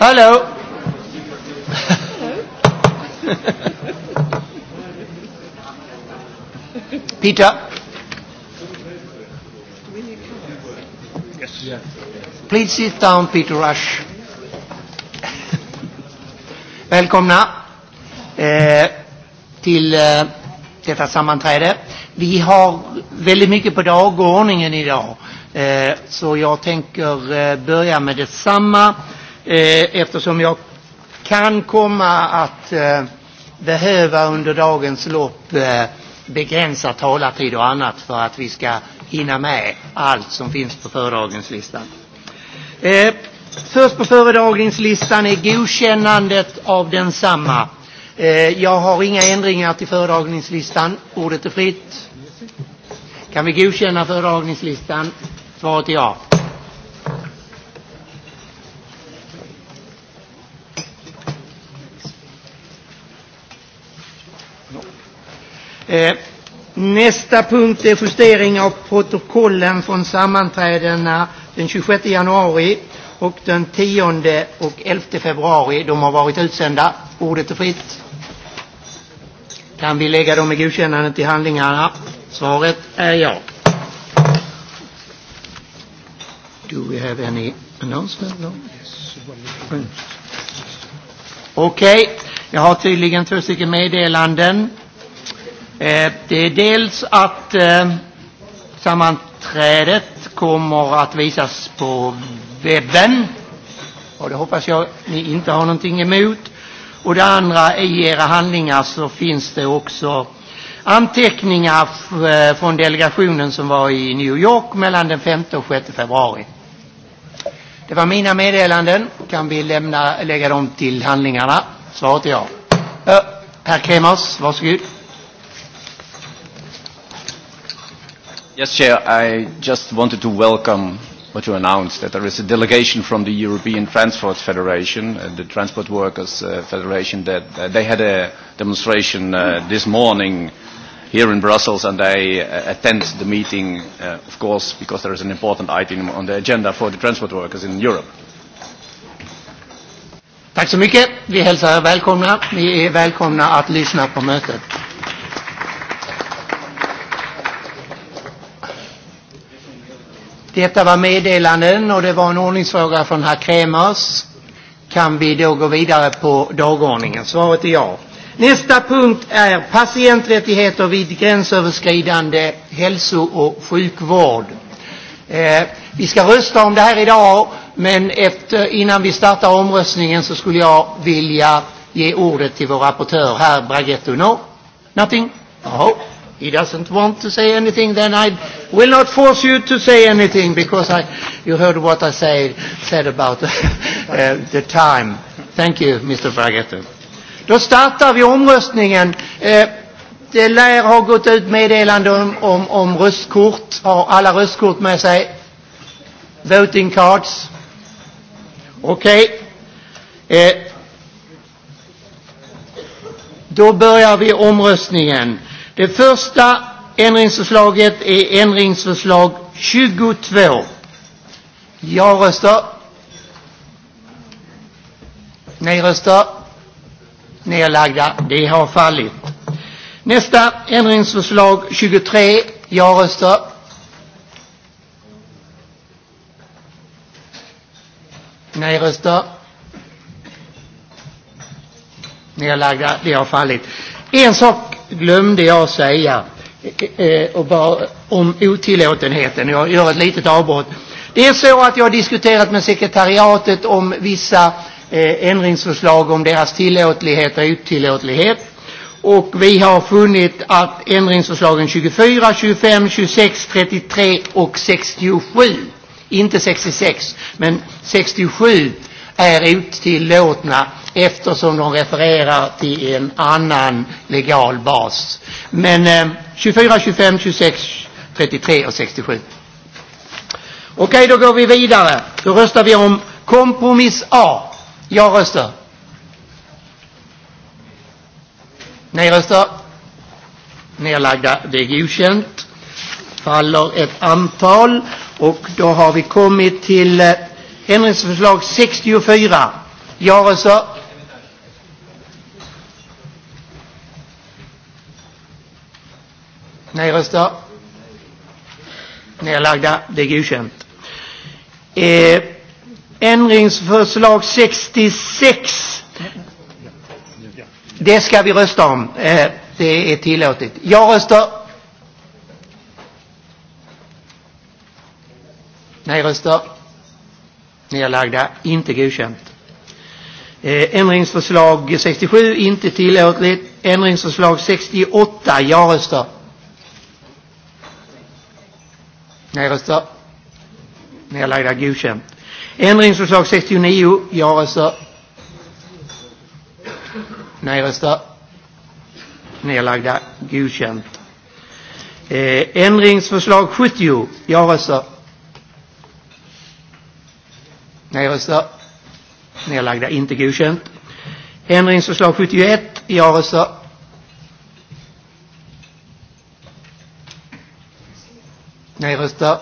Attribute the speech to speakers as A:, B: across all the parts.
A: Hello.
B: Peter. Yes. Yeah.
A: Please sit down, Peter Rush. Välkomna eh, till eh, detta sammanträde. Vi har väldigt mycket på dagordningen idag, eh, så jag tänker eh, börja med detsamma. Eh, eh, eftersom jag kan komma att eh, behöva under dagens lopp eh, begränsa talartid och annat för att vi ska hinna med allt som finns på föredragningslistan. Eh, först på föredragningslistan är godkännandet av densamma. Eh, jag har inga ändringar till föredragningslistan. Ordet är fritt. Kan vi godkänna föredragningslistan? Svaret är ja. Eh, nästa punkt är justering av protokollen från sammanträdena den 26 januari och den 10 och 11 februari. De har varit utsända. Ordet är fritt. Kan vi lägga dem i godkännande till handlingarna? Svaret är ja. Do we have any announcement? No? Okej, okay. jag har tydligen två stycken meddelanden. Eh, det är dels att eh, sammanträdet kommer att visas på webben. Och det hoppas jag ni inte har någonting emot. Och det andra, i era handlingar så finns det också anteckningar eh, från delegationen som var i New York mellan den 5 och 6 februari. Det var mina meddelanden. Kan vi lämna, lägga dem till handlingarna? Svaret är ja. Herr Kremers, varsågod.
C: Yes, Chair, I just wanted to welcome what you announced, that there is a delegation from the European Transport Federation, uh, the Transport Workers uh, Federation, that uh, they had a demonstration uh, this morning here in Brussels, and I uh, attend the meeting, uh, of course, because there is an important item on the agenda for the transport workers in Europe.
A: Tack så mycket. Vi hälsar er välkomna. Ni är välkomna att lyssna på mötet. Detta var meddelanden och det var en ordningsfråga från herr Kremers. Kan vi då gå vidare på dagordningen? Svaret är ja. Nästa punkt är patienträttigheter vid gränsöverskridande hälso och sjukvård. Eh, vi ska rösta om det här idag, men efter, innan vi startar omröstningen så skulle jag vilja ge ordet till vår rapportör här, Bragetto. No? Nothing? Oh he doesn't want to say anything, then I will not force you to say anything because I, you heard what I say, said about uh, the time. Thank you, Mr. Bragetter. Då startar vi omröstningen. Eh, det lär ha gått ut meddelande om, om, om röstkort. Har alla röstkort med sig? Voting cards? Okej. Okay. Eh, då börjar vi omröstningen. Det första ändringsförslaget är ändringsförslag 22. Ja-röster. Nej-röster. Nedlagda. Det har fallit. Nästa ändringsförslag 23. Ja-röster. Nej-röster. Nedlagda. Det har fallit. En sak glömde jag säga eh, eh, och bara om otillåtenheten. Jag gör ett litet avbrott. Det är så att jag har diskuterat med sekretariatet om vissa eh, ändringsförslag om deras tillåtlighet och otillåtlighet. Och vi har funnit att ändringsförslagen 24, 25, 26, 33 och 67, inte 66, men 67 är otillåtna eftersom de refererar till en annan legal bas. Men eh, 24, 25, 26, 33 och 67. Okej, okay, då går vi vidare. Då röstar vi om kompromiss A. Jag röstar. Nej röstar. Nerlagda. Det är godkänt. Faller ett antal. Och då har vi kommit till eh, ändringsförslag 64. Ja röstar. Nedrösta. Nedlagda. Det är godkänt. Eh, ändringsförslag 66. Det ska vi rösta om. Eh, det är tillåtet. Jag röstar. Nej röster. Nedlagda. Inte godkänt. Eh, ändringsförslag 67. Inte tillåtligt. Ändringsförslag 68. Ja röster. Nej, röster. Nedlagda godkänt. Ändringsförslag 69. Ja, röster. Nej, röster. Nedlagda godkänt. Eh, ändringsförslag 70. Ja, röster. Nej, röster. Nedlagda. Inte godkänt. Ändringsförslag 71. Ja, röster. Ni röstar.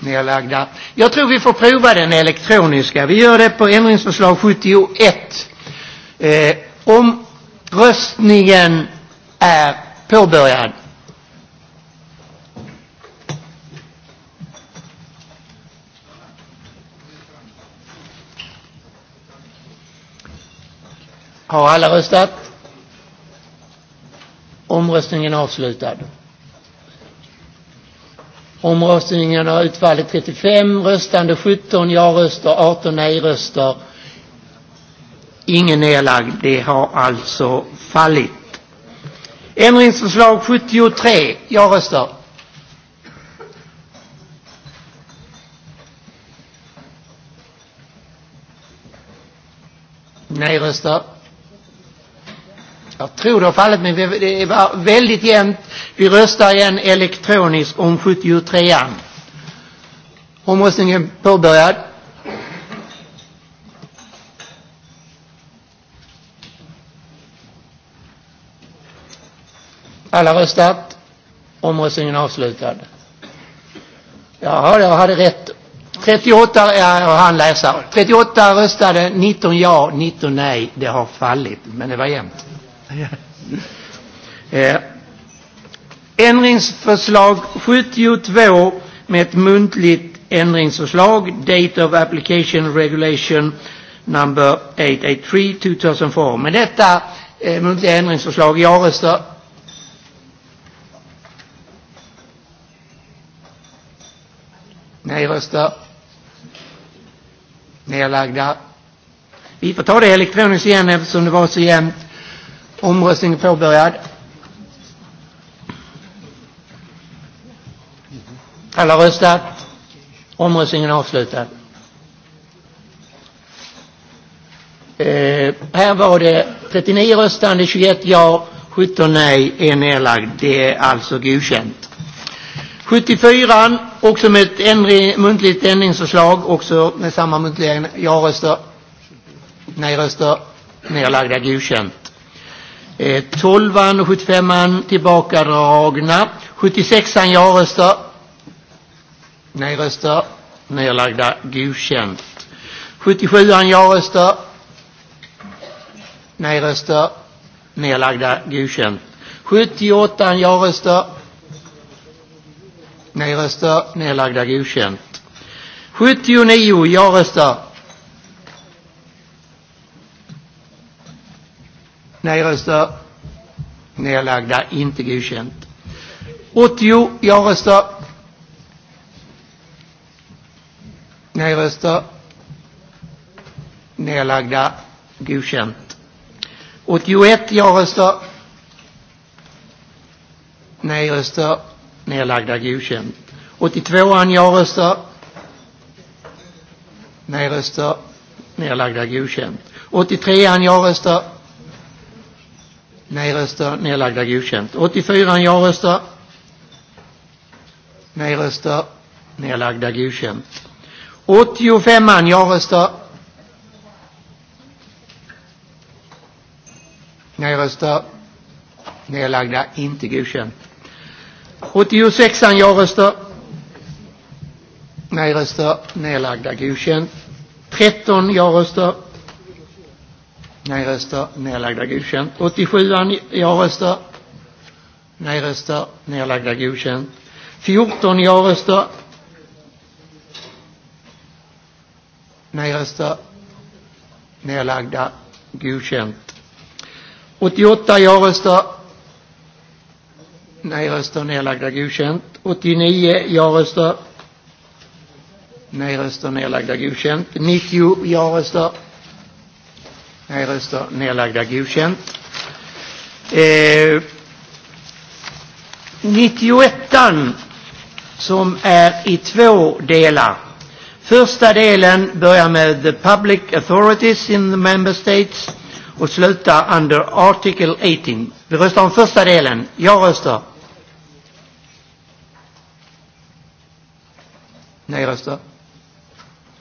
A: Nedlagda. Jag tror vi får prova den elektroniska. Vi gör det på ändringsförslag 71. Eh, om röstningen är påbörjad. Har alla röstat? Omröstningen avslutad. Omröstningen har utfallit 35 röstande 17 ja-röster, 18 nej-röster. Ingen nedlagd. Det har alltså fallit. Ändringsförslag 73. Ja-röster. Nej-röster. Jag tror det har fallit, men det var väldigt jämnt. Vi röstar igen elektroniskt om 73an. Omröstningen påbörjad. Alla röstat. Omröstningen avslutad. Jaha, jag hade rätt. 38, ja, han läser. 38 röstade, 19 ja, 19 nej. Det har fallit, men det var jämnt. Eh, ändringsförslag 72 med ett muntligt ändringsförslag, Date of Application Regulation number 883 2004. Med detta eh, muntliga ändringsförslag, jag röstar Nej röster. Nerlagda. Vi får ta det elektroniskt igen eftersom det var så jämnt. Omröstningen påbörjad. Alla röstat. Omröstningen avslutad. Eh, här var det 39 röstande, 21 ja, 17 nej, en nedlagd. Det är alltså godkänt. 74, också med ett ändring, muntligt ändringsförslag, också med samma muntliga ja-röster, nej-röster, nedlagda, godkänt. Eh, 12an och 75an tillbakadragna. 76an ja röster. Nej röster. Nedlagda. Godkänt. 77an ja röster. Nej röster. Nedlagda. Godkänt. 78 ja-röster. Nej-röster. Nedlagda. Godkänt. 79 ja-röster. Nej röstar. Nedlagda. Inte godkänt. 80. Jag röstar. Nej röstar. Nedlagda. Godkänt. 81. Jag röstar. Nej röstar. Nedlagda. Godkänt. 82. Jag röstar. Nej röstar. Nedlagda. Godkänt. 83. Jag röstar. Nej röster. Nedlagda godkänt. 84 ja röster. Nej röster. Nedlagda godkänt. 85 man ja röster. Nej röster. Nedlagda inte godkänt. 86 ja röster. Nej röster. Nedlagda godkänt. 13 ja röster. Nej röster, nedlagda godkänt. 87 ja röster. Nej röster, nedlagda godkänt. 14 ja röster. Nej röster, nedlagda godkänt. 88 ja röster. Nej röster, nedlagda godkänt. 89 ja röster. Nej röster, nedlagda godkänt. 90 ja röster. Nej, röster nedlagda godkänt. Eh, 91 som är i två delar. Första delen börjar med the public authorities in the member states och slutar under article 18. Vi röstar om första delen. Jag röstar. Nej röster.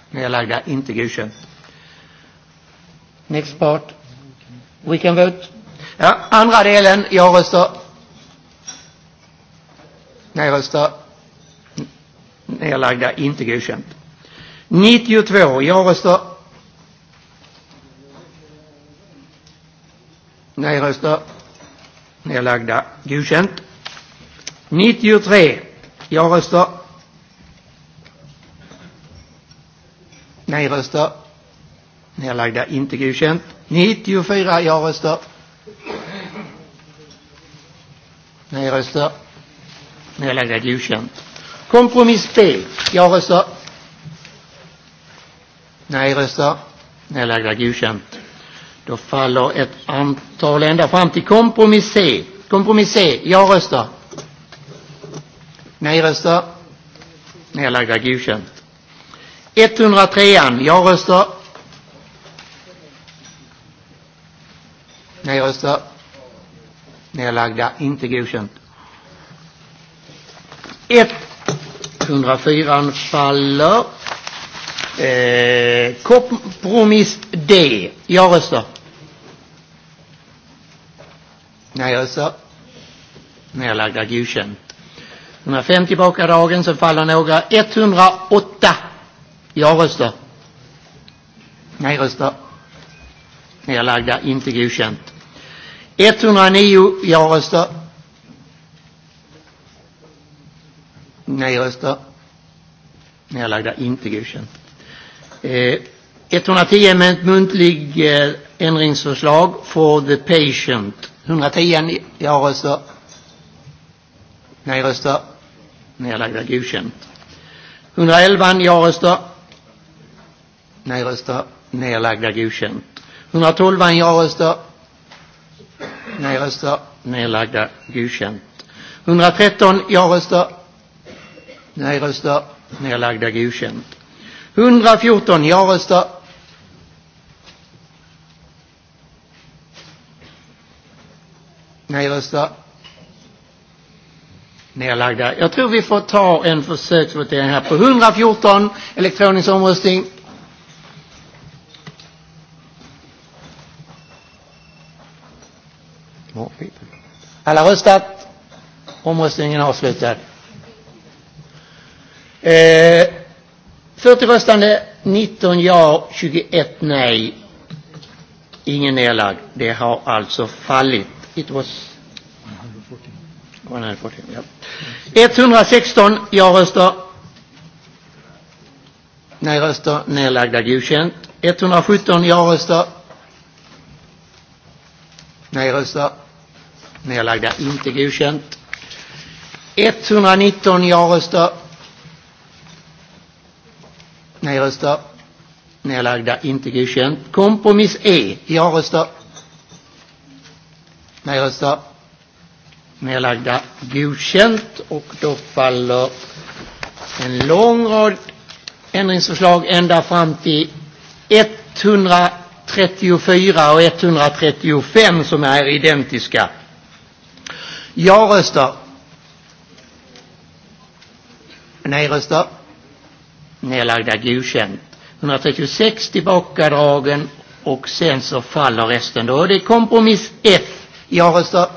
A: Nedlagda, inte godkänt. Next part. We can vote. Ja, andra delen. Jag röstar. Nej, röstar. Nedlagda. Inte godkänt. 92. Jag röstar. Nej, röstar. Nedlagda. Godkänt. 93. Jag röstar. Nej, röstar. Nedlagda. Inte godkänt. 94. Ja röstar. Nej röstar. Nedlagda. Godkänt. Kompromiss B. Ja röstar. Nej röstar. Nedlagda. Godkänt. Då faller ett antal ända fram till kompromiss C. Kompromiss C. Ja röstar. Nej röstar. Nedlagda. Godkänt. 103. Ja röstar. Nej, jag röstar. Nedlagda. Inte godkänt. 104 faller. Eh, kompromiss D. Jag röstar. Nej, jag röstar. Nedlagda. Godkänt. 105 tillbaka dagen, så faller några. 108. Jag röstar. Nej, röstar. Nedlagda. Inte godkänt. 109 ja-röster. Nej-röster. Nedlagda, inte godkänt. Eh, 110 med ett muntlig eh, ändringsförslag for the patient. 110 ja-röster. Nej-röster. Nedlagda, godkänt. 111 ja-röster. Nej-röster. Nedlagda, godkänt. 112 ja-röster nej röster, nedlagda, godkänt. 113, ja röster, nej röster, nedlagda, godkänt. 114, ja röster, nej röster, nedlagda. Jag tror vi får ta en försöksvotering här på 114, elektronisk omröstning. more people. Alla röstat? Omröstningen avslutad. Eh, 40 röstande, 19 ja, 21 nej. Ingen nedlagd. Det har alltså fallit. It was 114, ja. 116 ja-röster. Nej-röster, nedlagda, godkänt. 117 ja-röster. Nej-röster, nedlagda, inte godkänt. 119 ja-röster. Nej-röster. Nedlagda, inte godkänt. Kompromiss E. Ja-röster. Nej-röster. Nedlagda, godkänt. Och då faller en lång rad ändringsförslag ända fram till 134 och 135 som är identiska. Jag röstar. Nej röstar. Nedlagda godkänt. 136 tillbakadragen och sen så faller resten. Då är det kompromiss F. Jag röstar.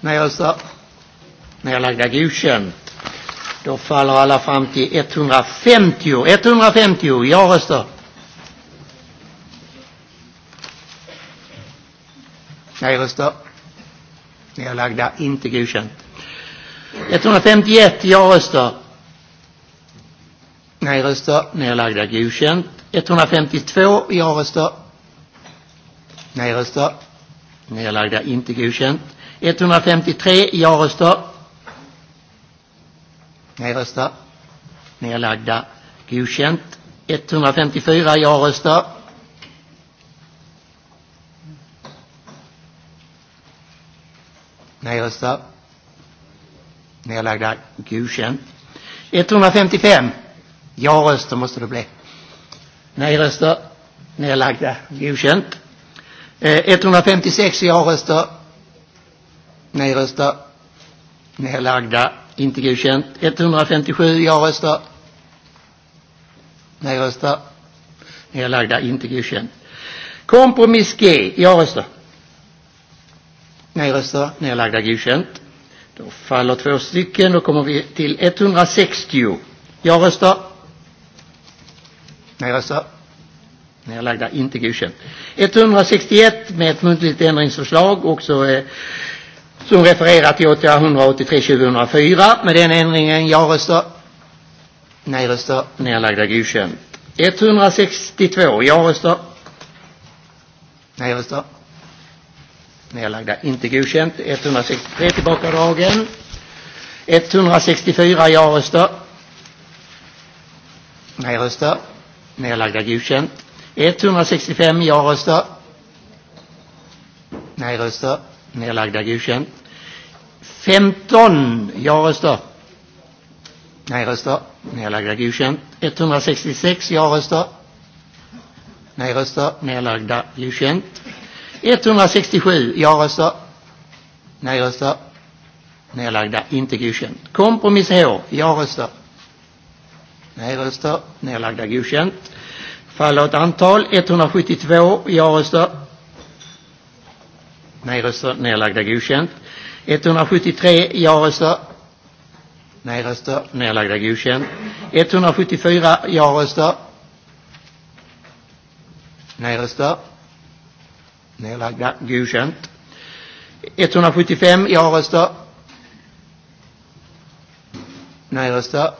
A: Nej röstar. Nedlagda godkänt. Då faller alla fram till 150. 150. Jag röstar. Nej röstar. Nedlagda. Inte godkänt. 151 ja-röster. Nej-röster. Nedlagda. Godkänt. 152 ja-röster. Nej-röster. Nedlagda. Inte godkänt. 153 ja-röster. Nej-röster. Nedlagda. Godkänt. 154 ja-röster. Nej, rösta. Nedlagda. Godkänt. 155. Ja-röster måste det bli. Nej-röster. Nedlagda. Godkänt. Eh, 156 ja-röster. Nej-röster. Nedlagda. Inte godkänt. 157 ja-röster. Nej-röster. Nedlagda. Inte godkänt. Kompromiss G. Ja-röster. Nej röster, nedlagda godkänt. Då faller två stycken. Då kommer vi till 160. Jag röstar. Nej röster. Nedlagda, inte godkänt. 161 med ett muntligt ändringsförslag också eh, som refererar till 883-2004 med den ändringen. Jag röstar. Nej röster. Nedlagda, godkänt. 162. Jag röstar. Nej röster nedlagda, inte godkänt. 163 tillbakadragen. 164 ja-röster. Nej-röster. Nedlagda, godkänt. 165 ja-röster. Nej-röster. Nedlagda, godkänt. 15 ja-röster. Nej-röster. Nedlagda, godkänt. 166 ja-röster. Nej-röster. Nedlagda, godkänt. 167. Jag röstar. Nej, röstar. Nedlagda. Inte godkänt. Kompromiss H. Jag röstar. Nej, röstar. Nedlagda. Godkänt. Faller ett antal. 172. Jag röstar. Nej, röstar. Nedlagda. Godkänt. 173. Jag röstar. Nej, röstar. Nedlagda. Godkänt. 174. Jag röstar. Nej, röstar. Nedlagda. Godkänt. 175 ja-röster. Nej-röster.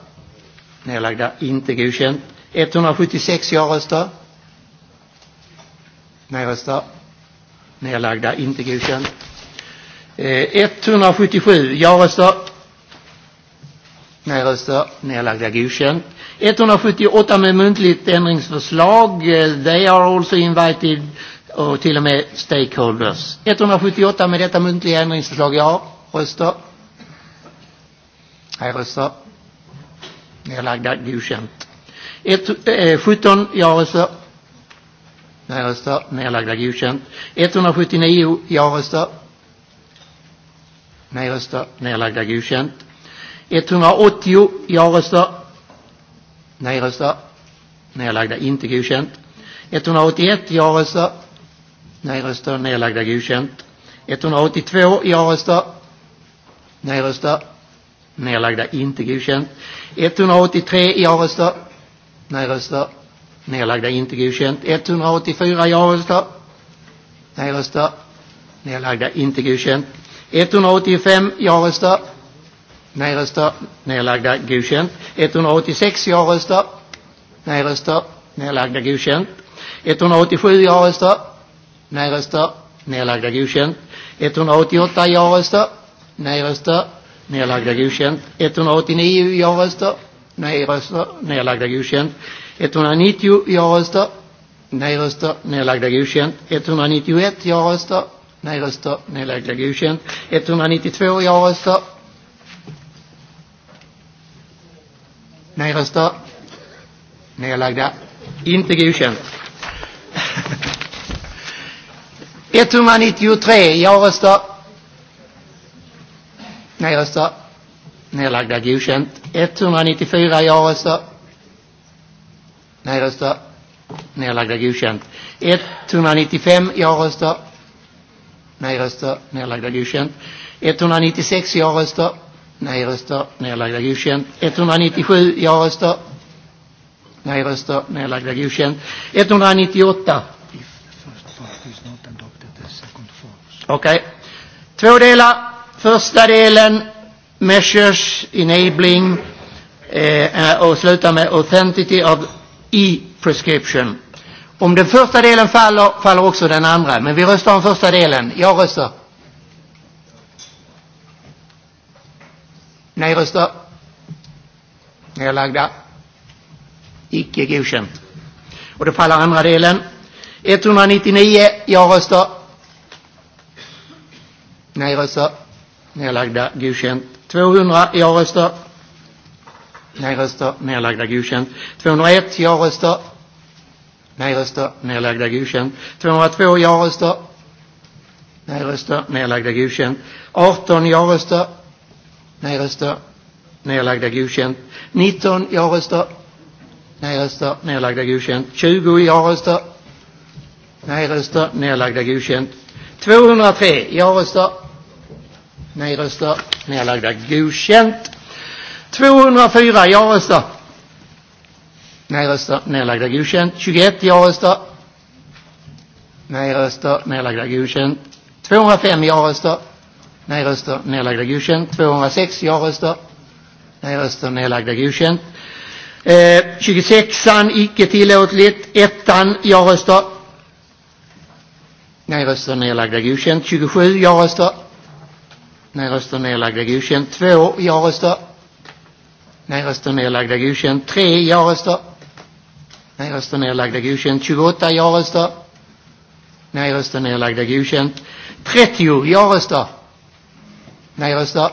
A: Nedlagda. Inte godkänt. 176 ja-röster. Nej-röster. Nedlagda. Inte godkänt. Eh, 177 ja-röster. Nej-röster. Nedlagda. Godkänt. 178 med muntligt ändringsförslag. They are also invited och till och med stakeholders. 178 med detta muntliga ändringsförslag. Ja. Röster. Nej, röster. Nedlagda. Godkänt. Ett, eh, 17. Ja-röster. Nej, röster. Nedlagda. Godkänt. 179. Ja-röster. Nej, röster. Nedlagda. Godkänt. 180. Ja-röster. Nej, röster. Nedlagda. Inte godkänt. 181. Ja-röster. Nej röster. Nedlagda godkänt. 182. Ja röster. Nej röster. Nedlagda inte godkänt. 183. Ja röster. Nej röster. Nedlagda inte godkänt. 184. Ja röster. Nej röster. Nedlagda inte godkänt. 185. Ja röster. Nej röster. Nedlagda godkänt. 186. Ja röster. Nej röster. Nedlagda godkänt. 187. Ja röster nej-röster, nedlagda godkänt. 188 ja-röster, nej-röster, nedlagda godkänt. 189 ja-röster, nej-röster, nedlagda godkänt. 190 ja-röster, nej-röster, nedlagda godkänt. 191 ja-röster, nej-röster, nedlagda godkänt. 192 ja-röster, nej-röster, nedlagda, inte godkänt. 193. Jag röstar. Nej, jag röstar. Nedlagda godkänt. 194. Jag röstar. Nej, jag röstar. Nedlagda godkänt. 195. Jag röstar. Nej, röstar. Nedlagda godkänt. 196. Jag röstar. Nej, röstar. Nedlagda godkänt. 197. Jag röstar. Nej, röstar. Nedlagda godkänt. 198. Okej. Okay. Två delar. Första delen, measures, enabling eh, eh och slutar med authenticity of e-prescription. Om den första delen faller, faller också den andra. Men vi röstar om första delen. Jag röstar. Nej röster. Nedlagda. Icke godkänt. Och då faller andra delen. 199 ja-röster. Nej-röster. Nedlagda. Godkänt. 200 ja-röster. Nej-röster. Nedlagda. Godkänt. 201 ja-röster. Nej-röster. Nedlagda. Godkänt. 202 ja-röster. Nej-röster. Nedlagda. Godkänt. 18 ja-röster. Nej-röster. Nedlagda. Godkänt. 19 ja-röster. Nej-röster. Nedlagda. Godkänt. 20 ja-röster. Nej-röster. Nedlagda. Godkänt. 203 ja-röster. Ni röstar. Nedlagda. Er godkänt. 204. Jag röstar. Nej röster, nedlagda godkänt. 21 ja-röster. Nej röster, nedlagda godkänt. 205 ja-röster. Nej röster, nedlagda godkänt. 206 ja-röster. Nej röster, nedlagda godkänt. Eh, 26an icke tillåtligt. 1an ja-röster. Nej röster, nedlagda godkänt. 27 ja-röster. Nej, röster nedlagda. Godkänt. Två ja-röster. Nej, röster nedlagda. Godkänt. Tre ja-röster. Nej, röster nedlagda. Godkänt. 28 ja-röster. Nej, röster nedlagda. Godkänt. 30 ja-röster. Nej, röster.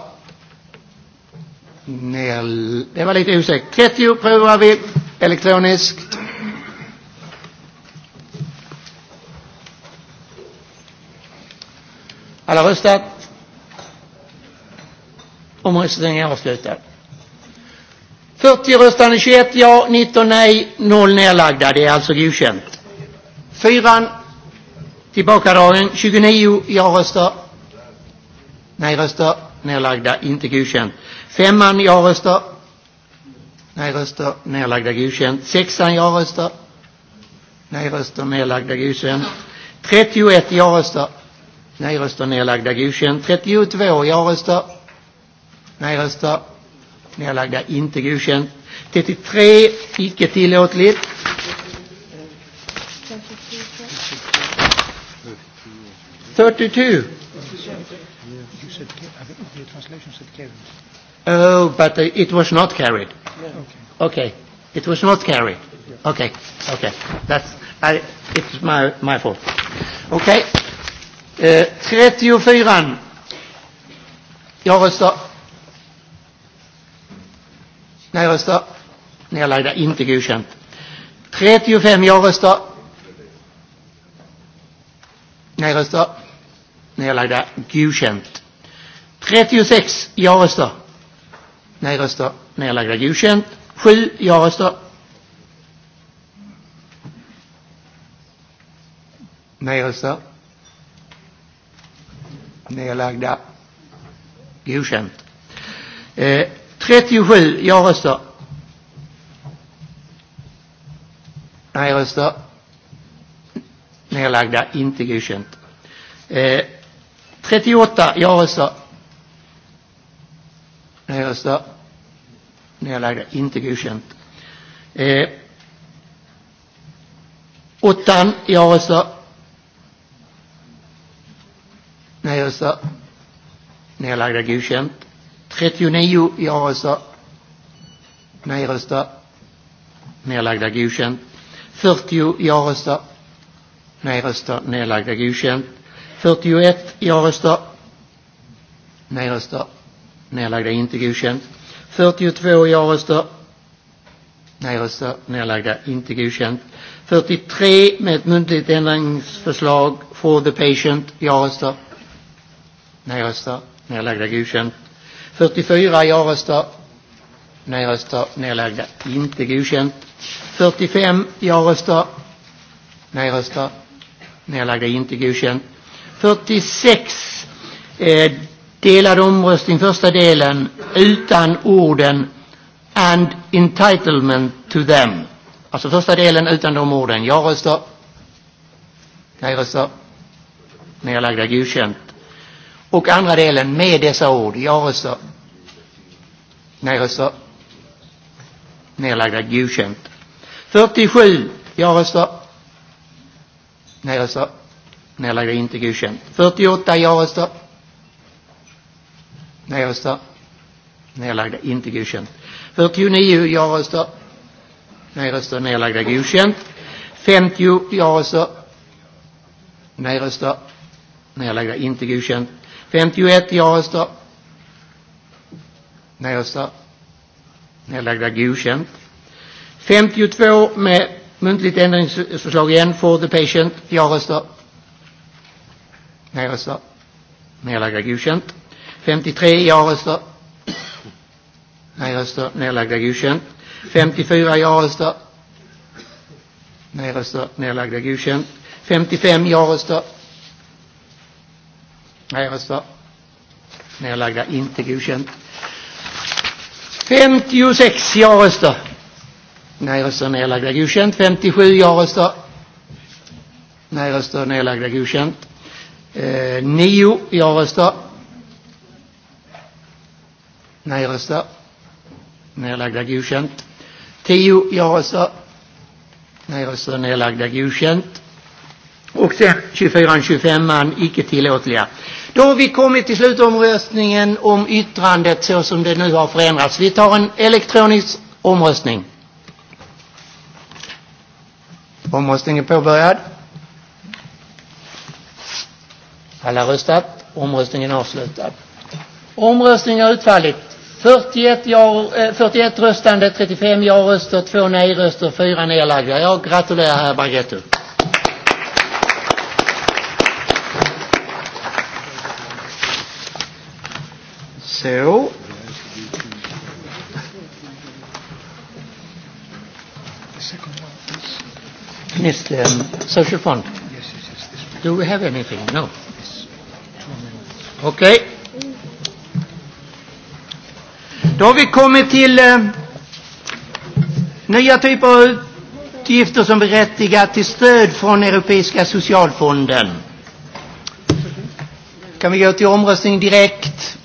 A: Nel... Det var lite osäkert. 30 provar vi elektroniskt. Alla röstat? Omröstningen är avslutad. 40 röstande 21 ja, 19 nej, 0 nedlagda. Det är alltså godkänt. Fyran tillbakadragen, 29 ja-röster. Nej-röster, nedlagda, inte godkänt. Femman ja-röster. Nej-röster, nedlagda, godkänt. Sexan ja-röster. Nej-röster, nedlagda, godkänt. 31 ja-röster. Nej-röster, nedlagda, godkänt. 32 ja-röster. Nej röster. Nedlagda inte godkänt. 33 icke tillåtligt. 32. Oh, but uh, it was not carried. Okay. okay. It was not carried. Okay. Okay. That's, I, it's my, my fault. Okay. Uh, 34. Jag röstar Nej, röstar. Nedlagda. Inte godkänt. 35 ja-röster. Nej, röstar. Nedlagda. Godkänt. 36 ja-röster. Nej, röster. Nedlagda. Godkänt. 7 ja-röster. Nej, röster. Nedlagda. Godkänt. Eh, 37, jag röstar. Nej, röstar. Nedlagda, inte godkänt. Eh, 38, jag röstar. Nej, röstar. Nedlagda, inte godkänt. Eh, 8, jag röstar. Nej, röstar. Nedlagda, godkänt. 39 ja-röster, nej-röster, nedlagda godkänt. 40 ja-röster, nej-röster, nedlagda godkänt. 41 ja-röster, nej-röster, nedlagda inte godkänt. 42 ja-röster, nej-röster, nedlagda inte godkänt. 43 med ett muntligt ändringsförslag for the patient, ja-röster, nej-röster, nedlagda godkänt. 44 ja röstar, nej röstar, nedlagda, inte godkänt. 45 ja röstar, nej röstar, nedlagda, inte godkänt. 46 eh, delad omröstning, första delen, utan orden and entitlement to them. Alltså första delen utan de orden. Ja röstar, nej röstar, nedlagda, godkänt. Och andra delen med dessa ord. Jag röstar. Nej röstar. Nedlagda. Godkänt. 47. Jag röstar. Nej röstar. Nedlagda. Inte godkänt. 48. Jag röstar. Nej röstar. Nedlagda. Inte godkänt. 49. Jag röstar. Nej röstar. Nedlagda. Godkänt. 50. Jag röstar. Nej röstar. Nedlagda. Inte godkänt. 51 ja röster. Nej röster. Nedlagda godkänt. 52 med muntligt ändringsförslag igen. For the patient. Ja röster. Nej röster. Nedlagda godkänt. 53 ja röster. Nej röster. Nedlagda godkänt. 54 ja röster. Nej röster. Nedlagda godkänt. 55 ja röster. Nej, röstar nedlagda, inte godkänt. 56 ja-röster. Nej-röster nedlagda, godkänt. 57 ja-röster. Nej-röster nedlagda, godkänt. Eh, 9 ja-röster. Nej-röster nedlagda, godkänt. 10 ja-röster. Nej-röster nedlagda, godkänt. Och sen 24 och 25 man icke tillåtliga. Då har vi kommit till slutomröstningen om yttrandet så som det nu har förändrats. Vi tar en elektronisk omröstning. Omröstningen påbörjad. Alla röstat. Omröstningen avslutad. Omröstningen har utfallit. 41, ja, 41 eh, röstande, 35 ja-röster, 2 nej-röster, 4 nedlagda. Jag gratulerar herr Bargetto. So, the second one is yes, the um, social fund. Yes, yes, yes. This one. Do we have anything? No. Yes. Two minutes. Okay. Då har vi kommit till eh, nya typer av utgifter som berättigar till stöd från Europeiska socialfonden. Kan vi gå till omröstning direkt?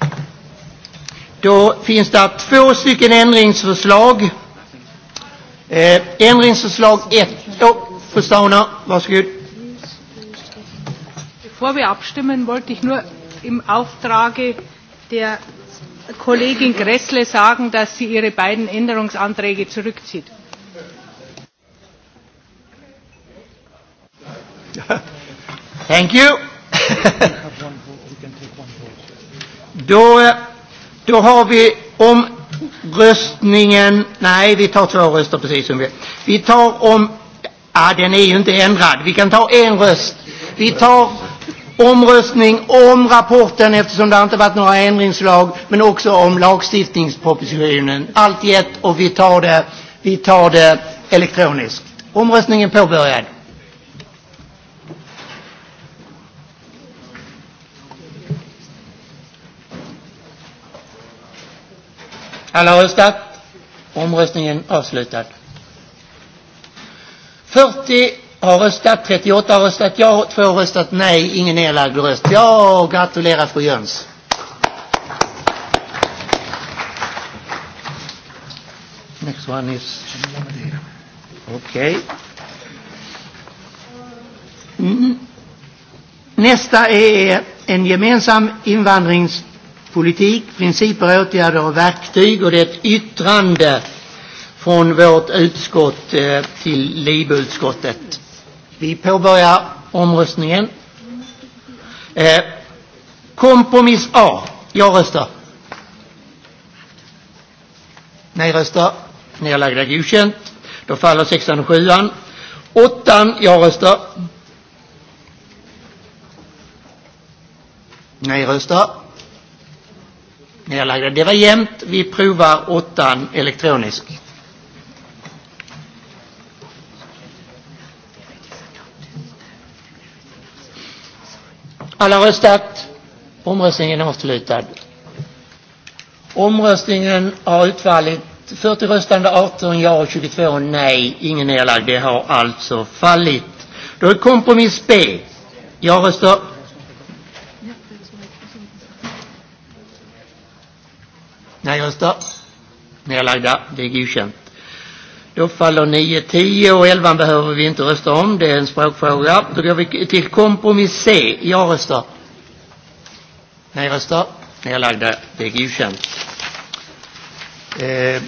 A: Då finns det två stycken ändringsförslag. Eh, ändringsförslag 1. Oh, fru Stauner, varsågod.
D: Bevor wir abstimmen, wollte ich nur im Auftrage der Kollegin Gressle sagen, dass sie ihre beiden Änderungsanträge zurückzieht.
B: Thank you.
A: Då eh, Då har vi om röstningen... Nej, vi tar två röster precis som vi Vi tar om... Ja, den är ju inte ändrad. Vi kan ta en röst. Vi tar omröstning om rapporten eftersom det inte varit några ändringslag men också om lagstiftningspropositionen. Allt i ett och vi tar det, vi tar det elektroniskt. Omröstningen påbörjad. Alla har röstat? Omröstningen avslutad. 40 har röstat, 38 har röstat ja, 2 har röstat nej, ingen nedlagd röst. Ja, gratulerar fru Jöns. Next one is... Okej. Okay. Mm. Nästa är en gemensam invandrings politik, principer, åtgärder och verktyg. Och det är ett yttrande från vårt utskott eh, till LIBE-utskottet. Vi påbörjar omröstningen. Eh, kompromiss A. Jag röstar. Nej röstar. Nedlagda er godkänt. Då faller sexan och sjuan. Åttan. Jag röstar. Nej röstar nedlagda. Det var jämnt. Vi provar åttan elektroniskt. Alla röstat. Omröstningen är avslutad. Omröstningen har utfallit 40 röstande, 18 ja och 22 nej. Ingen nedlagd. Det har alltså fallit. Då är kompromiss B. Ja-röster Nej-röster. Nerlagda. Det är godkänt. Då faller 9, 10 och 11 behöver vi inte rösta om. Det är en språkfråga. Då går vi till kompromiss C. Ja-röster. Nej-röster. Nerlagda. Det är godkänt. Eh,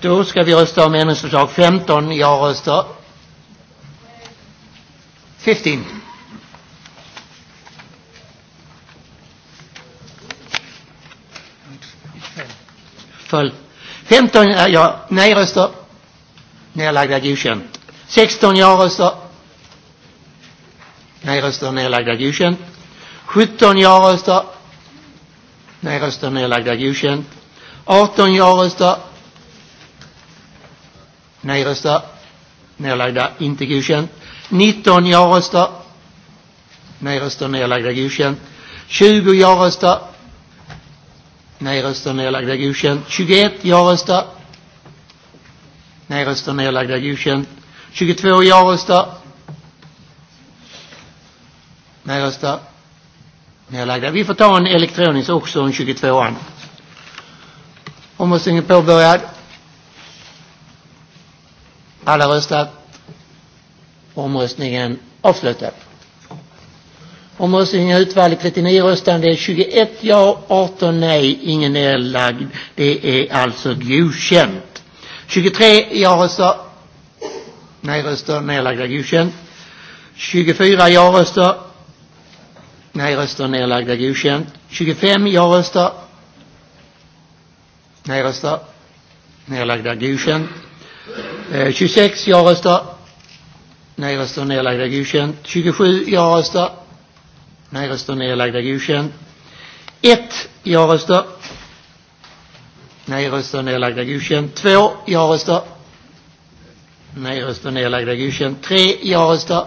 A: då ska vi rösta om ändringsförslag 15. Ja-röster. 15. föll. 15 ja, nej-röster. Nedlagda godkänt. 16 ja-röster. Nej-röster nedlagda godkänt. 17 ja-röster. Nej-röster nedlagda godkänt. 18 ja-röster. Nej-röster nedlagda inte godkänt. 19 ja-röster. Nej-röster nedlagda godkänt. 20 ja-röster. Nej-röster nedlagda godkänt. 21 ja-röster. Nej-röster nedlagda godkänt. 22 ja-röster. Nej-röster nedlagda. Vi får ta en elektronisk också, en 22an. Omröstningen påbörjad. Alla röstat. Omröstningen avslutad. Omröstningen är utfallet 39 röstande, 21 ja, 18 nej, ingen nedlagd. Det är alltså godkänt. 23 ja-röster, nej-röster, nedlagda, godkänt. 24 ja-röster, nej-röster, nedlagda, godkänt. 25 ja-röster, nej-röster, nedlagda, godkänt. 26 eh, ja-röster, nej-röster, nedlagda, godkänt. 27 ja-röster, Nej röster nedlagda godkänd. 1. Ja röster. Nej röster nedlagda godkänd. 2. Ja röster. Nej röster nedlagda godkänd. 3. Ja röster.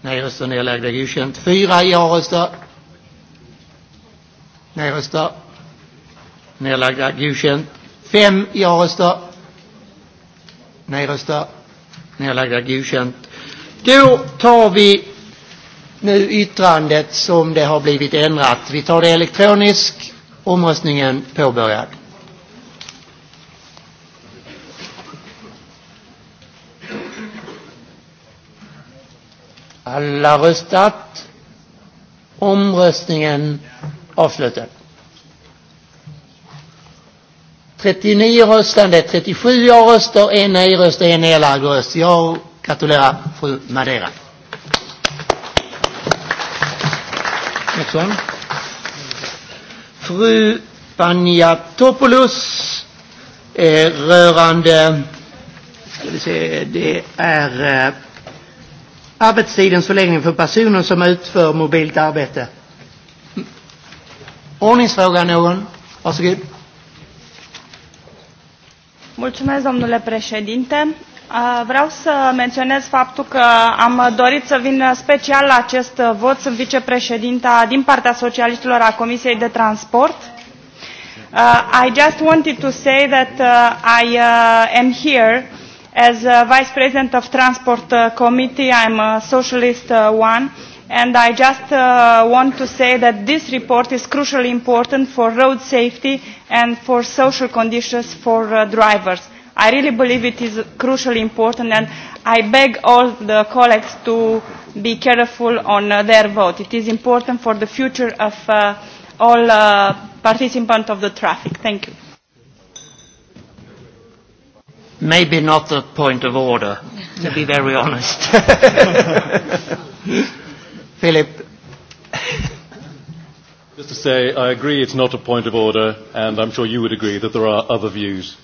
A: Nej röster nedlagda godkänd. 4. Ja röster. Nej röster. Nedlagda godkänd. 5. Ja röster. Nej röster. Nedlagda godkänd. Då tar vi nu yttrandet som det har blivit ändrat. Vi tar det elektroniskt. Omröstningen påbörjad. Alla röstat. Omröstningen avslutad. 39 röstande, 37 ja-röster, en nej-röst, en nedlagd röst. Jag gratulerar fru Madeira. Next one. Fru Paniatopoulos eh, er rörande ska vi se, det är er, eh, arbetstidens förlängning för personer som utför mobilt arbete. Ordningsfråga er någon? Varsågod.
E: Mulțumesc, domnule președinte. Vreau să menționez faptul că am dorit să vin special la acest vot. Sunt vicepreședinta din partea socialiștilor a Comisiei de Transport. Uh, I just wanted to say that uh, I uh, am here as uh, Vice President of Transport uh, Committee. I'm a socialist uh, one. And I just uh, want to say that this report is crucially important for road safety and for social conditions for uh, drivers I really believe it is crucially important and I beg all the colleagues to be careful on uh, their vote. It is important for the future of uh, all uh, participants of the traffic. Thank you.
A: Maybe not a point of order, to be very honest. Philip.
F: Just to say, I agree it's not a point of order, and I'm sure you would agree that there are other views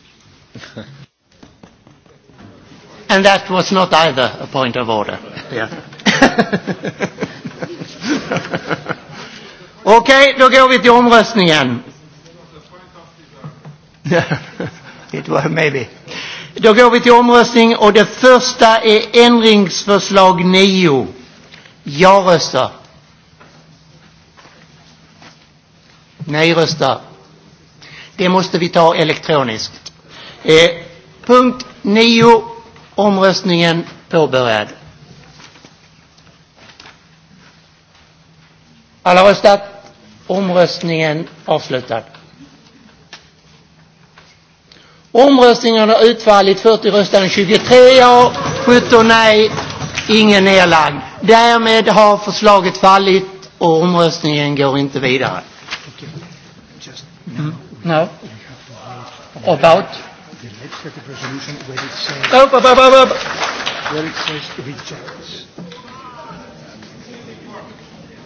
F: And that was not
A: either a point of order. Yeah. Okej, okay, då går vi till omröstningen. It was maybe. Då går vi till omröstning och det första är ändringsförslag 9. Jag röstar. Nej röstar. Det måste vi ta elektroniskt. Eh, punkt 9. Omröstningen påbörjad. Alla röstat? Omröstningen avslutad. Omröstningen har utfallit 40 röstande 23 ja, 17 nej, ingen nedlagd. Därmed har förslaget fallit och omröstningen går inte vidare. Mm. No. About? the lips of the resolution where it says, up, up, up, up, up. Where it says
G: rejects.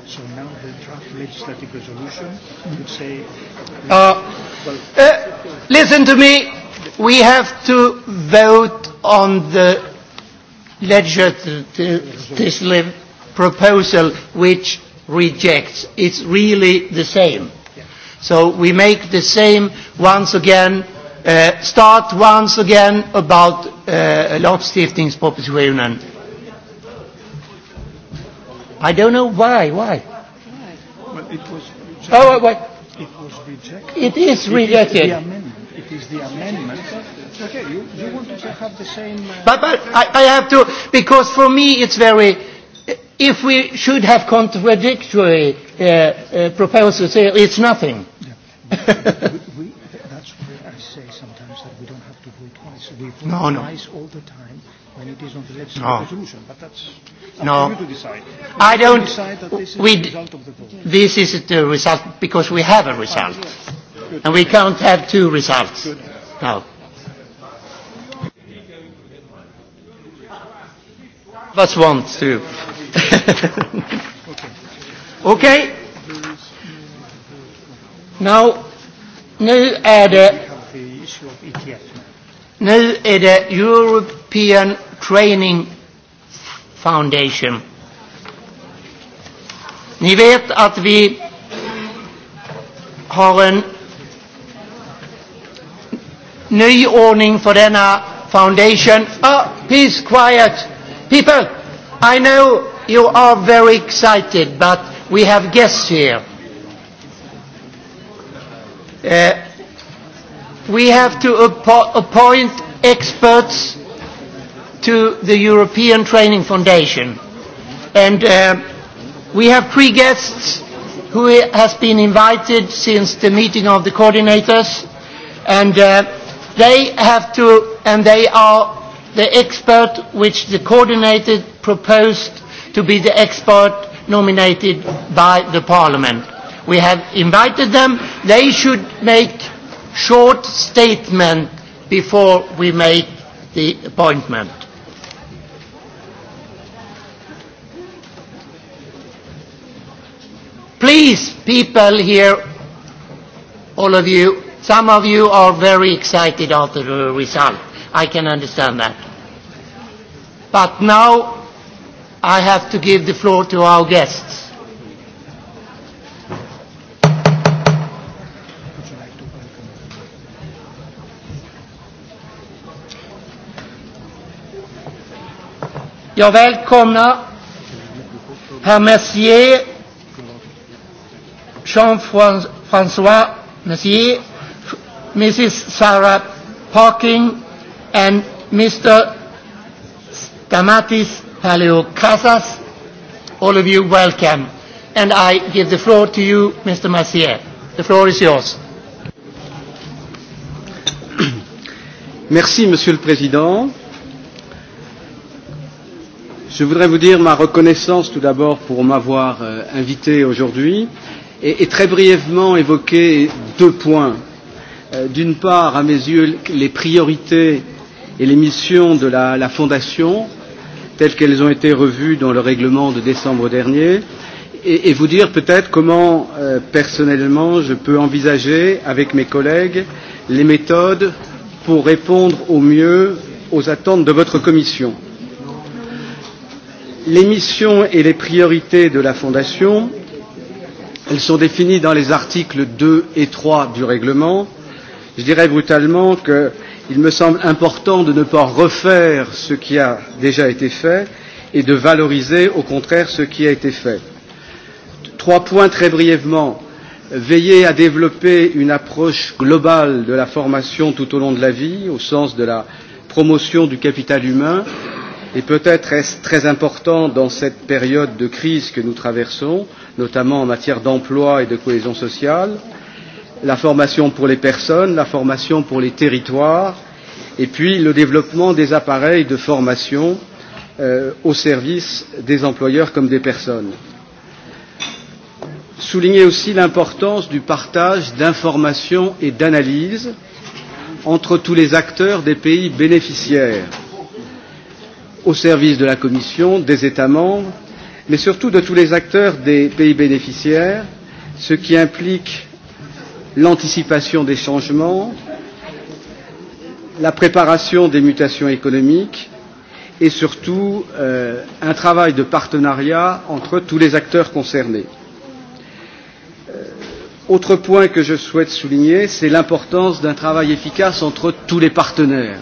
G: So now the draft legislative resolution would say. Uh, well, uh, listen to
A: me. We have to vote on the legislative proposal which rejects. It's really the same. So we make the same once again eh, start once again about eh, uh, lagstiftningspropositionen. I don't know why. Why? Well, it was rejected. Oh, wait, wait. It
G: was rejected. It is rejected. It is the amendment. It is the amendment. Okay, you, you want to have the same. Uh,
A: but but I, I have to because for me it's very. If we should have contradictory uh, uh, proposals, it's nothing. Yeah.
G: we put no, no. eyes all the time when it is on the legislative no. resolution.
B: But that's up no. to you to decide. You I don't. Decide that this is we, the result of the vote. This
A: is the result because we have a result, ah, yes. Good. and we can't have two results. Good. No. That's one too. okay. Now, nu är det... Nu är det European Training Foundation. Ni vet att vi har en ny ordning för denna foundation. Oh, peace, quiet. People, I know you are very excited, but we have guests here. Uh, we have to appo appoint experts to the European Training Foundation. And uh, we have three guests who has been invited since the meeting of the coordinators. And uh, they have to, and they are the expert which the coordinator proposed to be the expert nominated by the parliament. We have invited them. They should make short statement before we make the appointment. Please, people here, all of you, some of you are very excited after the result. I can understand that. But now I have to give the floor to our guests. Jag välkomnar herr Messier, Jean-François Messier, Mrs. Sarah Parking, and Mr. Stamatis Paleokasas. All of you, welcome. And I give the floor to you, Mr. Messier. The floor is yours.
H: Merci, Monsieur le Président. Je voudrais vous dire ma reconnaissance tout d'abord pour m'avoir euh, invité aujourd'hui et, et très brièvement évoquer deux points. Euh, D'une part, à mes yeux, les priorités et les missions de la, la Fondation, telles qu'elles ont été revues dans le règlement de décembre dernier, et, et vous dire peut-être comment euh, personnellement je peux envisager avec mes collègues les méthodes pour répondre au mieux aux attentes de votre commission. Euh, les missions et les priorités de la Fondation. Elles sont définies dans les articles 2 et 3 du règlement. Je dirais brutalement qu'il me semble important de ne pas refaire ce qui a déjà été fait et de valoriser au contraire ce qui a été fait. Trois points très brièvement. Veiller à développer une approche globale de la formation tout au long de la vie, au sens de la promotion du capital humain, Et peut-être est-ce très important dans cette période de crise que nous traversons, notamment en matière d'emploi et de cohésion sociale, la formation pour les personnes, la formation pour les territoires, et puis le développement des appareils de formation euh, au service des employeurs comme des personnes. Souligner aussi l'importance du partage d'informations et d'analyses entre tous les acteurs des pays bénéficiaires aux services de la Commission, des États membres, mais surtout de tous les acteurs des pays bénéficiaires, ce qui implique l'anticipation des changements, la préparation des mutations économiques et surtout euh, un travail de partenariat entre tous les acteurs concernés. Euh, autre point que je souhaite souligner, c'est l'importance d'un travail efficace entre tous les partenaires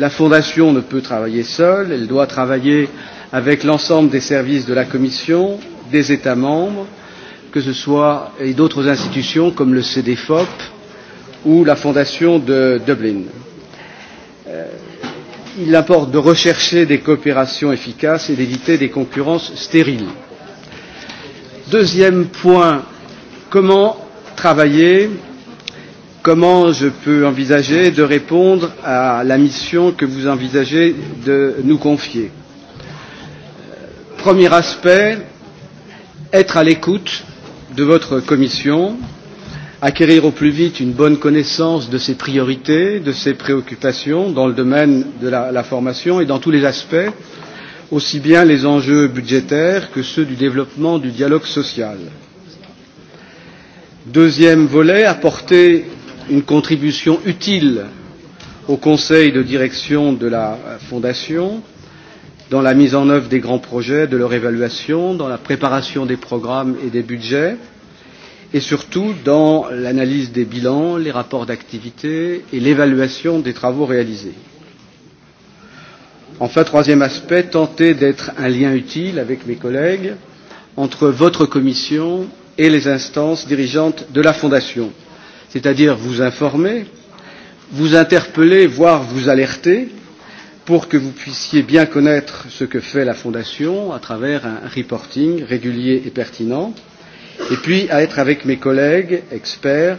H: La Fondation ne peut travailler seule, elle doit travailler avec l'ensemble des services de la Commission, des États membres, que ce soit et d'autres institutions comme le CDFOP ou la Fondation de Dublin. Euh, il importe de rechercher des coopérations efficaces et d'éviter des concurrences stériles. Deuxième point, comment travailler euh, comment je peux envisager de répondre à la mission que vous envisagez de nous confier. Premier aspect, être à l'écoute de votre commission, acquérir au plus vite une bonne connaissance de ses priorités, de ses préoccupations dans le domaine de la, la formation et dans tous les aspects, aussi bien les enjeux budgétaires que ceux du développement du dialogue social. Deuxième volet, apporter une contribution utile au conseil de direction de la Fondation dans la mise en œuvre des grands projets, de leur évaluation, dans la préparation des programmes et des budgets, et surtout dans l'analyse des bilans, les rapports d'activité et l'évaluation des travaux réalisés. Enfin, troisième aspect, tenter d'être un lien utile avec mes collègues entre votre commission et les instances dirigeantes de la Fondation. Euh, c'est à dire vous informer vous interpeller voire vous alerter pour que vous puissiez bien connaître ce que fait la fondation à travers un reporting régulier et pertinent et puis à être avec mes collègues experts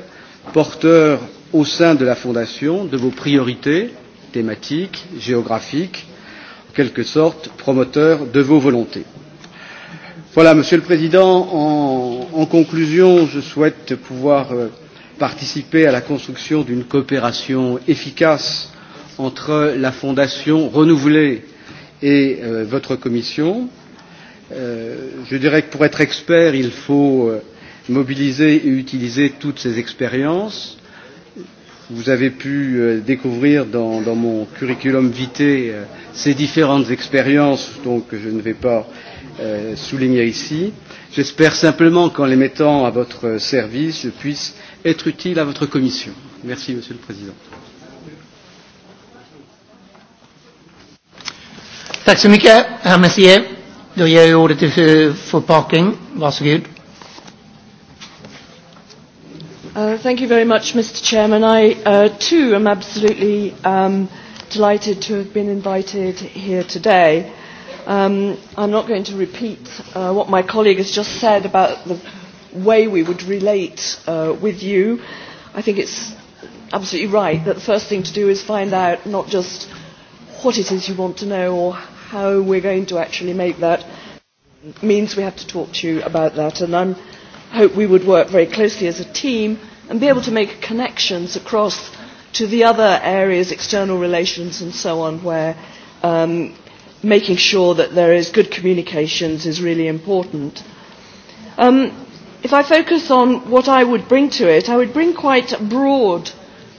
H: porteurs au sein de la fondation de vos priorités thématiques géographiques en quelque sorte promoteurs de vos volontés. Voilà, Monsieur le Président, en, en conclusion, je souhaite pouvoir euh, participer à la construction d'une coopération efficace entre la fondation renouvelée et euh, votre commission. Euh, je dirais que pour être expert, il faut euh, mobiliser et utiliser toutes ces expériences. Vous avez pu euh, découvrir dans, dans mon curriculum vitae euh, ces différentes expériences, donc je ne vais pas euh, souligner ici. J'espère simplement qu'en les mettant à votre service, je puisse euh, être utile à votre commission. Merci, Monsieur le Président.
A: Tack så mycket, herr Messier. Då ger jag ordet till eh, fru Parking. Varsågod.
I: Uh, thank you very much, Mr. Chairman. I, uh, too, am absolutely um, delighted to have been invited here today. Um, I'm not going to repeat uh, what my colleague has just said about the way we would relate uh, with you, I think it's absolutely right that the first thing to do is find out not just what it is you want to know or how we're going to actually make that it means we have to talk to you about that and I'm, I hope we would work very closely as a team and be able to make connections across to the other areas, external relations and so on, where um, making sure that there is good communications is really important. Um, if I focus on what I would bring to it, I would bring quite broad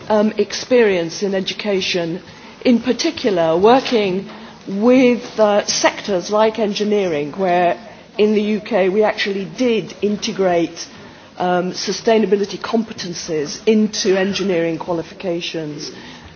I: um, experience in education, in particular working with uh, sectors like engineering, where in the UK we actually did integrate um, sustainability competences into engineering qualifications.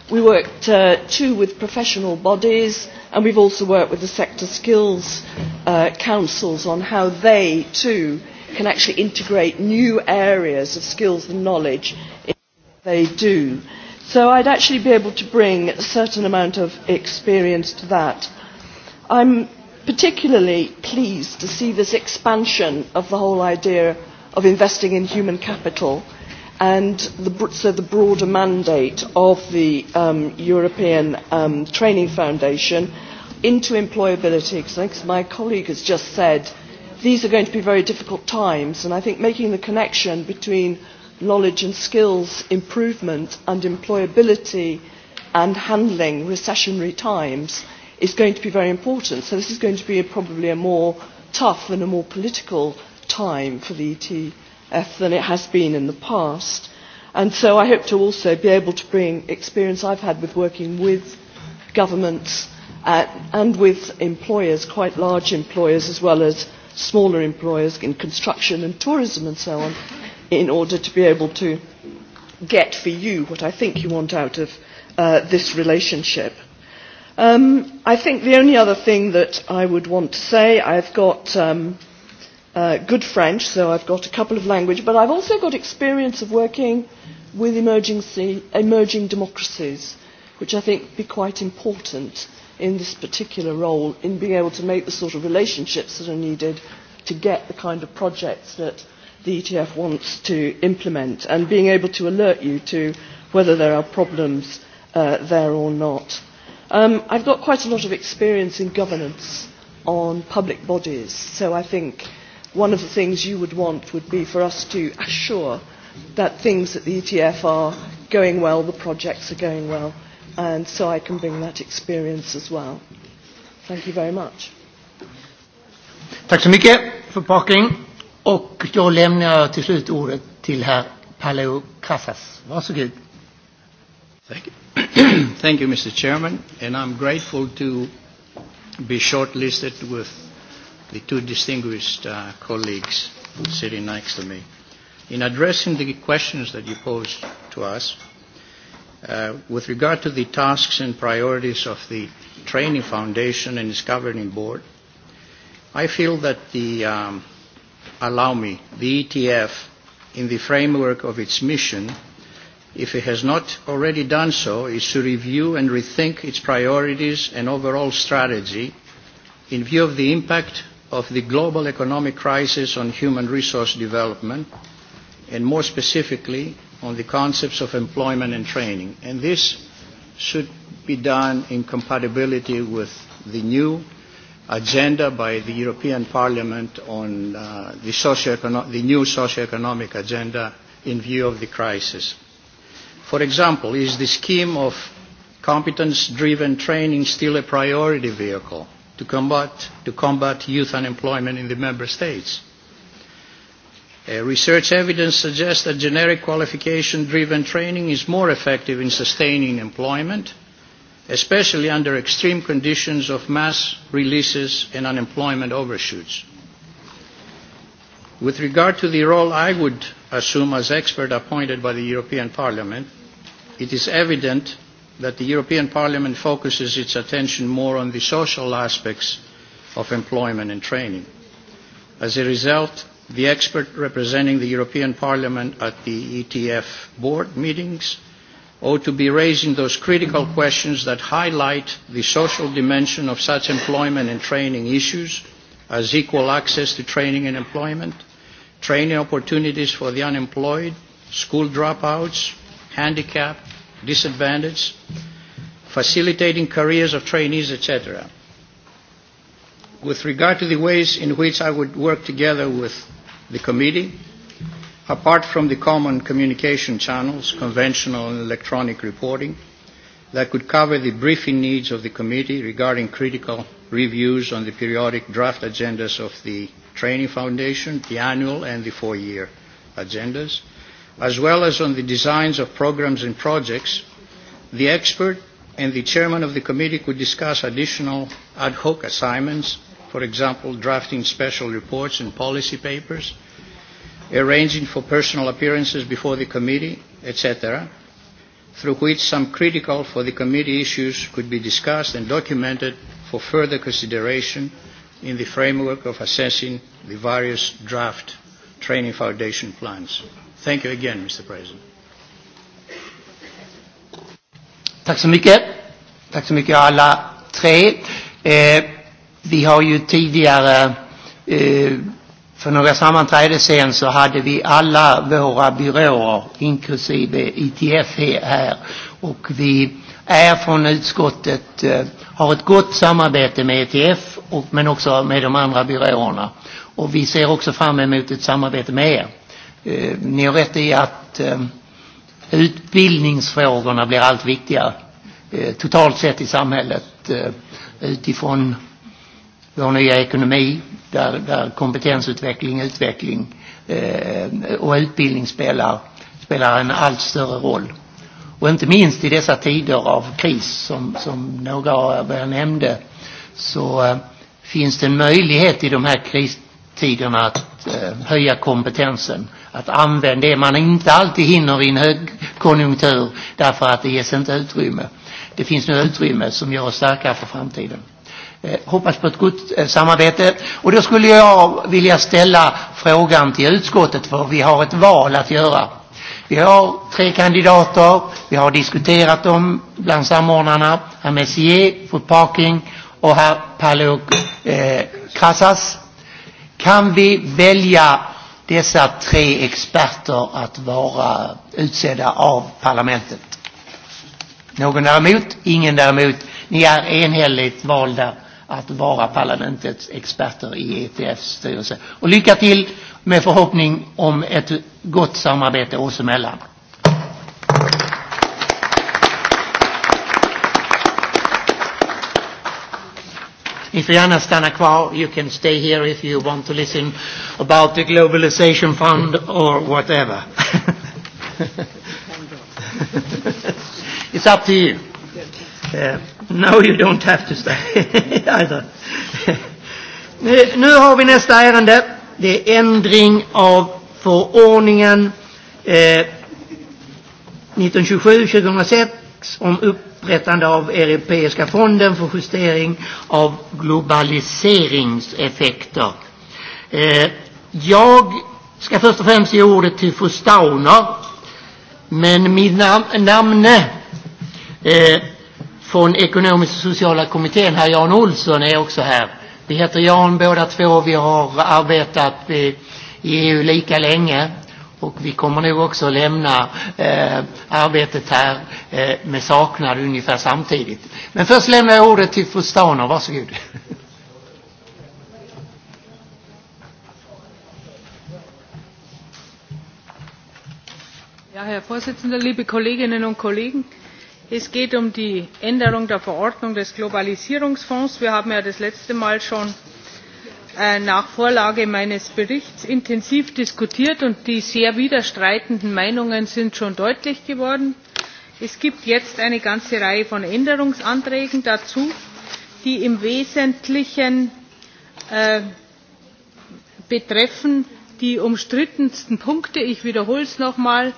I: We worked uh, too with professional bodies and we've also worked with the sector skills uh, councils on how they too uh, can actually integrate new areas of skills and knowledge in what they do. So I'd actually be able to bring a certain amount of experience to that. I'm particularly pleased to see this expansion of the whole idea of investing in human capital and the, so the broader mandate of the um, European um, Training Foundation into employability, because my colleague has just said these are going to be very difficult times, and I think making the connection between knowledge and skills improvement and employability and handling recessionary times is going to be very important. So this is going to be a, probably a more tough and a more political time for the ETF than it has been in the past. And so I hope to also be able to bring experience I've had with working with governments uh, and with employers, quite large employers as well as smaller employers in construction and tourism and so on in order to be able to get for you what I think you want out of uh, this relationship. Um, I think the only other thing that I would want to say, I've got um, uh, good French, so I've got a couple of languages, but I've also got experience of working with emergency, emerging democracies, which I think be quite important in this particular role in being able to make the sort of relationships that are needed to get the kind of projects that the ETF wants to implement and being able to alert you to whether there are problems uh, there or not. Um, I've got quite a lot of experience in governance on public bodies, so I think one of the things you would want would be for us to assure that things at the ETF are going well, the projects are going well, and so I can bring that experience as well. Thank you very much.
A: Tack så mycket för Parking. Och då lämnar jag till slut
G: ordet till herr Paleo Casas. Varsågod. Thank you. Thank you, Mr. Chairman, and I'm grateful to be shortlisted with the two distinguished uh, colleagues sitting next to me. In addressing the questions that you posed to us, Uh, with regard to the tasks and priorities of the Training Foundation and its governing board, I feel that the, um, allow me, the ETF, in the framework of its mission, if it has not already done so, is to review and rethink its priorities and overall strategy in view of the impact of the global economic crisis on human resource development, and more specifically, on the concepts of employment and training. And this should be done in compatibility with the new agenda by the European Parliament on uh, the, socioecono- the new socioeconomic agenda in view of the crisis. For example, is the scheme of competence-driven training still a priority vehicle to combat, to combat youth unemployment in the member states? Uh, research evidence suggests that generic qualification-driven training is more effective in sustaining employment, especially under extreme conditions of mass releases and unemployment overshoots. With regard to the role I would assume as expert appointed by the European Parliament, it is evident that the European Parliament focuses its attention more on the social aspects of employment and training. As a result, the expert representing the European Parliament at the ETF board meetings ought to be raising those critical questions that highlight the social dimension of such employment and training issues as equal access to training and employment, training opportunities for the unemployed, school dropouts, handicapped, disadvantaged, facilitating careers of trainees, etc with regard to the ways in which I would work together with the committee, apart from the common communication channels, conventional and electronic reporting, that could cover the briefing needs of the committee regarding critical reviews on the periodic draft agendas of the Training Foundation, the annual and the four-year agendas, as well as on the designs of programs and projects, the expert and the chairman of the committee could discuss additional ad hoc assignments for example, drafting special reports and policy papers, arranging for personal appearances before the committee, etc., through which some critical for the committee issues could be discussed and documented for further consideration in the framework of assessing the various draft training foundation plans. Thank you again, Mr. President.
A: Tack så mycket. Tack så mycket alla tre. Eh, Vi har ju tidigare eh, för några sammanträden sen så hade vi alla våra byråer, inklusive ITF, här. Och vi är från utskottet, eh, har ett gott samarbete med ITF, och, men också med de andra byråerna. Och vi ser också fram emot ett samarbete med er. Eh, ni har rätt i att eh, utbildningsfrågorna blir allt viktigare eh, totalt sett i samhället eh, utifrån vår nya nu, ekonomi där, där kompetensutveckling, utveckling eh, och utbildning spelar, spelar en allt större roll. Och inte minst i dessa tider av kris som, som några av er nämnde så eh, finns det en möjlighet i de här kristiderna att eh, höja kompetensen. Att använda det man inte alltid hinner i en högkonjunktur därför att det ges inte utrymme. Det finns nu utrymme som gör oss starkare för framtiden. Eh, hoppas på ett gott eh, samarbete. Och då skulle jag vilja ställa frågan till utskottet, för vi har ett val att göra. Vi har tre kandidater, vi har diskuterat dem bland samordnarna, herr Messier för parking och herr Palo eh, Krasas. Kan vi välja dessa tre experter att vara utsedda av parlamentet? Någon däremot? Ingen däremot. Ni är enhälligt valda att vara parlamentets experter i ETFs styrelse. Och lycka till med förhoppning om ett gott samarbete oss emellan. If you understand Aquao, you can stay here if you want to listen about the Globalization Fund or whatever. It's up to you. Uh, No, you don't have to stay either. nu, nu har vi nästa ärende. Det är ändring av förordningen eh, 1927-2006 om upprättande av Europeiska fonden för justering av globaliseringseffekter. Eh, jag ska först och främst ge ordet till fru Stauner, men min nam namne eh, från ekonomiska och sociala kommittén, herr Jan Olsson, är också här. Vi heter Jan båda två. Vi har arbetat eh, i EU lika länge och vi kommer nog också lämna eh, arbetet här eh, med saknad ungefär samtidigt. Men först lämnar jag ordet till fru Staner. Varsågod.
D: Ja, Herr Vorsitzender, liebe Kolleginnen und Kollegen! es geht um die änderung der verordnung des globalisierungsfonds. wir haben ja das letzte mal schon äh, nach vorlage meines berichts intensiv diskutiert und die sehr widerstreitenden meinungen sind schon deutlich geworden. es gibt jetzt eine ganze reihe von änderungsanträgen dazu die im wesentlichen äh, betreffen die umstrittensten punkte ich wiederhole es noch einmal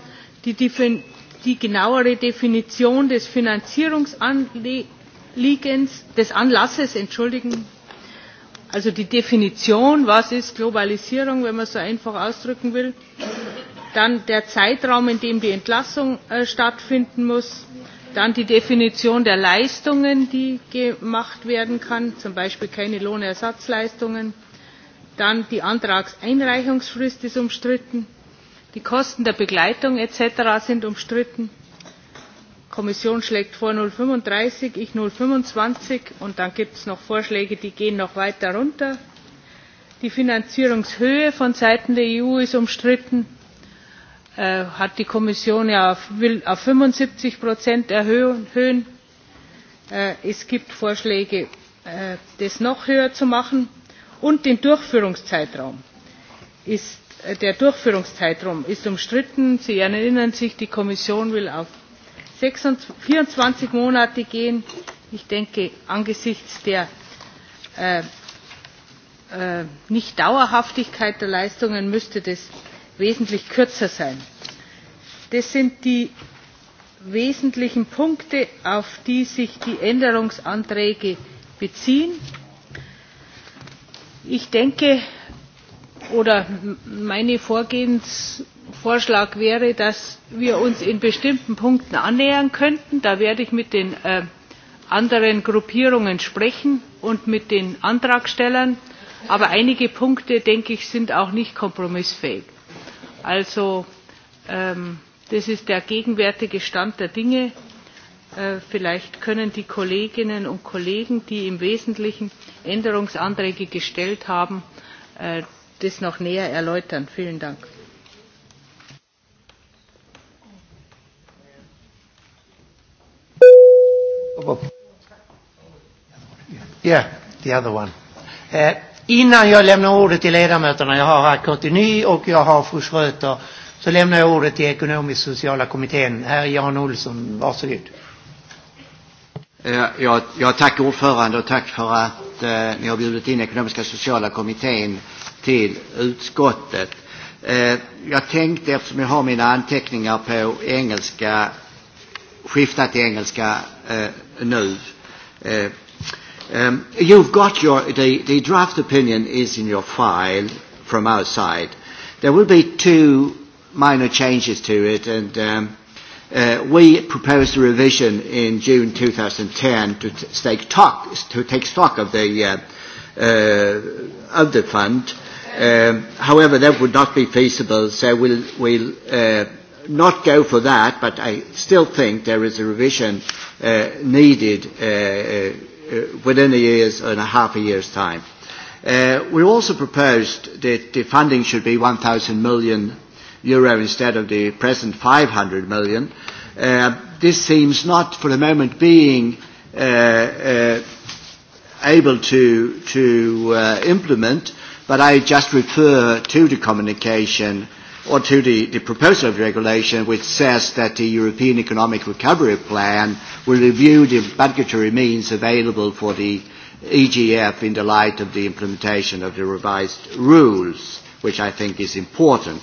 D: die, die die genauere definition des finanzierungsanliegens des anlasses entschuldigen also die definition was ist globalisierung wenn man es so einfach ausdrücken will dann der zeitraum in dem die entlassung äh, stattfinden muss dann die definition der leistungen die gemacht werden kann zum beispiel keine lohnersatzleistungen dann die antragseinreichungsfrist ist umstritten die kosten der begleitung etc. sind umstritten. die kommission schlägt vor null fünfunddreißig ich null fünfundzwanzig und dann gibt es noch vorschläge die gehen noch weiter runter. die finanzierungshöhe von seiten der eu ist umstritten äh, hat die kommission ja auf, will auf fünfundsiebzig erhöhen. Äh, es gibt vorschläge äh, das noch höher zu machen und den durchführungszeitraum ist der durchführungszeitraum ist umstritten. sie erinnern sich die kommission will auf vierundzwanzig monate gehen. ich denke angesichts der äh, äh, nichtdauerhaftigkeit der leistungen müsste das wesentlich kürzer sein. das sind die wesentlichen punkte auf die sich die änderungsanträge beziehen. ich denke oder mein vorgehensvorschlag wäre dass wir uns in bestimmten punkten annähern könnten da werde ich mit den äh, anderen gruppierungen sprechen und mit den antragstellern aber einige punkte denke ich sind auch nicht kompromissfähig. also ähm, das ist der gegenwärtige stand der dinge. Äh, vielleicht können die kolleginnen und kollegen die im wesentlichen änderungsanträge gestellt haben äh, dies noch näher erläutern. Vielen Dank.
A: Yeah, the other one. Eh, innan jag lämnar ordet till ledamöterna, jag har Akoteny och jag har fru Schröter, så lämnar jag ordet till ekonomisk sociala kommittén. Herr Jan Olsson, varsågod.
J: Eh, jag, jag tackar ordförande och tack för att eh, ni har bjudit in ekonomiska och sociala kommittén till utskottet. Eh, jag tänkte, eftersom jag har mina anteckningar på engelska, skifta till engelska eh, nu. Eh, um, you've got your, the, the draft opinion is in your file from our side. There will be two minor changes to it and um, Uh, we proposed a revision in June 2010 to, t- stake talk, to take stock of the, uh, uh, of the fund. Um, however, that would not be feasible, so we'll, we'll uh, not go for that, but I still think there is a revision uh, needed uh, uh, within a year's and a half a year's time. Uh, we also proposed that the funding should be 1,000 million euro instead of the present 500 million. Uh, this seems not for the moment being uh, uh, able to, to uh, implement, but I just refer to the communication or to the, the proposal of regulation which says that the European Economic Recovery Plan will review the budgetary means available for the EGF in the light of the implementation of the revised rules, which I think is important.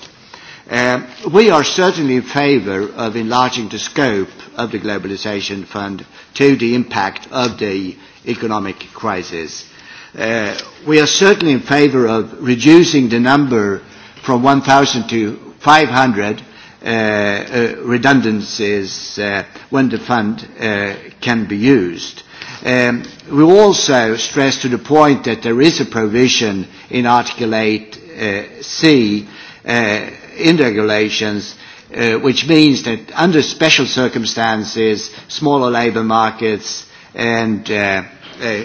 J: Um, uh, we are certainly in favour of enlarging the scope of the Globalisation Fund to the impact of the economic crisis. Uh, we are certainly in favour of reducing the number from 1,000 to 500 uh, uh, redundancies uh, when the fund uh, can be used. Um, we also stress to the point that there is a provision in Article 8C uh, C, uh, in regulations, uh, which means that under special circumstances, smaller labour markets and uh, uh,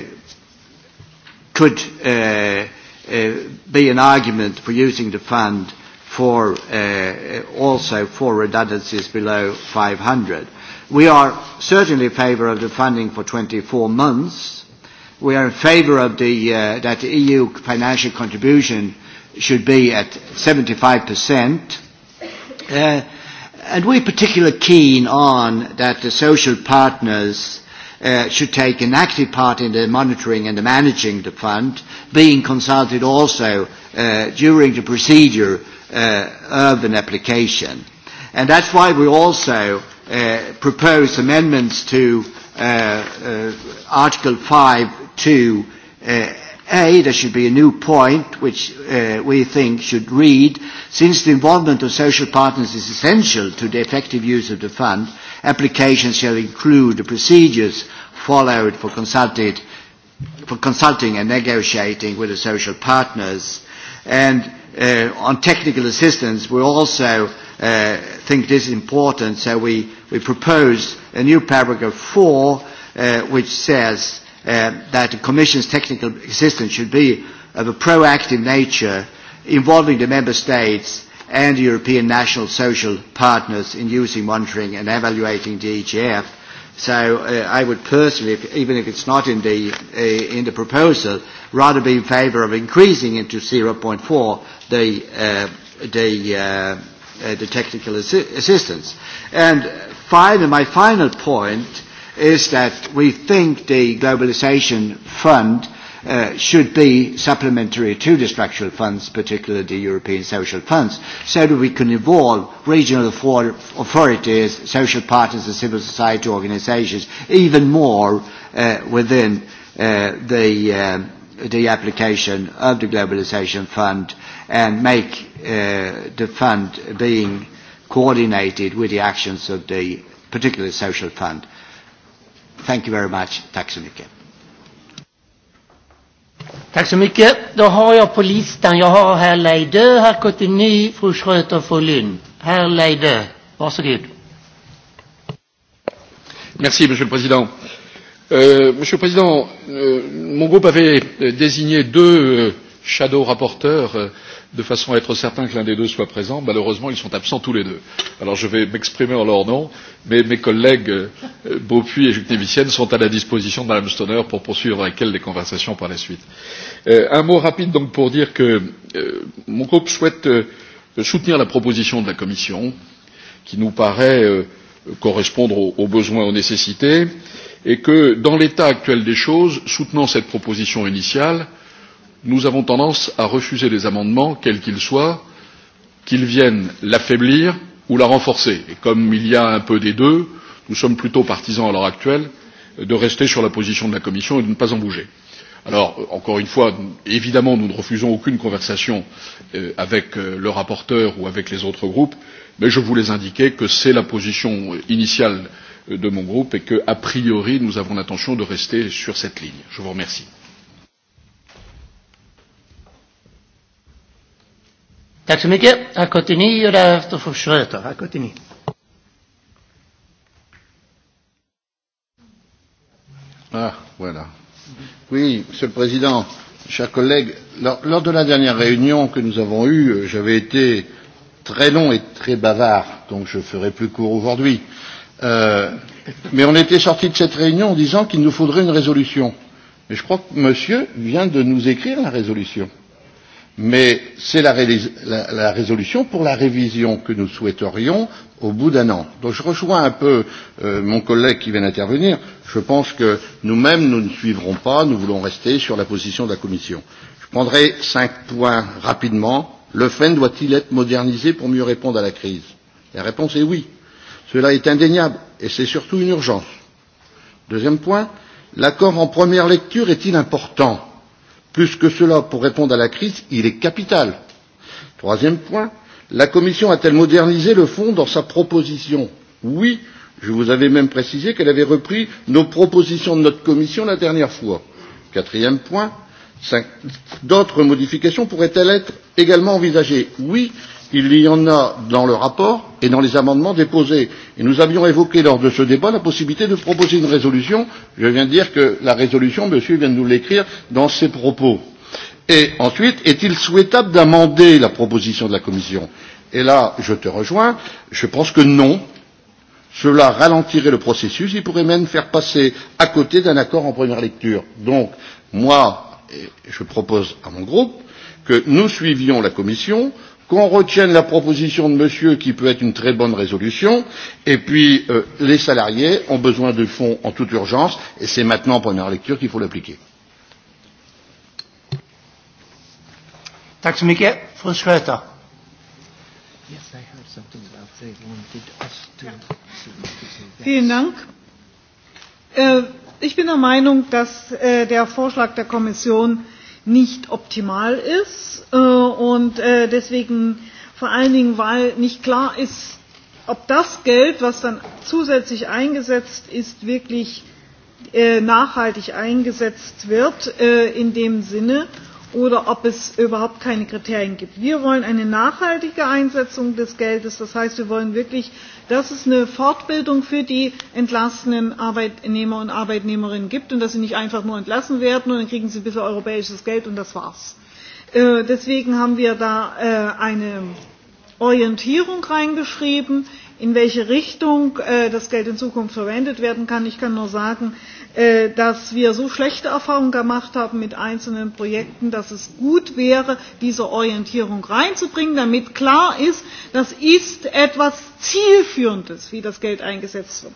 J: could uh, uh, be an argument for using the fund for uh, also for redundancies below 500. We are certainly in favour of the funding for 24 months. We are in favour of the, uh, that the EU financial contribution uh, should be at 75%. Uh, and we're particularly keen on that the social partners uh, should take an active part in the monitoring and the managing the fund, being consulted also uh, during the procedure uh, of an application. And that's why we also uh, propose amendments to uh, uh, Article 5 to uh, A, there should be a new point which uh, we think should read, since the involvement of social partners is essential to the effective use of the fund, applications shall include the procedures followed for, consulted, for consulting and negotiating with the social partners. And uh, on technical assistance, we also uh, think this is important, so we, we proposed a new paragraph 4 uh, which says uh, that the Commission's technical assistance should be of a proactive nature involving the Member States and the European national social partners in using, monitoring and evaluating the EGF. So uh, I would personally, if, even if it's not in the, uh, in the proposal, rather be in favour of increasing into 0.4 the, uh, the, uh, uh, the technical assi assistance. And finally, my final point is that we think the Globalisation Fund uh, should be supplementary to the structural funds, particularly the European social funds, so that we can involve regional authorities, social partners and civil society organisations even more uh, within uh, the, um, uh, the application of the Globalisation Fund and make uh, the fund being coordinated with the actions of the particular social fund. Uh, Thank you very much. Tack så mycket.
A: Tack så mycket. Då har jag på listan, jag har herr Leidö, herr Cotigny, fru Schröter, fru Lynn. Herr Leidö, varsågod.
K: Merci, Monsieur le Président. Euh, Monsieur le Président, euh, mon groupe avait euh, désigné deux euh, shadow rapporteurs euh, de façon à être certain que l'un des deux soit présent. Malheureusement, ils sont absents tous les deux. Alors je vais m'exprimer en leur nom, mais mes collègues euh, Beaupuis et Juknevicienne sont à la disposition de Mme Stoner pour poursuivre avec elle les conversations par la suite. Euh, un mot rapide donc pour dire que euh, mon groupe souhaite euh, soutenir la proposition de la Commission, qui nous paraît euh, correspondre aux, aux besoins, aux nécessités, et que, dans l'état actuel des choses, soutenant cette proposition initiale, euh, nous avons tendance à refuser les amendements quels qu'ils soient qu'ils viennent l'affaiblir ou la renforcer et comme il y a un peu des deux nous sommes plutôt partisans à l'heure actuelle de rester sur la position de la commission et de ne pas en bouger. alors encore une fois évidemment nous ne refusons aucune conversation euh, avec euh, le rapporteur ou avec les autres groupes mais je voulais indiquer que c'est la position initiale euh, de mon groupe et que a priori nous avons l'intention de rester sur cette ligne. je vous remercie.
A: Tack så mycket. Herr Cotigny och därefter får Schröter. Herr Cotigny.
L: Ah, voilà. Oui, Monsieur le Président, chers collègues, lors, lors de la dernière réunion que nous avons eue, euh, j'avais été très long et très bavard, donc je ferai plus court aujourd'hui. Euh, mais on était sorti de cette réunion en disant qu'il nous faudrait une résolution. Et je crois que Monsieur vient de nous écrire la résolution mais c'est la, la, la résolution pour la révision que nous souhaiterions au bout d'un an. donc je rejoins un peu euh, mon collègue qui vient d'intervenir je pense que nous mêmes nous ne suivrons pas nous voulons rester sur la position de la commission. je prendrai cinq points rapidement le fen doit il être modernisé pour mieux répondre à la crise? la réponse est oui cela est indéniable et c'est surtout une urgence. deuxième point l'accord en première lecture est il important? plus que cela pour répondre à la crise il est capital. troisième point la commission a t elle modernisé le fonds dans sa proposition? oui je vous avais même précisé qu'elle avait repris nos propositions de notre commission la dernière fois. quatrième point d'autres modifications pourraient elles être également envisagées? oui il y en a dans le rapport et dans les amendements déposés et nous avions évoqué lors de ce débat la possibilité de proposer une résolution je viens de dire que la résolution monsieur vient de nous l'écrire dans ses propos et ensuite est il souhaitable d'amender la proposition de la commission et là je te rejoins je pense que non cela ralentirait le processus et pourrait même faire passer à côté d'un accord en première lecture. donc moi je propose à mon groupe que nous suivions la commission qu'on retienne la proposition de monsieur qui peut être une très bonne résolution et puis euh, les salariés ont besoin de fonds en toute urgence et c'est maintenant en première lecture qu'il faut l'appliquer.
A: Tack så mycket. Fru Schröter.
B: Yes, I heard something about they wanted us to... Vielen Dank.
M: Äh, ich bin der Meinung, dass äh, der Vorschlag der Kommission äh, nicht optimal ist. Äh, und äh, deswegen vor allen Dingen, weil nicht klar ist, ob das Geld, was dann zusätzlich eingesetzt ist, wirklich äh, nachhaltig eingesetzt wird äh, in dem Sinne oder ob es überhaupt keine Kriterien gibt. Wir wollen eine nachhaltige Einsetzung des Geldes. Das heißt, wir wollen wirklich dass es eine Fortbildung für die entlassenen Arbeitnehmer und Arbeitnehmerinnen gibt und dass sie nicht einfach nur entlassen werden und dann kriegen sie ein bisschen europäisches Geld und das war's. Äh, deswegen haben wir da äh, eine Orientierung reingeschrieben, in welche Richtung äh, das Geld in Zukunft verwendet werden kann. Ich kann nur sagen, Äh, dass wir so schlechte Erfahrungen gemacht haben mit einzelnen Projekten, dass es gut wäre, diese Orientierung reinzubringen, damit klar ist, das ist etwas Zielführendes, wie das Geld eingesetzt wird.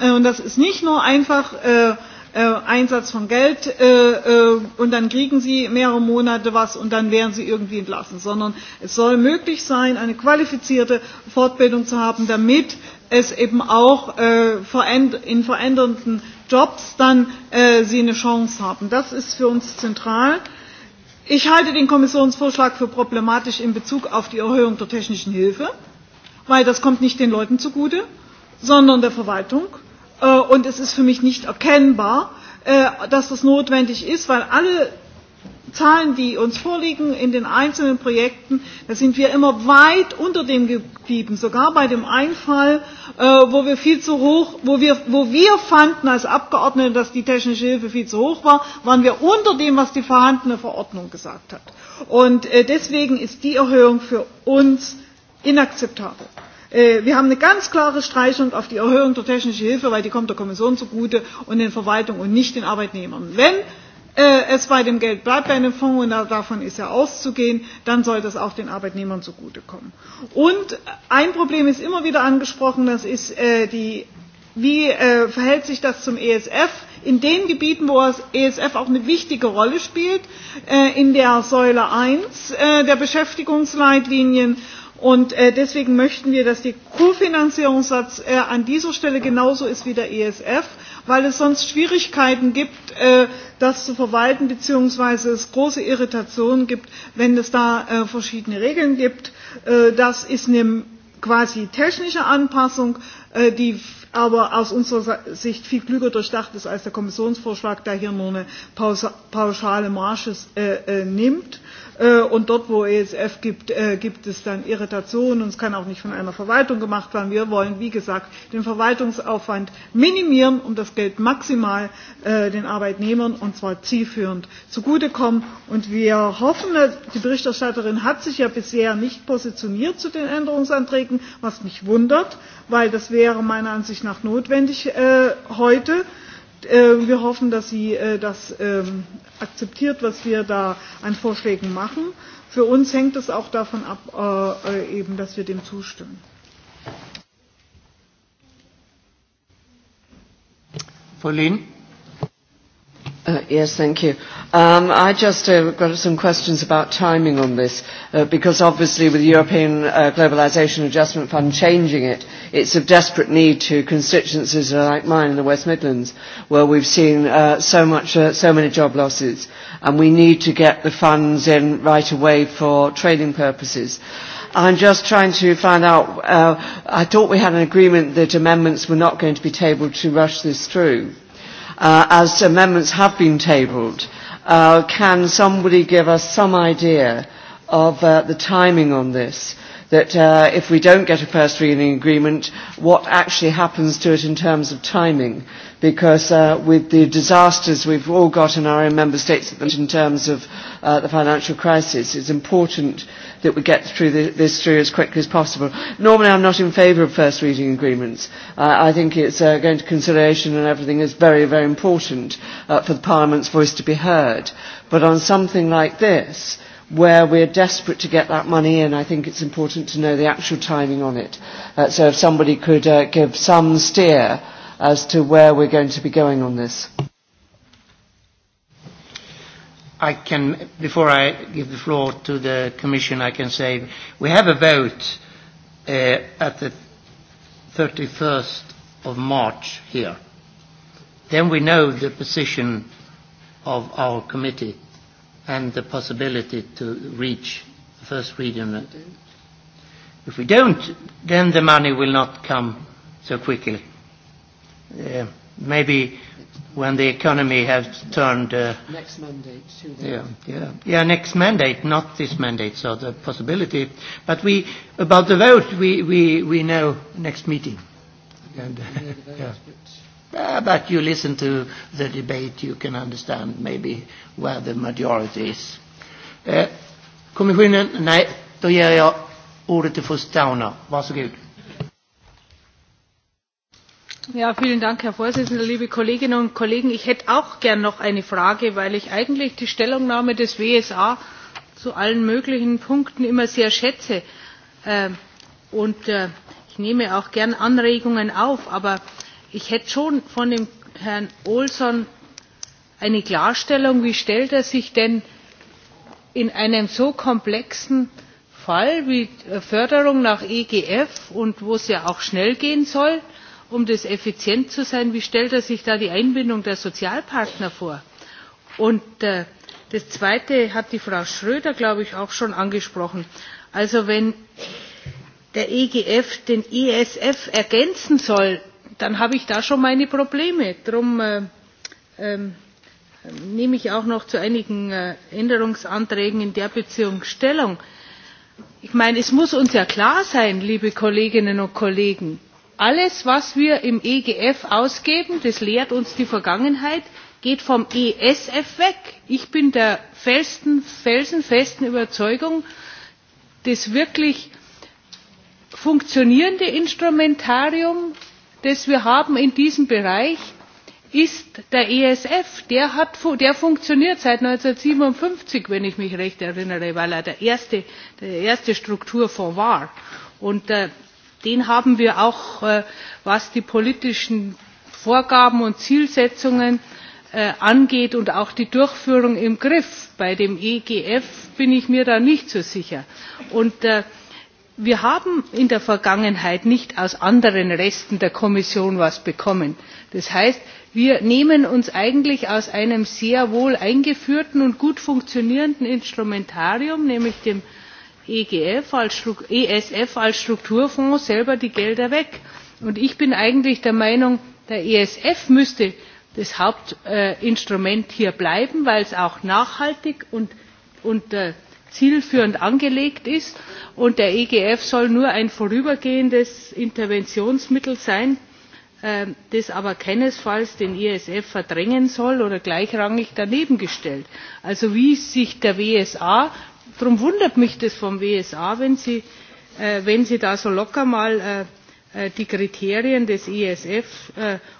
M: Äh, äh, und das ist nicht nur einfach äh, Einsatz von Geld äh, äh, und dann kriegen sie mehrere Monate was und dann werden sie irgendwie entlassen, sondern es soll möglich sein, eine qualifizierte Fortbildung zu haben, damit es eben auch äh, veränd in verändernden Jobs dann äh, sie eine Chance haben. Das ist für uns zentral. Ich halte den Kommissionsvorschlag für problematisch in Bezug auf die Erhöhung der technischen Hilfe, weil das kommt nicht den Leuten zugute, sondern der Verwaltung. Äh, und es ist für mich nicht erkennbar, äh, dass das notwendig ist, weil alle Zahlen, die uns vorliegen in den einzelnen Projekten, da sind wir immer weit unter dem geblieben, sogar bei dem Einfall, äh, wo wir viel zu hoch, wo wir, wo wir fanden als Abgeordnete, dass die technische Hilfe viel zu hoch war, waren wir unter dem, was die vorhandene Verordnung gesagt hat. Und äh, deswegen ist die Erhöhung für uns inakzeptabel. Äh, wir haben eine ganz klare Streichung auf die Erhöhung der technischen Hilfe, weil die kommt der Kommission zugute und den Verwaltungen und nicht den Arbeitnehmern. Wenn äh, es bei dem Geld bleibt bei einem Fonds und da, davon ist ja auszugehen, dann soll das auch den Arbeitnehmern zugutekommen. Und ein Problem ist immer wieder angesprochen, das ist äh, die, wie äh, verhält sich das zum ESF? In den Gebieten, wo das ESF auch eine wichtige Rolle spielt, äh, in der Säule 1 äh, der Beschäftigungsleitlinien, Und äh, deswegen möchten wir, dass der Kofinanzierungssatz äh, an dieser Stelle genauso ist wie der ESF weil es sonst Schwierigkeiten gibt, äh, das zu verwalten, beziehungsweise es große Irritationen gibt, wenn es da äh, verschiedene Regeln gibt. Äh, das ist eine quasi technische Anpassung, die aber aus unserer Sicht viel klüger durchdacht ist als der Kommissionsvorschlag, der hier nur eine pauschale Marge nimmt Äh, und dort, wo ESF gibt, äh, gibt es dann Irritationen und es kann auch nicht von einer Verwaltung gemacht werden. Wir wollen, wie gesagt, den Verwaltungsaufwand minimieren, um das Geld maximal äh, den Arbeitnehmern und zwar zielführend zugutekommen. Und wir hoffen, die Berichterstatterin hat sich ja bisher nicht positioniert zu den Änderungsanträgen, was mich wundert, weil das wäre meiner Ansicht nach notwendig äh, heute. Äh, wir hoffen, dass sie äh, das ähm, akzeptiert, was wir da an Vorschlägen machen. Für uns hängt es auch davon ab, äh, eben, dass wir dem zustimmen.
N: Frau Lehn. Uh, yes, thank you. Um, I just uh, got some questions about timing on this, uh, because obviously with the European uh, Globalisation Adjustment Fund changing it, it's of desperate need to constituencies like mine in the West Midlands, where we've seen uh, so, much, uh, so many job losses, and we need to get the funds in right away for trading purposes. I'm just trying to find out, uh, I thought we had an agreement that amendments were not going to be tabled to rush this through. Uh, uh, as amendments have been tabled, uh, can somebody give us some idea of uh, the timing on this? Uh, that uh, if we don't get a first reading agreement, what actually happens to it in terms of timing? Because uh, with the disasters we've all got in our own member states at the moment in terms of uh, the financial crisis, it's important that we get through the, this through as quickly as possible. Normally I'm not in favour of first reading agreements. Uh, I think it's uh, going to conciliation and everything is very, very important uh, for the Parliament's voice to be heard. But on something like this, where we're desperate to get that money in, I think it's important to know the actual timing on it. Uh, so if somebody could uh, give some steer as to where we're going to be going on this. I can, before
A: I give the floor to the Commission, I can say we have a vote uh, at the 31st of March here. Then we know the position of our committee and the possibility to reach the first region. If we don't, then the money will not come so quickly. Uh, maybe when the economy has turned. Uh,
N: next mandate. Too, yeah, yeah,
A: yeah. Next mandate, not this mandate. So the possibility, but we about the vote, we we we know next meeting. And, uh, yeah. Uh, but you listen to the debate, you can understand maybe where the majority is. Uh, kommissionen? Nej, då ger jag ordet till Fustauner. Varsågod.
D: Ja, vielen Dank, Herr Vorsitzender, liebe Kolleginnen und Kollegen. Ich hätte auch gern noch eine Frage, weil ich eigentlich die Stellungnahme des WSA zu allen möglichen Punkten immer sehr schätze. Äh, und äh, ich nehme auch gern Anregungen auf, aber äh, ich hätte schon von dem herrn olsson eine klarstellung wie stellt er sich denn in einem so komplexen fall wie der äh, förderung nach egf und wo es ja auch schnell gehen soll um effizient zu sein wie stellt er sich da die einbindung der sozialpartner vor? und äh, das zweite hat die frau schroedter glaube ich auch schon angesprochen also wenn der egf den esf ergänzen soll dann habe ich da schon meine Probleme. Darum äh, ähm, nehme ich auch noch zu einigen äh, Änderungsanträgen in der Beziehung Stellung. Ich meine, es muss uns ja klar sein, liebe Kolleginnen und Kollegen, alles, was wir im EGF ausgeben, das lehrt uns die Vergangenheit, geht vom ESF weg. Ich bin der felsen, felsenfesten Überzeugung, das wirklich funktionierende Instrumentarium das wir haben in diesem bereich ist der esf. Der, hat, der funktioniert seit eintausendneunhundertsiebenundfünfzig wenn ich mich recht erinnere weil er der erste, der erste strukturfonds war. Und äh, den haben wir auch äh, was die politischen vorgaben und zielsetzungen äh, angeht und auch die durchführung im griff. bei dem egf bin ich mir da nicht so sicher. Und, äh, wir haben in der vergangenheit nicht aus anderen resten der kommission etwas bekommen. das heißt wir nehmen uns eigentlich aus einem sehr wohl eingeführten und gut funktionierenden instrumentarium nämlich dem esf e als strukturfonds selber die gelder weg. und ich bin eigentlich der meinung der esf müsste das hauptinstrument äh, hier bleiben weil es auch nachhaltig und äh, zielführend angelegt ist und der egf soll nur ein vorübergehendes interventionsmittel sein ähm, das aber keinesfalls den esf verdrängen soll oder gleichrangig danebengestellt. also wie sich der wsa darum wundert mich das vom wsa äh, wenn sie da so locker mal äh, äh, die kriterien des esf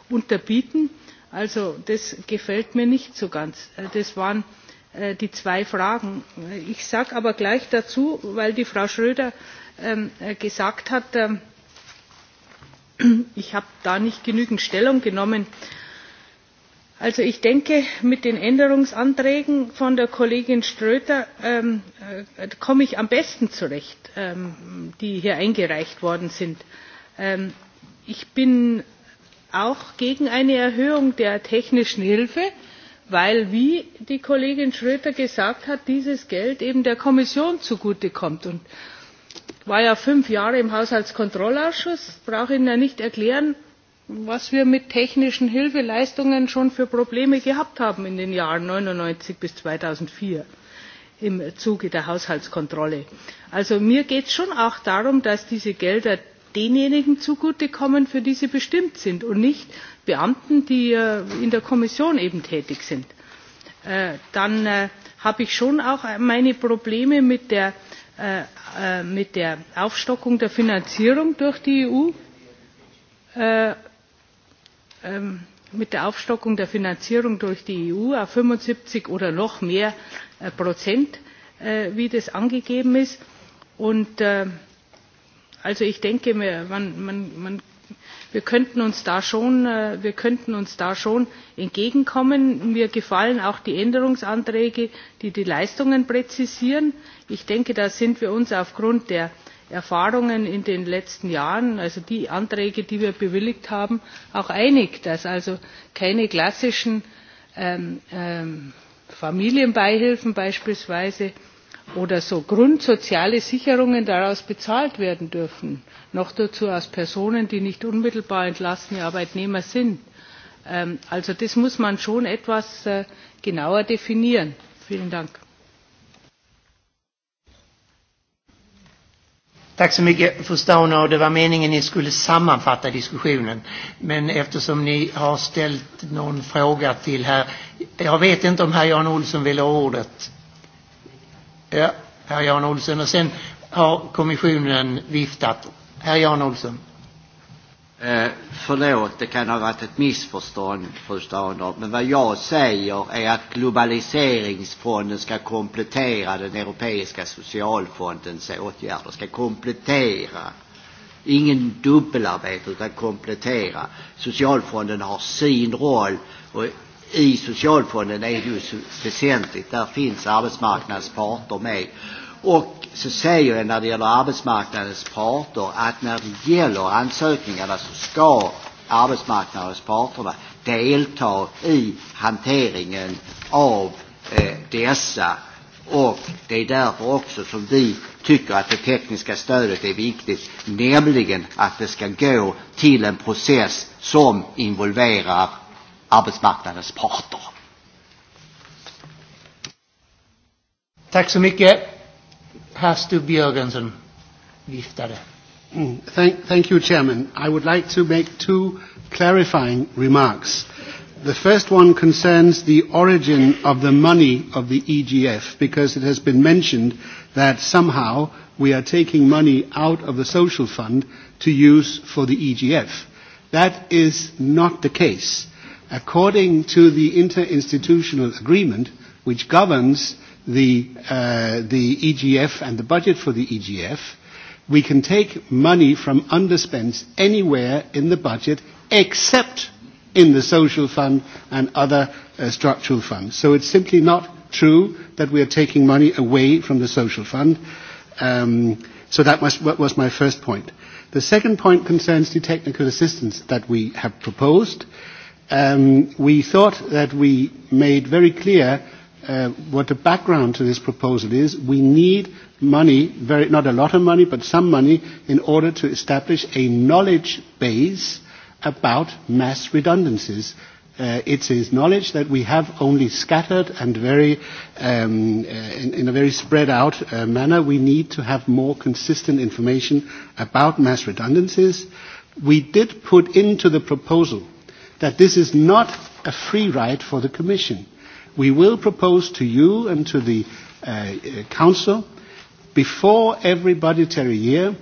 D: unterbieten also das gefällt mir nicht so ganz. das waren Äh, die zwei Fragen. Ich sage aber gleich dazu, weil die Frau Schröder ähm, äh, gesagt hat, ähm, ich habe da nicht genügend Stellung genommen. Also ich denke, mit den Änderungsanträgen von der Kollegin Ströter ähm, äh, komme ich am besten zurecht, ähm, die hier eingereicht worden sind. Ähm, ich bin auch gegen eine Erhöhung der technischen Hilfe weil wie die kollegin schroedter gesagt hat dieses geld eben der kommission zugute kommt. ich war ja fünf jahre im haushaltskontrollausschuss brauche ihnen ja nicht zu erklären was wir mit technischen hilfeleistungen schon für probleme gehabt haben in den jahren eintausendneunhundertneunundneunzig bis zweitausendvier im zuge der haushaltskontrolle. also mir geht es schon auch darum dass diese gelder denjenigen zugute kommen für die sie bestimmt sind und nicht Beamten, die äh, in der Kommission eben tätig sind, äh, dann äh, habe ich schon auch meine Probleme mit der, mit der Aufstockung der Finanzierung durch die EU. Ähm, mit der Aufstockung der Finanzierung durch die EU auf 75 oder noch mehr Prozent, wie das angegeben ist. Und also ich denke, man, man, man wir könnten uns da schon, äh, wir könnten uns da schon entgegenkommen. Mir gefallen auch die Änderungsanträge, die die Leistungen präzisieren. Ich denke, da sind wir uns aufgrund der Erfahrungen in den letzten Jahren, also die Anträge, die wir bewilligt haben, auch einig, dass also keine klassischen ähm, ähm, Familienbeihilfen beispielsweise oder so grundsoziale sicherungen daraus bezahlt werden dürfen noch dazu aus personen die nicht unmittelbar entlassene arbeitnehmer sind. Ähm, also das muss man schon etwas äh, genauer definieren. vielen dank.
A: Tack så mycket. Fru Stauner, det var meningen ni skulle sammanfatta diskussionen. Men eftersom ni har ställt någon fråga till här. Jag vet inte om herr Jan Olsson vill ha ordet. Ja, herr Jan Olsson. Och sen har kommissionen viftat. Herr Jan Olsson.
J: Eh, förlåt, det kan ha varit ett missförstånd, fru Stander. Men vad jag säger är att globaliseringsfonden ska komplettera den europeiska socialfondens åtgärder. Ska komplettera. Ingen dubbelarbete, utan komplettera. Socialfonden har sin roll och i socialfonden är ju väsentligt. Där finns arbetsmarknadens parter med. Och så säger jag när det gäller arbetsmarknadens parter att när det gäller ansökningarna så ska arbetsmarknadens parterna delta i hanteringen av eh, dessa. Och det är därför också som vi tycker att det tekniska stödet är viktigt, nämligen att det ska gå till en process som involverar arbetsmarknadens parter.
A: Tack
B: så mycket. Här stod Björgensen viftade. Mm, thank, thank you, Chairman. I would like to make two clarifying remarks. The first one concerns the origin of the money of the EGF, because it has been mentioned that somehow we are taking money out of the social fund to use for the EGF. That is not the case. Uh, according to the interinstitutional agreement which governs the, uh, the EGF and the budget for the EGF, we can take money from underspends anywhere in the budget except in the social fund and other uh, structural funds. So it's simply not true that we are taking money away from the social fund. Um, so that was, was my first point. The second point concerns the technical assistance that we have proposed. Uh, um, we thought that we made very clear uh, what the background to this proposal is. We need money, very, not a lot of money, but some money, in order to establish a knowledge base about mass redundancies. Uh, it is knowledge that we have only scattered and very, um, uh, in, in a very spread out uh, manner. We need to have more consistent information about mass redundancies. We did put into the proposal that this is not a free ride for the Commission. We will propose to you and to the uh, uh, Council before every budgetary year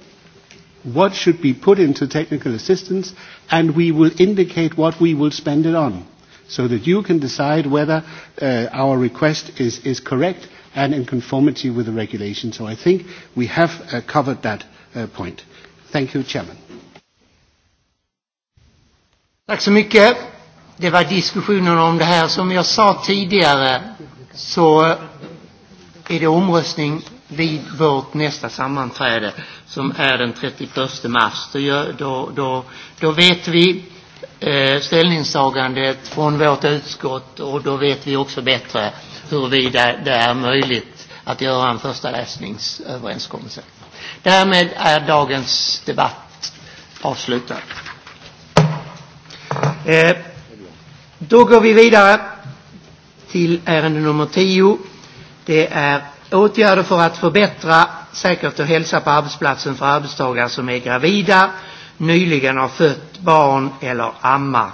B: what should be put into technical assistance and we will indicate what we will spend it on so that you can decide whether uh, our request is, is correct and in conformity with the regulation. So I think we have uh, covered that uh, point. Thank you, Chairman.
A: Tack så mycket. Det var diskussionen om det här. Som jag sa tidigare så är det omröstning vid vårt nästa sammanträde som är den 31 mars. Då, då, då, då vet vi eh, ställningstagandet från vårt utskott och då vet vi också bättre huruvida det är möjligt att göra en första läsningsöverenskommelse. Därmed är dagens debatt avslutad. Eh, då går vi vidare till ärende nummer 10. Det är åtgärder för att förbättra säkerhet och hälsa på arbetsplatsen för arbetstagare som är gravida, nyligen har fött barn eller ammar.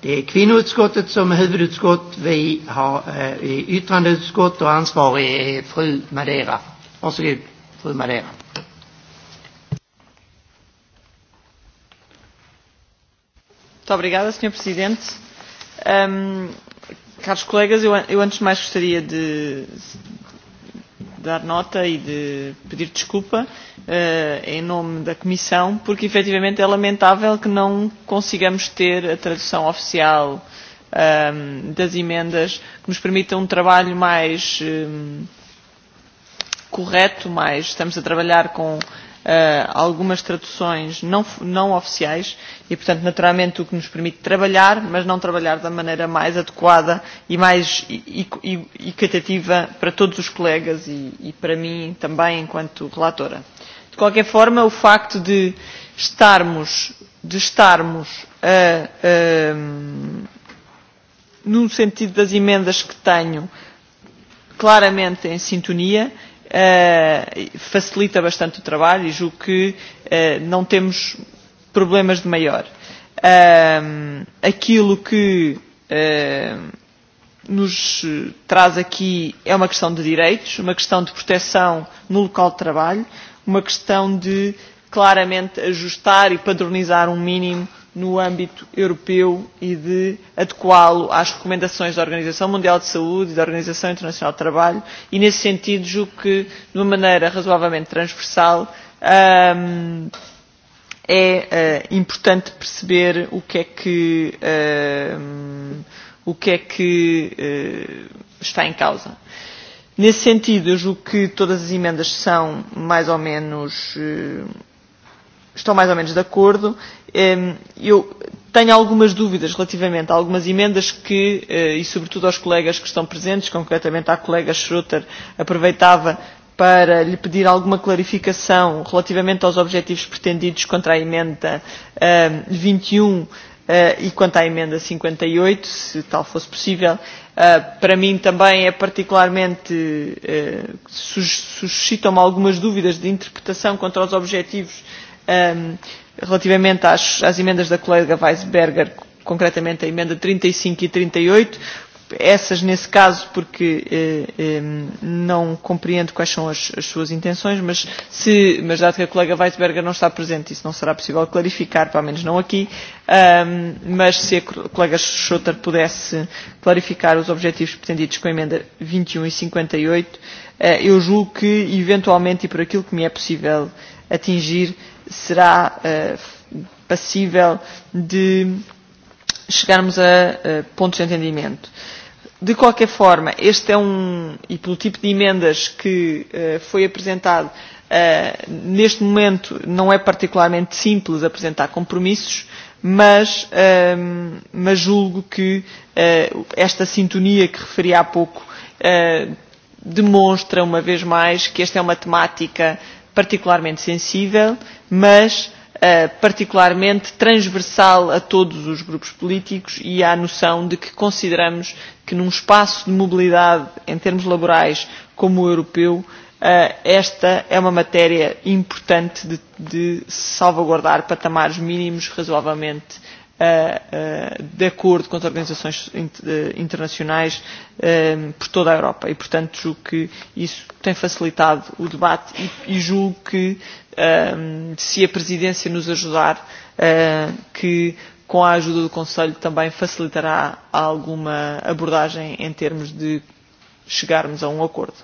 A: Det är kvinnoutskottet som är huvudutskott. Vi har eh, yttrandeutskott och ansvarig är fru
O: Madeira. Varsågod, fru Madeira. Muito obrigada, Sr. Presidente. Um, caros colegas, eu, eu antes de mais gostaria de, de dar nota e de pedir desculpa uh, em nome da Comissão, porque efetivamente é lamentável que não consigamos ter a tradução oficial um, das emendas que nos permita um trabalho mais um, correto, mais estamos a trabalhar com uh, algumas traduções não, não oficiais e, portanto, naturalmente o que nos permite trabalhar, mas não trabalhar da maneira mais adequada e mais equitativa e, e, e para todos os colegas e, e para mim também enquanto relatora. De qualquer forma, o facto de estarmos, de estarmos a, a, no sentido das emendas que tenho, claramente em sintonia uh, facilita bastante o trabalho e julgo que uh, não temos problemas de maior. Uh, aquilo que uh, nos traz aqui é uma questão de direitos, uma questão de proteção no local de trabalho, uma questão de claramente ajustar e padronizar um mínimo no âmbito europeu e de adequá-lo às recomendações da Organização Mundial de Saúde e da Organização Internacional de Trabalho e, nesse sentido, julgo que, de uma maneira razoavelmente transversal, um, é uh, importante perceber o que é que, um, o que, é que uh, está em causa. Nesse sentido, eu julgo que todas as emendas são mais ou menos uh, estão mais ou menos de acordo. Eu tenho algumas dúvidas relativamente a algumas emendas que, eh, e sobretudo aos colegas que estão presentes, concretamente à colega Schroeter, aproveitava para lhe pedir alguma clarificação relativamente aos objetivos pretendidos contra a emenda 21 ehm, e Uh, um, eh, e quanto à emenda 58, e se tal fosse possível, uh, para mim também é particularmente, uh, sus suscitam-me algumas dúvidas de interpretação contra os objetivos um, relativamente às, às emendas da colega Weisberger, concretamente a emenda 35 e 38, e e essas nesse caso porque eh, eh, não compreendo quais são as, as suas intenções, mas, se, mas dado que a colega Weisberger não está presente, isso não será possível clarificar, pelo menos não aqui, um, mas se a colega Schotter pudesse clarificar os objetivos pretendidos com a emenda 21 e 58, um e eh, eu julgo que eventualmente e por aquilo que me é possível atingir, será uh, e, passível de chegarmos a uh, pontos de entendimento. De qualquer forma, este é um, e pelo tipo de emendas que uh, foi apresentado, uh, neste momento não é particularmente simples apresentar compromissos, mas, um, mas julgo que uh, esta sintonia que referi há pouco uh, demonstra, uma vez mais, que esta é uma temática particularmente sensível, mas uh, particularmente transversal a todos os grupos políticos e à noção de que consideramos que num espaço de mobilidade em termos laborais como o europeu, uh, esta é uma matéria importante de, de salvaguardar patamares mínimos razoavelmente de acordo com as organizações internacionais por toda a Europa e, portanto, julgo que isso tem facilitado o debate e, e julgo que, se a Presidência nos ajudar, que com a ajuda do Conselho também facilitará alguma abordagem em termos de chegarmos a um acordo.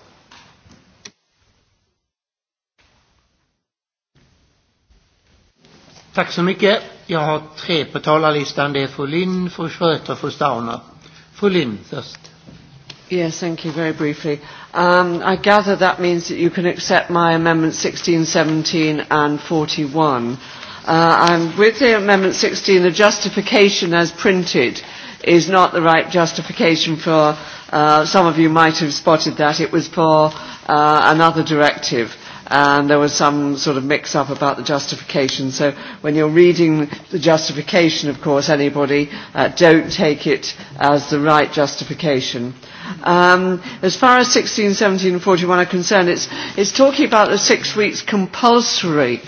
A: Tack så mycket. Jag har tre på talarlistan. Det är fru Lind, fru Schröter och fru Stauner. Fru Lind först.
N: Yes, thank you. Very briefly. Um, I gather that means that you can accept my amendments 16, 17 and 41. Uh, I'm with the amendment 16, the justification as printed is not the right justification for, uh, some of you might have spotted that, it was for uh, another directive. Uh, and there was some sort of mix up about the justification. So when you're reading the justification, of course, anybody, uh, don't take it as the right justification. Um, as far as 16, 17 and 41 are concerned, it's, it's talking about the six weeks compulsory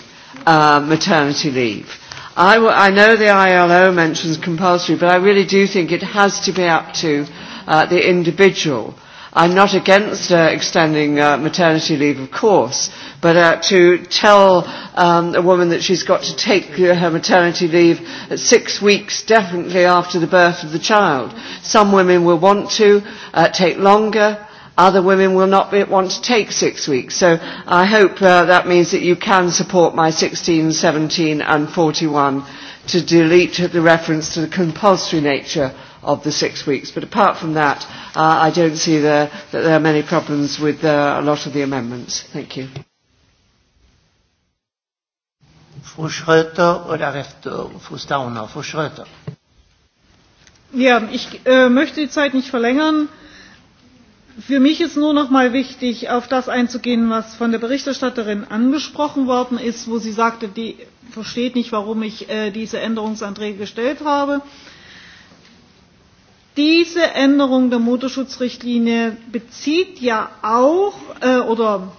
N: uh, maternity leave. I, w- I know the ILO mentions compulsory, but I really do think it has to be up to uh, the individual I'm not against uh, extending uh, maternity leave, of course, but uh, to tell um, a woman that she's got to take uh, her maternity leave at six weeks, definitely after the birth of the child. Some women will want to uh, take longer. Other women will not be, want to take six weeks. So I hope uh, that means that you can support my 16, 17 and 41 to delete the reference to the compulsory nature of the six weeks. But apart from that, uh, I don't see the, that there are many problems with uh, a lot of the amendments. Thank you. Fru Schröter
A: och därefter Fru Stauner. Fru Schröter.
M: Ja, ich äh, möchte die Zeit nicht verlängern. Für mich ist nur noch mal wichtig, auf das einzugehen, was von der Berichterstatterin angesprochen worden ist, wo sie sagte, die versteht nicht, warum ich äh, diese Änderungsanträge gestellt habe. Äh, diese Änderung der Motorschutzrichtlinie bezieht ja auch äh, oder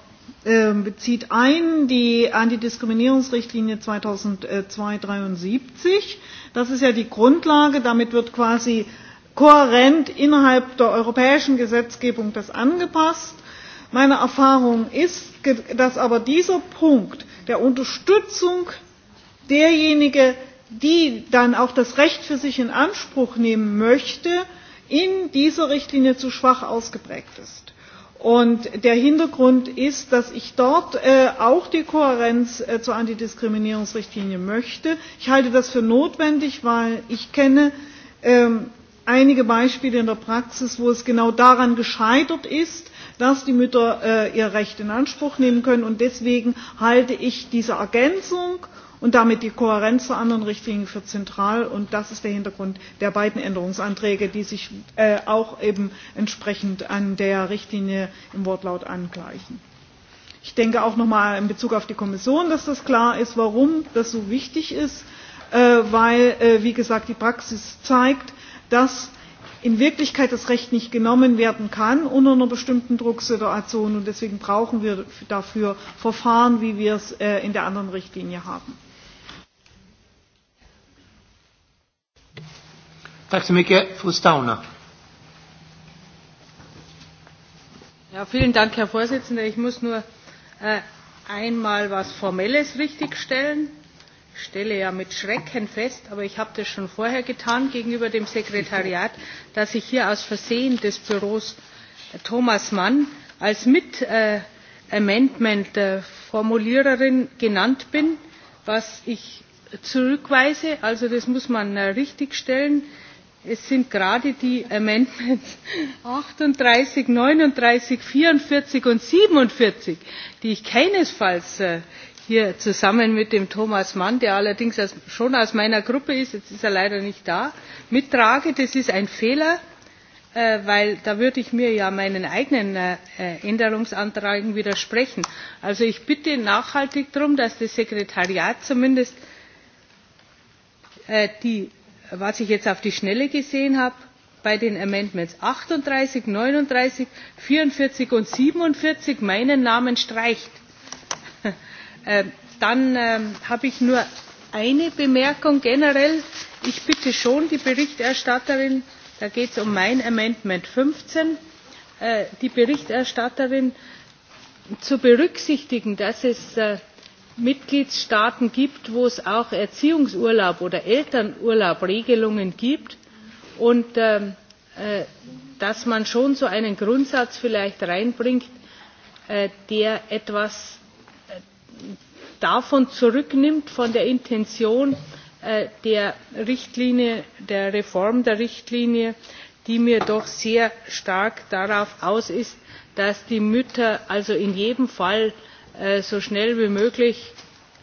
M: äh, bezieht ein die Antidiskriminierungsrichtlinie 2002-73. Das ist ja die Grundlage. Damit wird quasi kohärent innerhalb der europäischen Gesetzgebung das angepasst. Meine Erfahrung ist, dass aber dieser Punkt der Unterstützung derjenige die dann auch das Recht für sich in Anspruch nehmen möchte, in dieser Richtlinie zu schwach ausgeprägt ist. Und der Hintergrund ist, dass ich dort äh, auch die Kohärenz äh, zur Antidiskriminierungsrichtlinie möchte. Ich halte das für notwendig, weil ich kenne ähm, einige Beispiele in der Praxis, wo es genau daran gescheitert ist, dass die Mütter äh, ihr Recht in Anspruch nehmen können. Und deswegen halte ich diese Ergänzung und damit die Kohärenz zur anderen Richtlinie für Zentral. Und das ist der Hintergrund der beiden Änderungsanträge, die sich äh, auch eben entsprechend an der Richtlinie im Wortlaut angleichen. Ich denke auch nochmal in Bezug auf die Kommission, dass das klar ist, warum das so wichtig ist, äh, weil, äh, wie gesagt, die Praxis zeigt, dass in Wirklichkeit das Recht nicht genommen werden kann unter einer bestimmten Drucksituation. Und deswegen brauchen wir dafür Verfahren, wie wir es äh, in der anderen Richtlinie haben.
A: Tack så mycket. Fru Stauner.
D: Ja, vielen Dank, Herr Vorsitzender. Ich muss nur äh, einmal was Formelles richtigstellen. Ich stelle ja mit Schrecken fest, aber ich habe das schon vorher getan gegenüber dem Sekretariat, dass ich hier aus Versehen des Büros äh, Thomas Mann als Mit äh, Amendment äh, Formuliererin genannt bin, was ich zurückweise. Also das muss man äh, richtigstellen. stellen es sind gerade die Amendments 38, 39, 44 und 47, die ich keinesfalls äh, hier zusammen mit dem Thomas Mann, der allerdings als, schon aus meiner Gruppe ist, jetzt ist er leider nicht da, mittrage. Das ist ein Fehler, äh, weil da würde ich mir ja meinen eigenen äh, äh Änderungsanträgen widersprechen. Also ich bitte nachhaltig darum, dass das Sekretariat zumindest äh, die was ich jetzt auf die Schnelle gesehen habe, bei den Amendments 38, 39, 44 und 47 meinen Namen streicht. Ähm, dann ähm, habe ich nur eine Bemerkung generell. Ich bitte schon die Berichterstatterin, da geht es um mein Amendment 15, äh, die Berichterstatterin zu berücksichtigen, dass es äh, Mitgliedstaaten gibt, wo es auch Erziehungsurlaub oder Elternurlaubregelungen gibt und äh, äh, dass man schon so einen Grundsatz vielleicht reinbringt, äh, der etwas äh, davon zurücknimmt, von der Intention äh, der Richtlinie, der Reform der Richtlinie, die mir doch sehr stark darauf aus ist, dass die Mütter also in jedem Fall Äh, so schnell wie möglich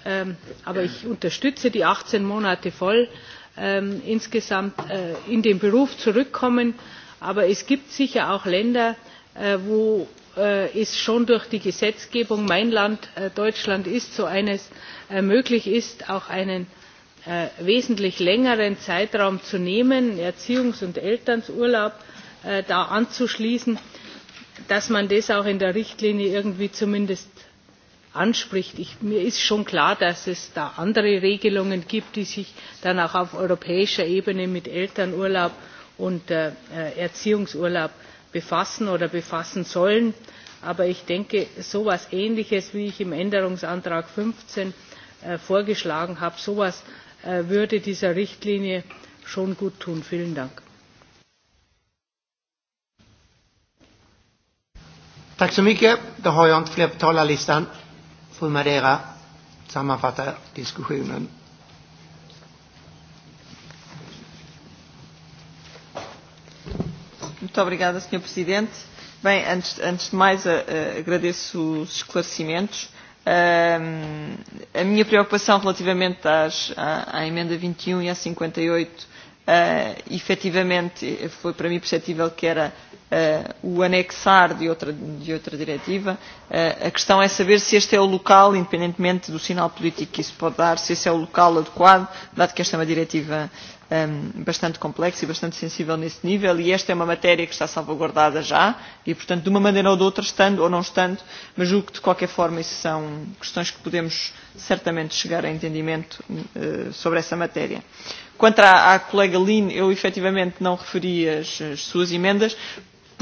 D: ähm, aber ich unterstütze die achtzehn monate voll ähm, insgesamt äh, in den beruf zurückkommen. aber es gibt sicher auch länder äh, wo es schon durch die gesetzgebung mein land deutschland ist so eines möglich ist auch einen wesentlich längeren zeitraum zu nehmen erziehungs und elternurlaub da anzuschließen dass man das auch in der richtlinie irgendwie zumindest anspricht. Ich, mir ist schon klar, dass es da andere Regelungen gibt, die sich dann auch auf europäischer Ebene mit Elternurlaub und äh, äh Erziehungsurlaub befassen oder befassen sollen. Aber ich denke, so etwas Ähnliches, wie ich im Änderungsantrag 15 äh, vorgeschlagen habe, so etwas äh, würde dieser Richtlinie schon gut tun. Vielen Dank.
A: Tack så mycket. Då har jag inte fler på talarlistan. Pulmarera sammanfattar diskussionen.
O: Muito obrigada, Sr. Presidente. Bem, antes, antes de mais, uh, agradeço os esclarecimentos. Uh, a minha preocupação relativamente às, à, à emenda 21 e, um e à 58, uh, e ah, efetivamente, eh, foi para mim perceptível que era uh, o anexar de outra, de outra diretiva. Uh, a questão é saber se este é o local, independentemente do sinal político que isso pode dar, se esse é o local adequado, dado que esta é uma diretiva um, bastante complexa e bastante sensível nesse nível e esta é uma matéria que está salvaguardada já e, portanto, de uma maneira ou de outra, estando ou não estando, mas julgo que, de qualquer forma, isso são questões que podemos certamente chegar a entendimento uh, sobre essa matéria. Quanto à, à colega Lin, eu efetivamente não referi as, as suas emendas,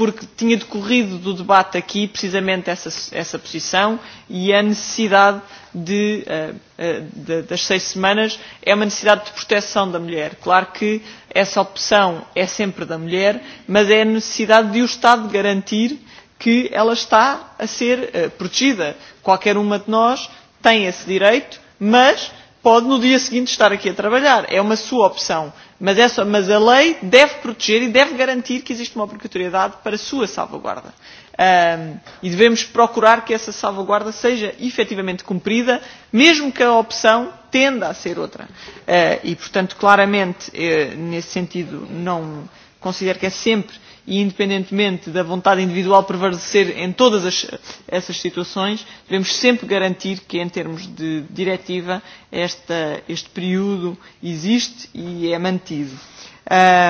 O: porque tinha decorrido do debate aqui precisamente essa, essa posição e a necessidade de, eh, eh, de, das seis semanas é uma necessidade de proteção da mulher. Claro que essa opção é sempre da mulher, mas é a necessidade de o Estado garantir que ela está a ser eh, protegida. Qualquer uma de nós tem esse direito, mas pode no dia seguinte estar aqui a trabalhar. É uma sua opção Mas, essa, mas a lei deve proteger e deve garantir que existe uma obrigatoriedade para a sua salvaguarda. Um, e devemos procurar que essa salvaguarda seja efetivamente cumprida, mesmo que a opção tenda a ser outra. Uh, e, portanto, claramente, uh, nesse sentido, não considero que é sempre uh, e independentemente da vontade individual prevalecer em todas as, essas situações, devemos sempre garantir que, em termos de diretiva, esta, este período existe e é mantido.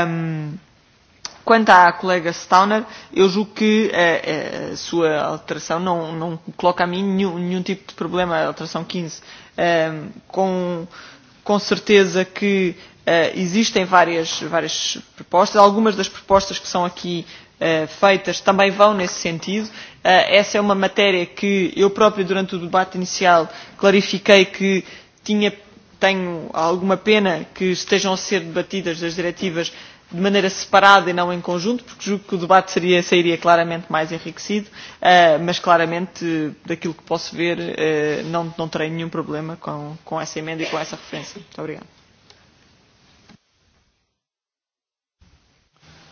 O: Um, Quanto à colega Stauner, eu julgo que a, eh, eh, a sua alteração não, não coloca a mim nenhum, nenhum tipo de problema, a alteração 15. Um, com, com certeza que Eh, existem várias, várias propostas, algumas das propostas que são aqui uh, feitas também vão nesse sentido. Uh, essa é uma matéria que eu próprio, durante o debate inicial, clarifiquei que tinha, tenho alguma pena que estejam a ser debatidas as diretivas de maneira separada e não em conjunto, porque julgo que o debate seria, sairia claramente mais enriquecido, uh, mas claramente, daquilo que posso ver, uh, não, não terei nenhum problema com, com essa emenda e com essa referência. Muito obrigado.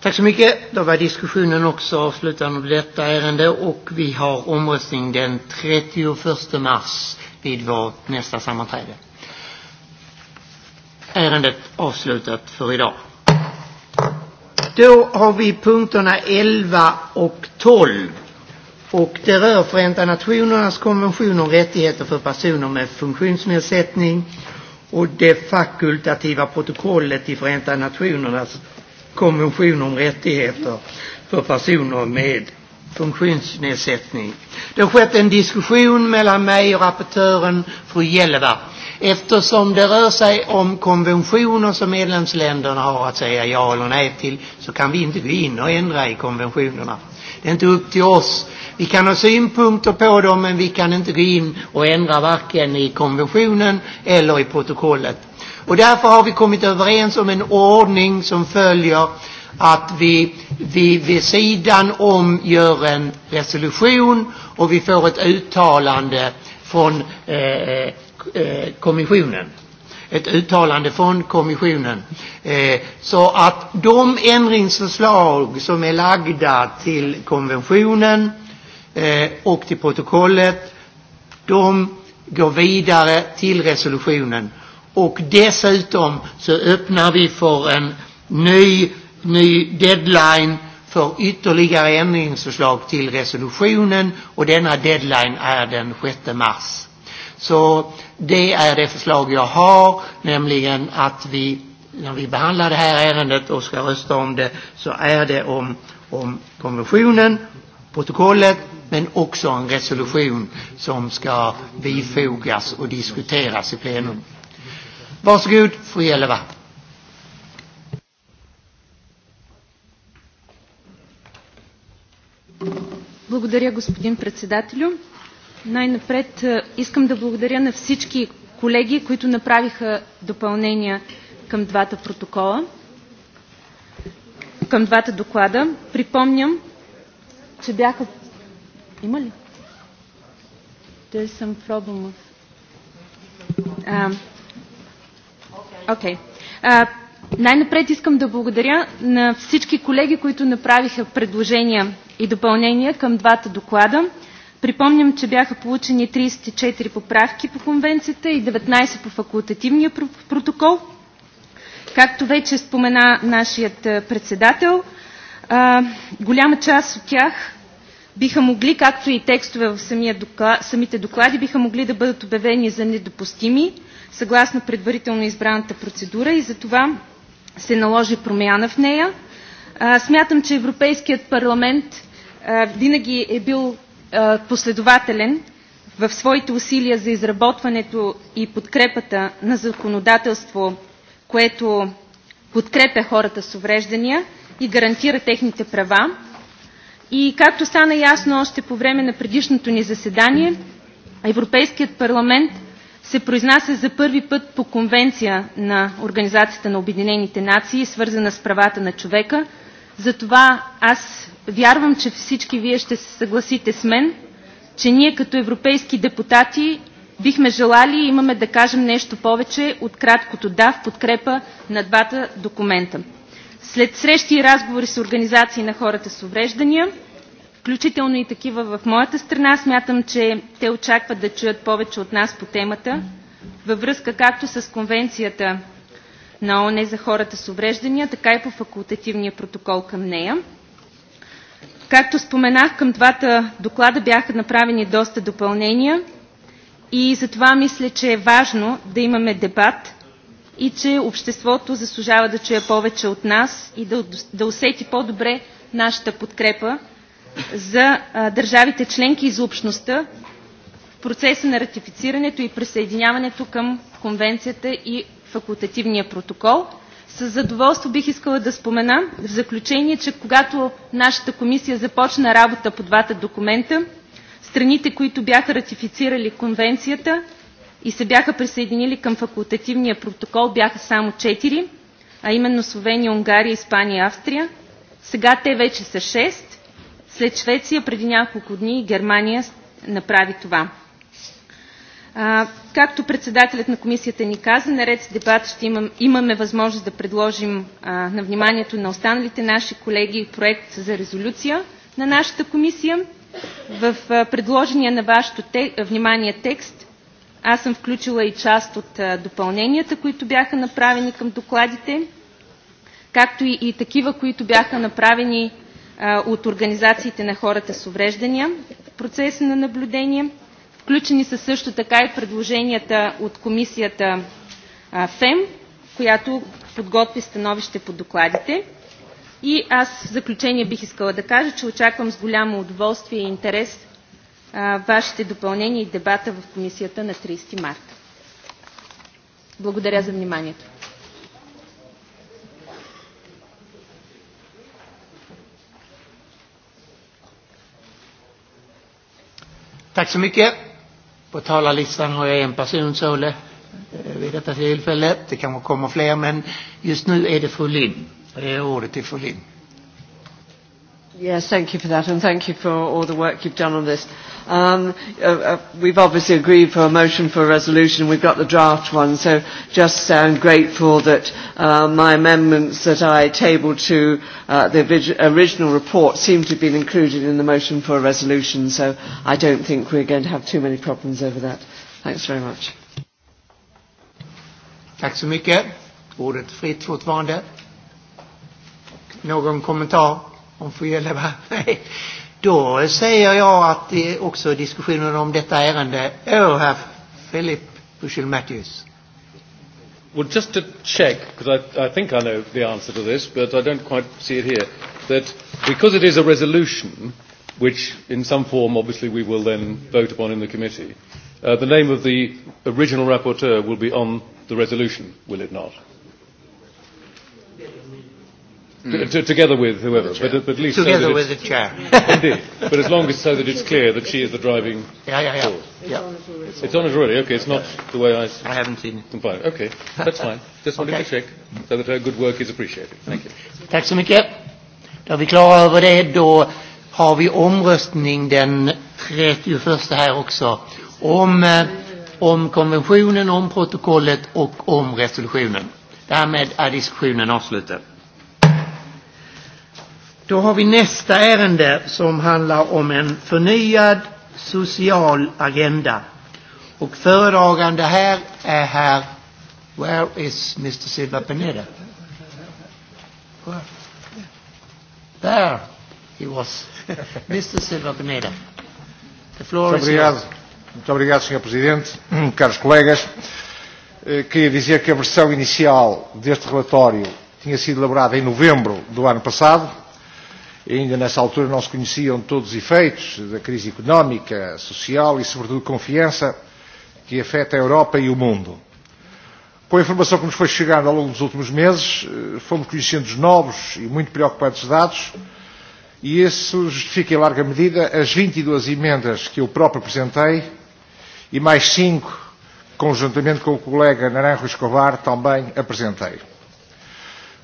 A: Tack så mycket. Då var diskussionen också avslutad om detta ärende och vi har omröstning den 31 mars vid vårt nästa sammanträde. Ärendet avslutat för idag. Då har vi punkterna 11 och 12 och det rör Förenta Nationernas konvention om rättigheter för personer med funktionsnedsättning och det fakultativa protokollet till Förenta Nationernas konvention om rättigheter för personer med funktionsnedsättning. Det har skett en diskussion mellan mig och rapportören fru Jelleva. Eftersom det rör sig om konventioner som medlemsländerna har att säga ja eller nej till så kan vi inte gå in och ändra i konventionerna. Det är inte upp till oss. Vi kan ha synpunkter på dem men vi kan inte gå in och ändra varken i konventionen eller i protokollet. Och därför har vi kommit överens om en ordning som följer att vi, vi vid sidan om gör en resolution och vi får ett uttalande från eh, eh kommissionen. Ett uttalande från kommissionen. Eh, så att de ändringsförslag som är lagda till konventionen eh, och till protokollet, de går vidare till resolutionen och dessutom så öppnar vi för en ny, ny deadline för ytterligare ändringsförslag till resolutionen och denna deadline är den 6 mars. Så det är det förslag jag har, nämligen att vi när vi behandlar det här ärendet och ska rösta om det så är det om, om konventionen, protokollet men också en resolution som ska bifogas och diskuteras i plenum. Varsågod, fru Jeleva.
E: Благодаря, господин председателю. Най-напред искам да благодаря на всички колеги, които направиха допълнения към двата протокола, към двата доклада. Припомням, че бяха... Има ли? There's some problem with... Uh, Okay. Uh, най-напред искам да благодаря на всички колеги, които направиха предложения и допълнения към двата доклада. Припомням, че бяха получени 34 поправки по конвенцията и 19 по факултативния протокол. Както вече спомена нашият председател, а, голяма част от тях биха могли, както и текстове в самия доклад, самите доклади, биха могли да бъдат обявени за недопустими – съгласно предварително избраната процедура и затова се наложи промяна в нея. Смятам, че Европейският парламент винаги е бил последователен в своите усилия за изработването и подкрепата на законодателство, което подкрепя хората с увреждания и гарантира техните права. И както стана ясно още по време на предишното ни заседание, Европейският парламент – се произнася за първи път по конвенция на Организацията на Обединените нации, свързана с правата на човека. Затова аз вярвам, че всички вие ще се съгласите с мен, че ние като европейски депутати бихме желали и имаме да кажем нещо повече от краткото да в подкрепа на двата документа. След срещи и разговори с организации на хората с увреждания, включително и такива в моята страна. Смятам, че те очакват да чуят повече от нас по темата, във връзка както с Конвенцията на ООН за хората с увреждания, така и по факултативния протокол към нея. Както споменах, към двата доклада бяха направени доста допълнения и затова мисля, че е важно да имаме дебат и че обществото заслужава да чуе повече от нас и да, да усети по-добре нашата подкрепа за а, държавите членки и за общността в процеса на ратифицирането и присъединяването към конвенцията и факултативния протокол. С задоволство бих искала да спомена в заключение, че когато нашата комисия започна работа по двата документа, страните, които бяха ратифицирали конвенцията и се бяха присъединили към факултативния протокол, бяха само 4, а именно Словения, Унгария, Испания и Австрия. Сега те вече са 6 След Швеция преди няколко дни Германия направи това. А, както председателят на комисията ни каза, наред с дебат ще имам, имаме възможност да предложим а, на вниманието на останалите наши колеги проект за резолюция на нашата комисия. В а, предложения на вашето те, внимание текст аз съм включила и част от а, допълненията, които бяха направени към докладите, както и, и такива, които бяха направени от организациите на хората с увреждания в процеса на наблюдение. Включени са също така и предложенията от комисията ФЕМ, която подготви становище по докладите. И аз в заключение бих искала да кажа, че очаквам с голямо удоволствие и интерес а, вашите допълнения и дебата в комисията на 30 марта. Благодаря за вниманието.
A: Tack så mycket. På talarlistan har jag en person, Sole, eh, vid detta tillfälle. Det kanske kommer fler, men just nu är det fru Lind. Det är ordet till fru Lind.
N: Yes, thank you for that, and thank you for all the work you've done on this. Um, uh, uh, we've obviously agreed for a motion for a resolution. We've got the draft one, so just I'm grateful that uh, my amendments that I tabled to uh, the original report seem to have been included in the motion for a resolution, so I don't think we're going to have too many problems over that. Thanks very much.
A: Tack så mycket. Ordet fritt fortfarande. Någon kommentar? Hon får ju leva. Då säger jag att det också diskussionen om detta ärende
F: överhör Philip Bushel Matthews. Well, just to check, because I, I think I know the answer to this, but I don't quite see it here, that because it is a resolution, which in some form obviously we will then vote upon in the committee, uh, the name of the original rapporteur will be on the resolution, will it not?
P: Mm. T- together with whoever, but,
F: but at least together so with the chair. indeed, but as long as so that it's clear that she is the driving yeah, yeah, yeah. force. Yeah. It's, it's on it already. Okay, it's not yeah. the way I. I haven't seen it. Compiled. Okay, that's fine. Just wanted okay. to check so that her good work is appreciated. Thank
A: you. Tack så mycket. Då är vi klara över det. Då har vi omröstning den 31 här också om, eh, om konventionen, om protokollet och om resolutionen. Därmed är diskussionen avslutad. Då har vi nästa ärende som handlar om en förnyad social agenda. Och föredragande här är herr... Where is Mr Silva Peneda? Where? There he was. Mr Silva Peneda. The floor Muito is obrigado. is
Q: yours. Muito obrigado, Sr. Presidente, caros colegas. Eh, queria dizer que a versão inicial deste relatório tinha sido elaborada em novembro do ano passado ainda nessa altura não se conheciam todos os efeitos da crise económica, social e, sobretudo, confiança que afeta a Europa e o mundo. Com a informação que nos foi chegando ao longo dos últimos meses, eh, fomos conhecendo os novos e muito preocupantes dados e isso justifica em larga medida as 22 e emendas que eu próprio apresentei e mais cinco, conjuntamente com o colega Naranjo Escobar, também apresentei.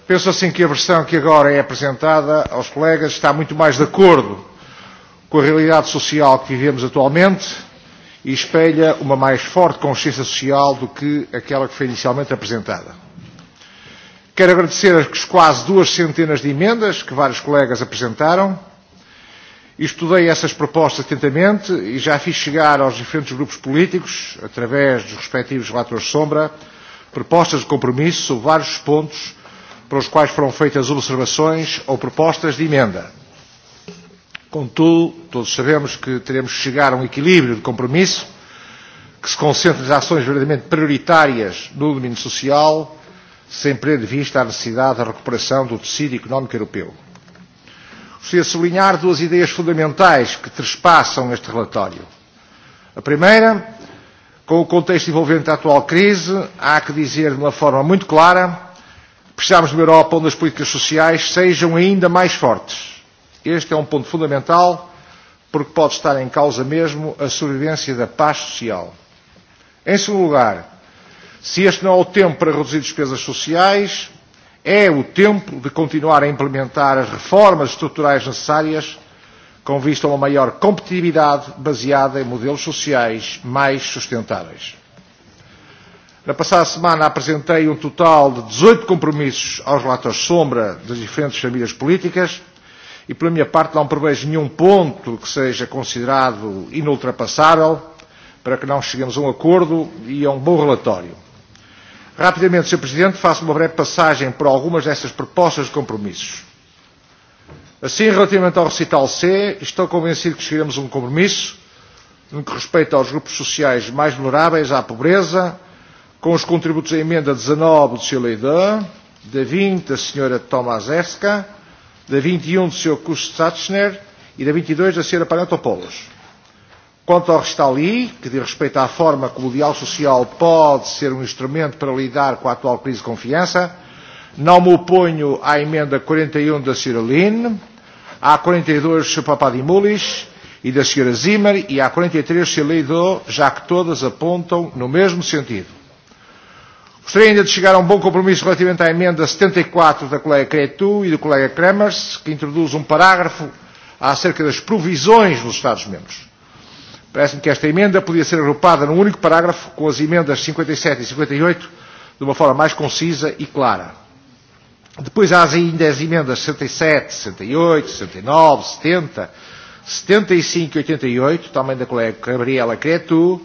Q: Penso assim que a versão que agora é apresentada aos colegas está muito mais de acordo com a realidade social que vivemos atualmente e espelha uma mais forte consciência social do que aquela que foi inicialmente apresentada. Quero agradecer as quase duas centenas de emendas que vários colegas apresentaram. Estudei essas propostas atentamente e já fiz chegar aos diferentes grupos políticos, através dos respectivos relatores sombra, propostas de compromisso sobre vários pontos para os quais foram feitas observações ou propostas de emenda. Contudo, todos sabemos que teremos de chegar a um equilíbrio de compromisso que se concentre nas ações verdadeiramente prioritárias no domínio social, sem perder de vista a necessidade da recuperação do tecido económico europeu. Gostaria de sublinhar duas ideias fundamentais que trespassam este relatório. A primeira, com o contexto envolvente a atual crise, há que dizer de uma forma muito clara Precisamos de uma Europa onde as políticas sociais sejam ainda mais fortes. Este é um ponto fundamental porque pode estar em causa mesmo a sobrevivência da paz social. Em segundo lugar, se este não é o tempo para reduzir despesas sociais, é o tempo de continuar a implementar as reformas estruturais necessárias com vista a uma maior competitividade baseada em modelos sociais mais sustentáveis. Na passada semana apresentei um total de 18 compromissos aos relatores sombra das diferentes famílias políticas e, pela minha parte, não prevejo nenhum ponto que seja considerado inultrapassável para que não cheguemos a um acordo e a um bom relatório. Rapidamente, Sr. Presidente, faço uma breve passagem por algumas dessas propostas de compromissos. Assim, relativamente ao recital C, estou convencido que chegaremos a um compromisso no que respeita aos grupos sociais mais vulneráveis à pobreza com os contributos à emenda 19 do Sr. Leidã, da 20 da Sra. Tomaszewska, da 21 e um do Sr. Kustatschner e da 22 e da Sra. Panatopoulos. Quanto ao Restali, que diz respeito à forma como o diálogo social pode ser um instrumento para lidar com a atual crise de confiança, não me oponho à emenda 41 e um da Sra. Lin, à 42 do Sr. Papadimoulis e da Sra. Zimmer e à 43 do Sr. Leidô, já que todas apontam no mesmo sentido Gostaria ainda de chegar a um bom compromisso relativamente à emenda 74 e da colega Cretu e do colega Kremers, que introduz um parágrafo acerca das provisões dos Estados-membros. Parece-me que esta emenda podia ser agrupada num único parágrafo com as emendas 57 e 58 e e de uma forma mais concisa e clara. Depois há ainda as emendas 67, 68, 69, 70, 75 e 88, também da colega Gabriela Cretu,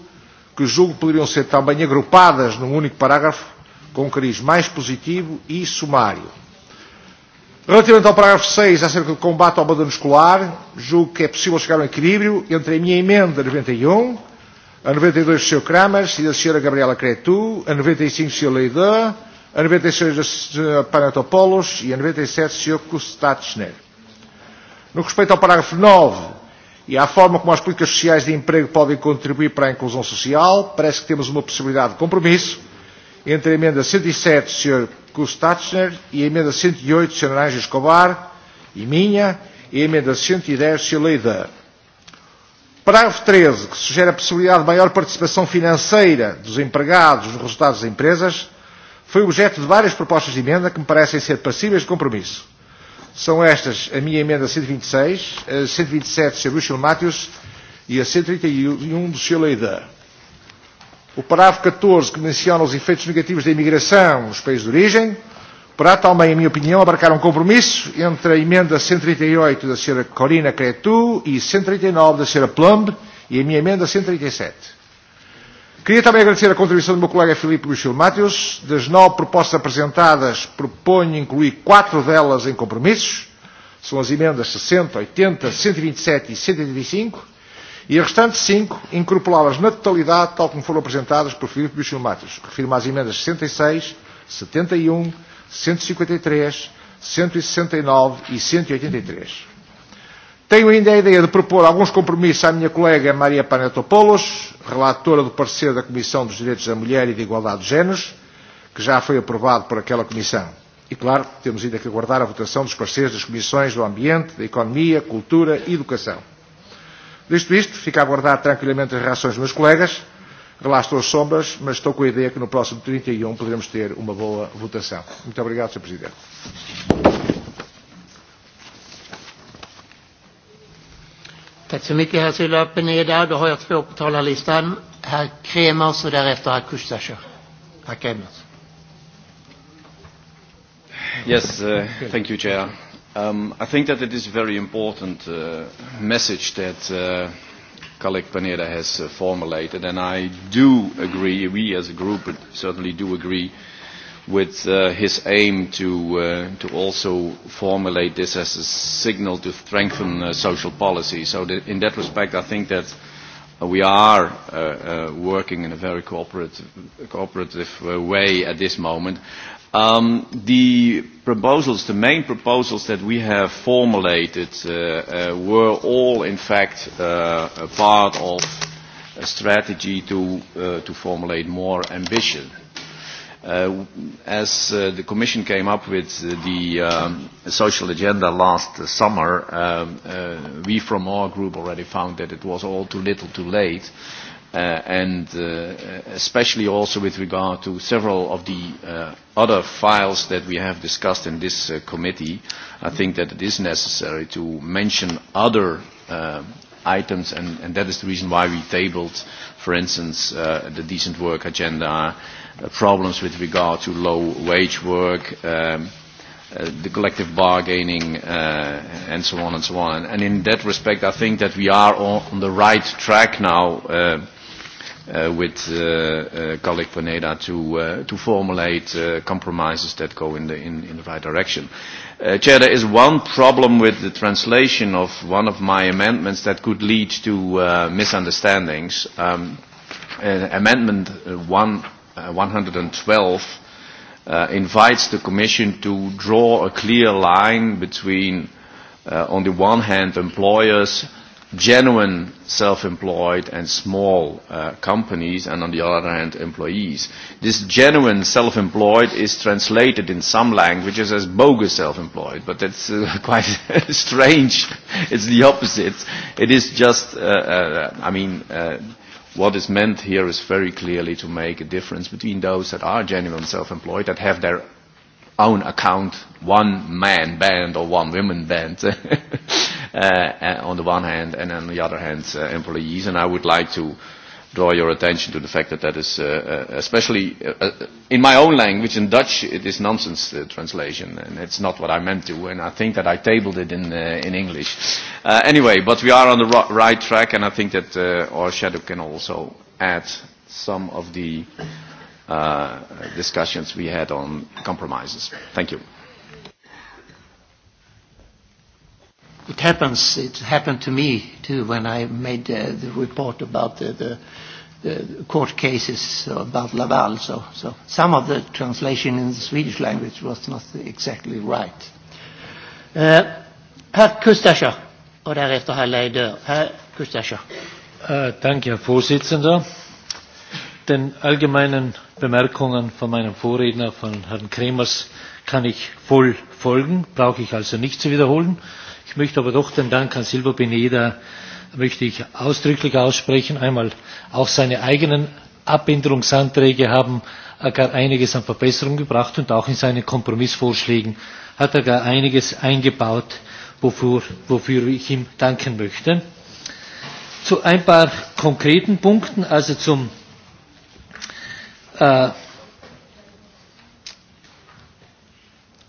Q: que julgo poderiam ser também agrupadas num único parágrafo com um cariz mais positivo e sumário. Relativamente ao parágrafo 6, acerca do combate ao abandono escolar, julgo que é possível chegar a um equilíbrio entre a minha emenda 91, e um, a 92 e do Sr. Kramers e da Sra. Gabriela Cretu, a 95 e do Sr. Leidã, a 96 da Sra. Panatopoulos e a 97 do Sr. Kustatschner. No que respeita ao parágrafo 9, e à forma como as políticas sociais de emprego podem contribuir para a inclusão social, parece que temos uma possibilidade de compromisso entre a emenda 107 e do Sr. Kustatschner e a emenda 108 e do Sr. Aranjo Escobar e minha e a emenda 110 e do Sr. Leida. Parágrafo 13, que sugere a possibilidade de maior participação financeira dos empregados nos resultados das empresas, foi objeto de várias propostas de emenda que me parecem ser passíveis de compromisso São estas a minha emenda 126, e e a 127 e um do Sr. Buxel Mátios e a 131 do Sr. Leida. O parágrafo 14, que menciona os efeitos negativos da imigração nos países de origem, Para também, em minha opinião, abarcar um compromisso entre a emenda 138 da Sra. Corina Cretu e 139 da Sra. Plumb e a minha emenda 137. Queria também agradecer a contribuição do meu colega Filipe Luís Matheus. Das nove propostas apresentadas, proponho incluir quatro delas em compromissos. São as emendas 60, 80, 127 e 185. E, e, e as e restantes cinco, incorporá-las na totalidade, tal como foram apresentadas por Filipe Luís Matheus. Refiro-me às emendas 66, 71, 153, 169 e 183. Tenho ainda a ideia de propor alguns compromissos à minha colega Maria Panatopoulos, relatora do parecer da Comissão dos Direitos da Mulher e de Igualdade de Géneros, que já foi aprovado por aquela Comissão. E, claro, temos ainda que aguardar a votação dos parceiros das Comissões do Ambiente, da Economia, Cultura e Educação. Visto isto, fica a aguardar tranquilamente as reações dos meus colegas, relaxo as sombras, mas estou com a ideia que no próximo 31 e um poderemos ter uma boa votação. Muito obrigado, Sr. Presidente.
A: Tack så mycket, herr Sula Peneda. Då har jag två på talarlistan. Herr Kremers och därefter herr Kustacher. Herr Kremers.
C: Yes, uh, thank you, Chair. Um, I think that it is a very important uh, message that uh, colleague Panetta has uh, formulated, and I do agree, we as a group certainly do agree uh, with uh, his aim to, uh, to also formulate this as a signal to strengthen uh, social policy. So that in that respect, I think that uh, we are uh, uh, working in a very cooperative, cooperative uh, way at this moment. Um, the proposals, the main proposals that we have formulated uh, uh, were all in fact uh, a part of a strategy to, uh, to formulate more ambition. Uh, Uh, as uh, the Commission came up with the um, social agenda last summer, um, uh, we from our group already found that it was all too little too late. Uh, and uh, especially also with regard to several of the uh, other files that we have discussed in this uh, committee, I think that it is necessary to mention other uh, items, and, and that is the reason why we tabled, for instance, uh, the decent work agenda uh, problems with regard to low wage work, um, uh, the collective bargaining, uh, and so on and so on. And, and in that respect, I think that we are on the right track now uh, uh, with uh, uh, colleague Pineda to, uh, to formulate uh, compromises that go in the, in, in the right direction. Uh, Chair, there is one problem with the translation of one of my amendments that could lead to uh, misunderstandings. Um, uh, amendment 1 uh, 112 uh, invites the Commission to draw a clear line between, uh, on the one hand, employers, genuine self-employed and small uh, companies, and on the other hand, employees. This genuine self-employed is translated in some languages as bogus self-employed, but that's uh, quite strange. It's the opposite. It is just, uh, uh, I mean, uh, what is meant here is very clearly to make a difference between those that are genuine self-employed, that have their own account, one man band or one woman band uh, uh, on the one hand, and on the other hand, uh, employees. And I would like to draw your attention to the fact that that is, uh, uh, especially uh, uh in my own language, in Dutch, it is nonsense uh, translation, and it's not what I meant to, and I think that I tabled it in, uh, in English. Uh, anyway, but we are on the ro- right track, and I think that uh, our shadow can also add some of the uh, discussions we had on compromises. Thank you.
A: it happens. It happened to me too when I made uh, the report about the, the, the court cases about Laval. So, so some of the translation in the Swedish language was not exactly right. Uh, herr Kustascher, och därefter herr Leidör. Herr Kustascher.
R: Uh, danke, Herr Vorsitzender. Den allgemeinen Bemerkungen von meinem Vorredner, von Herrn Kremers, kann ich voll folgen, brauche ich also nicht zu wiederholen. Äh, Ich möchte aber doch den Dank an Silva Beneda möchte ich ausdrücklich aussprechen. Einmal auch seine eigenen Abänderungsanträge haben gar einiges an Verbesserung gebracht und auch in seinen Kompromissvorschlägen hat er gar einiges eingebaut, wofür, wofür ich ihm danken möchte. Zu ein paar konkreten Punkten, also zum äh,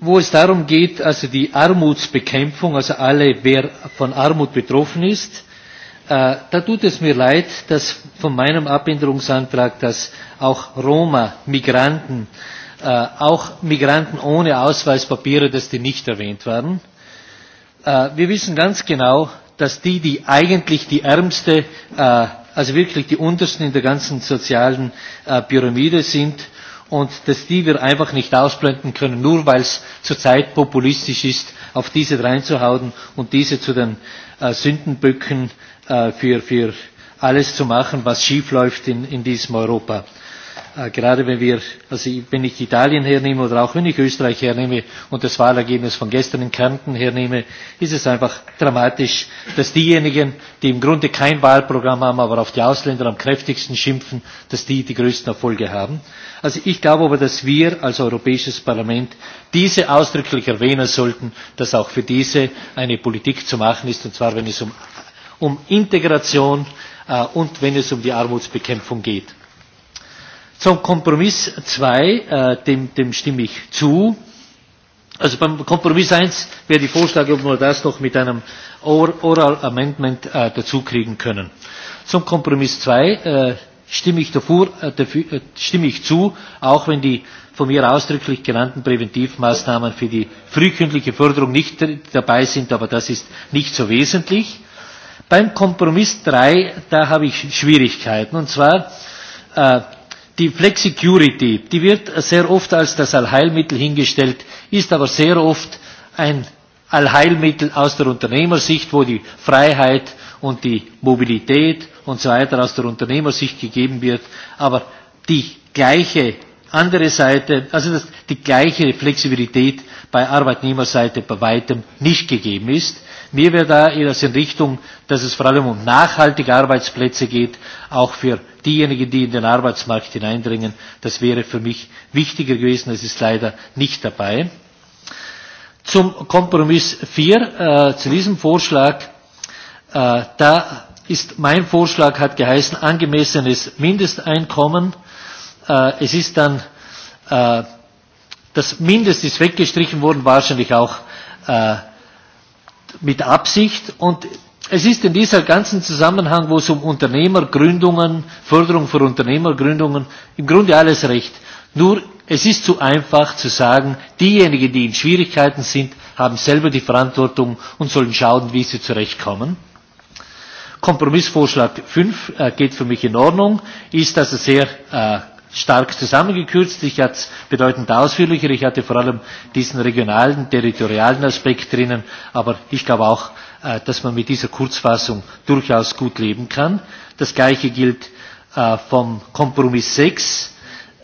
R: wo es darum geht, also die Armutsbekämpfung, also alle, wer von Armut betroffen ist, äh, da tut es mir leid, dass von meinem Abänderungsantrag, dass auch Roma, Migranten, äh, auch Migranten ohne Ausweispapiere, dass die nicht erwähnt werden. Äh, wir wissen ganz genau, dass die, die eigentlich die ärmste, äh, also wirklich die untersten in der ganzen sozialen äh, Pyramide sind, und dass die wir einfach nicht ausblenden können, nur weil es zurzeit populistisch ist, auf diese reinzuhauen und diese zu den äh, Sündenböcken äh, für, für alles zu machen, was schiefläuft in, in diesem Europa. Eh, gerade wenn wir, also wenn ich Italien hernehme oder auch wenn ich Österreich hernehme und das Wahlergebnis von gestern in Kärnten hernehme, ist es einfach dramatisch, dass diejenigen, die im Grunde kein Wahlprogramm haben, aber auf die Ausländer am kräftigsten schimpfen, dass die die größten Erfolge haben. Also ich glaube aber, dass wir als Europäisches Parlament diese ausdrücklich erwähnen sollten, dass auch für diese eine Politik zu machen ist, und zwar wenn es um, um Integration äh, und wenn es um die Armutsbekämpfung geht Zum Kompromiss 2, äh, dem, dem stimme ich zu. Also beim Kompromiss 1 wäre die Vorschlag, ob wir das noch mit einem Oral Amendment äh, dazukriegen können. Zum Kompromiss 2 äh, stimme, ich davor, äh, dafür, äh, stimme ich zu, auch wenn die von mir ausdrücklich genannten Präventivmaßnahmen für die frühkindliche Förderung nicht dabei sind, aber das ist nicht so wesentlich. Beim Kompromiss 3, da habe ich Schwierigkeiten. Und zwar äh, Die Flexicurity, die wird sehr oft als das Allheilmittel hingestellt, ist aber sehr oft ein Allheilmittel aus der Unternehmersicht, wo die Freiheit und die Mobilität und so weiter aus der Unternehmersicht gegeben wird. Aber die gleiche andere Seite, also dass die gleiche Flexibilität bei Arbeitnehmerseite bei weitem nicht gegeben ist. Mir wäre da eher in Richtung, dass es vor allem um nachhaltige Arbeitsplätze geht, auch für diejenigen, die in den Arbeitsmarkt hineindringen. Das wäre für mich wichtiger gewesen. Das ist leider nicht dabei. Zum Kompromiss 4, äh, zu diesem Vorschlag, äh, da ist mein Vorschlag, hat geheißen, angemessenes Mindesteinkommen äh, äh, es ist dann äh, das Mindest ist weggestrichen worden, wahrscheinlich auch äh, mit Absicht. Und es ist in dieser ganzen Zusammenhang, wo es um Unternehmergründungen, Förderung für Unternehmergründungen, im Grunde alles recht. Nur es ist zu einfach zu sagen, diejenigen, die in Schwierigkeiten sind, haben selber die Verantwortung und sollen schauen, wie sie zurechtkommen. Kompromissvorschlag 5 äh, geht für mich in Ordnung, ist also sehr äh, stark zusammengekürzt. Ich hatte es bedeutend ausführlicher. Ich hatte vor allem diesen regionalen, territorialen Aspekt drinnen. Aber ich glaube auch, äh, dass man mit dieser Kurzfassung durchaus gut leben kann. Das Gleiche gilt äh, vom Kompromiss 6,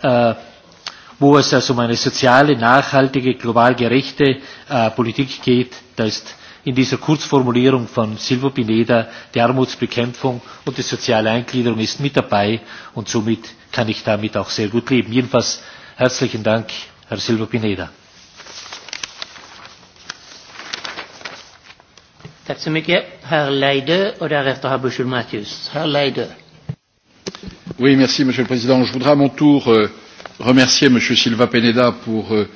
R: äh, wo es also um eine soziale, nachhaltige, global gerechte äh, Politik geht. Da ist in dieser Kurzformulierung von Silvo Pineda die Armutsbekämpfung und die soziale Eingliederung ist mit dabei und somit kann ich damit auch sehr gut leben. Jedenfalls herzlichen Dank, Herr Silva Pineda.
A: Tack så mycket. Herr Leide och därefter Herr Bushel Matthews. Herr Leide.
K: Oui, merci Monsieur le Président. Je voudrais à mon tour euh, remercier Monsieur Silva Peneda pour euh,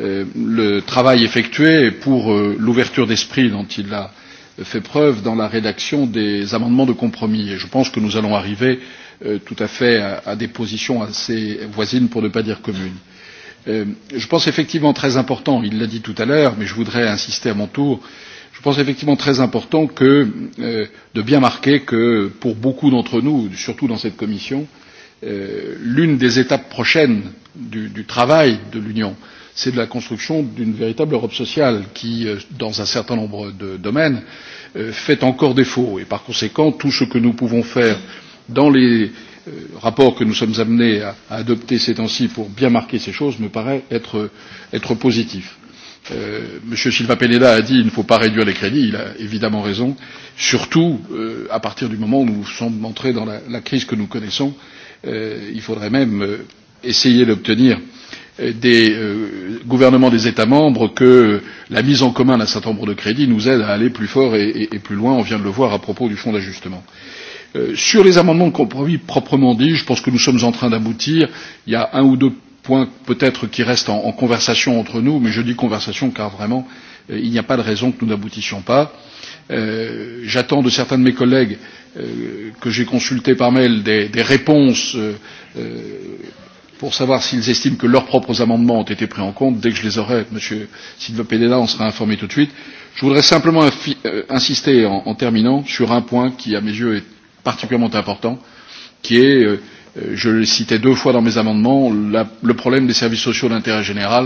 K: euh, le travail effectué et pour euh, l'ouverture d'esprit dont il a fait preuve dans la rédaction des amendements de compromis. Et je pense que nous allons arriver euh, euh, tout à fait à, à des positions assez voisines pour ne pas dire communes. Euh, je pense effectivement très important il l'a dit tout à l'heure mais je voudrais insister à mon tour je pense effectivement très important que, euh, de bien marquer que pour beaucoup d'entre nous surtout dans cette commission euh, l'une des étapes prochaines du, du travail de l'union c'est de la construction d'une véritable europe sociale qui euh, dans un certain nombre de domaines euh, fait encore défaut et par conséquent tout ce que nous pouvons faire euh, dans les euh, rapports que nous sommes amenés à, à adopter ces temps ci pour bien marquer ces choses me paraît être, être positif. Euh, m. silva pereira a dit qu'il ne faut pas réduire les crédits il a évidemment raison surtout euh, à partir du moment où nous sommes entrés dans la, la crise que nous connaissons euh, il faudrait même euh, essayer d'obtenir euh, des euh, gouvernements des états membres que la mise en commun d'un certain nombre de crédits nous aide à aller plus fort et, et, et plus loin on vient de le voir à propos du fonds d'ajustement. Euh, sur les amendements de compromis proprement dits je pense que nous sommes en train d'aboutir il y a un ou deux points peut être qui restent en, en conversation entre nous mais je dis conversation car vraiment euh, il n'y a pas de raison que nous n'aboutissions pas. Euh, j'attends de certains de mes collègues euh, que j'ai consultés par mail des, des réponses euh, euh pour savoir s'ils estiment que leurs propres amendements ont été pris en compte. Dès que je les aurai, M. Silva Pedella en sera informé tout de suite. Je voudrais simplement insister en, en terminant sur un point qui, à mes yeux, est particulièrement important, qui est, euh, euh, je le citais deux fois dans mes amendements, la, le problème des services sociaux d'intérêt général.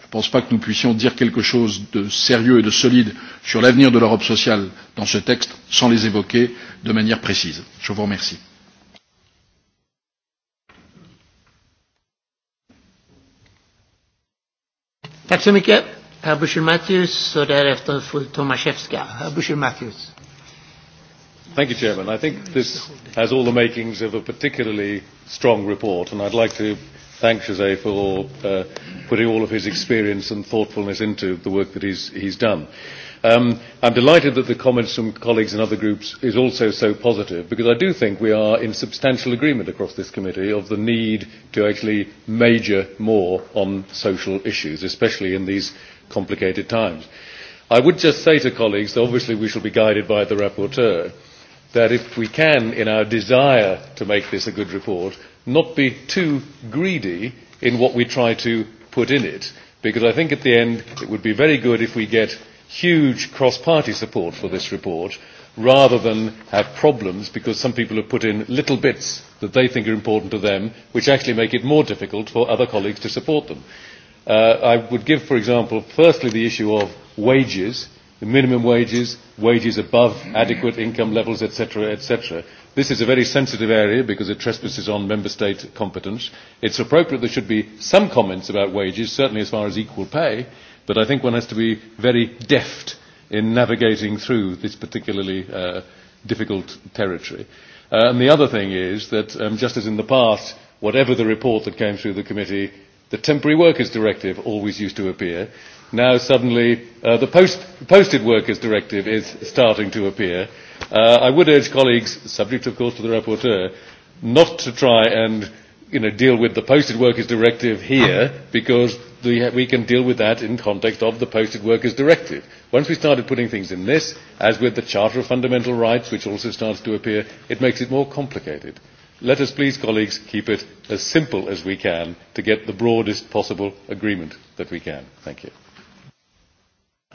K: Je ne pense pas que nous puissions dire quelque chose de sérieux et de solide sur l'avenir de l'Europe sociale dans ce texte sans les évoquer de manière précise. Je vous remercie.
A: Tack så mycket. Herr Bushel Matthews och därefter fru Tomaszewska. Herr Bushel Matthews.
F: Thank you, Chairman. I think this has all the makings of a particularly strong report, and I'd like to thank Jose for uh, putting all of his experience and thoughtfulness into the work that he's, he's done. Um, I'm delighted that the comments from colleagues in other groups is also so positive because I do think we are in substantial agreement across this committee of the need to actually major more on social issues, especially in these complicated times. I would just say to colleagues, obviously we shall be guided by the rapporteur, uh, that if we can, in our desire to make this a good report, not be too greedy in what we try to put in it, because I think at the end it would be very good if we get huge cross-party support for this report rather than have problems because some people have put in little bits that they think are important to them which actually make it more difficult for other colleagues to support them. Uh, I would give, for example, firstly the issue of wages minimum wages, wages above adequate income levels, etc., etc. This is a very sensitive area because it trespasses on member state competence. It's appropriate there should be some comments about wages, certainly as far as equal pay, but I think one has to be very deft in navigating through this particularly uh, difficult territory. Uh, and the other thing is that, um, just as in the past, whatever the report that came through the committee, the temporary workers directive always used to appear now suddenly uh, the post, posted workers directive is starting to appear. Uh, I would urge colleagues, subject of course to the rapporteur, not to try and you know, deal with the posted workers directive here because the, we can deal with that in context of the posted workers directive. Once we started putting things in this, as with the Charter of Fundamental Rights, which also starts to appear, it makes it more complicated. Let us please, colleagues, keep it as simple as we can to get the broadest possible agreement that we can. Thank you.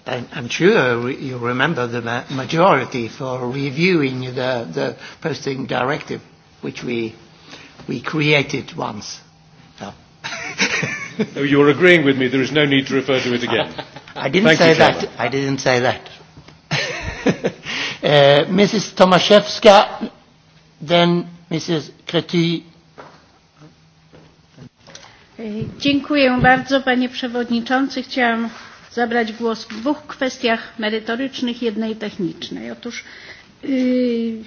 A: I'm sure you remember the majority for reviewing the, the posting directive, which we, we created once. No.
F: oh, you're agreeing with me. There is no need to refer to it again. I didn't Thank say you, that. Chairman. I didn't say that.
A: uh, Mrs. Tomaszewska, then Mrs. Kreti.
S: Dziękuję bardzo, panie przewodniczący. Chciałam zabrać głos w dwóch kwestiach merytorycznych, jednej technicznej. Otóż yy,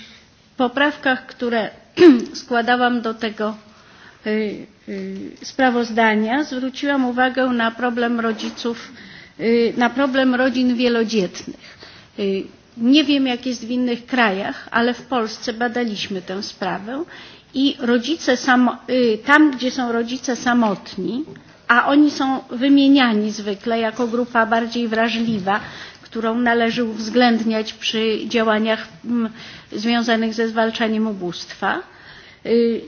S: w poprawkach, które składałam do tego yy, sprawozdania, zwróciłam uwagę na problem rodziców, yy, na problem rodzin wielodzietnych. Nie wiem, jak jest w innych krajach, ale w Polsce badaliśmy tę sprawę i rodzice samo, tam, gdzie są rodzice samotni, a oni są wymieniani zwykle jako grupa bardziej wrażliwa, którą należy uwzględniać przy działaniach mm, związanych ze zwalczaniem ubóstwa.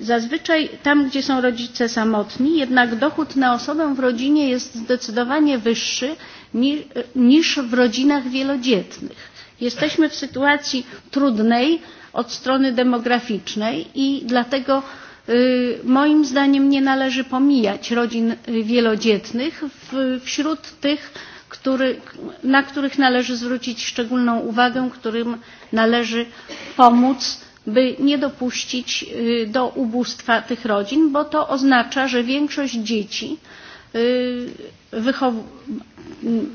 S: Zazwyczaj tam, gdzie są rodzice samotni, jednak dochód na osobę w rodzinie jest zdecydowanie wyższy niż w rodzinach wielodzietnych. Jesteśmy w sytuacji trudnej od strony demograficznej i dlatego moim zdaniem nie należy pomijać rodzin wielodzietnych wśród tych który, na których należy zwrócić szczególną uwagę którym należy pomóc by nie dopuścić do ubóstwa tych rodzin bo to oznacza że większość dzieci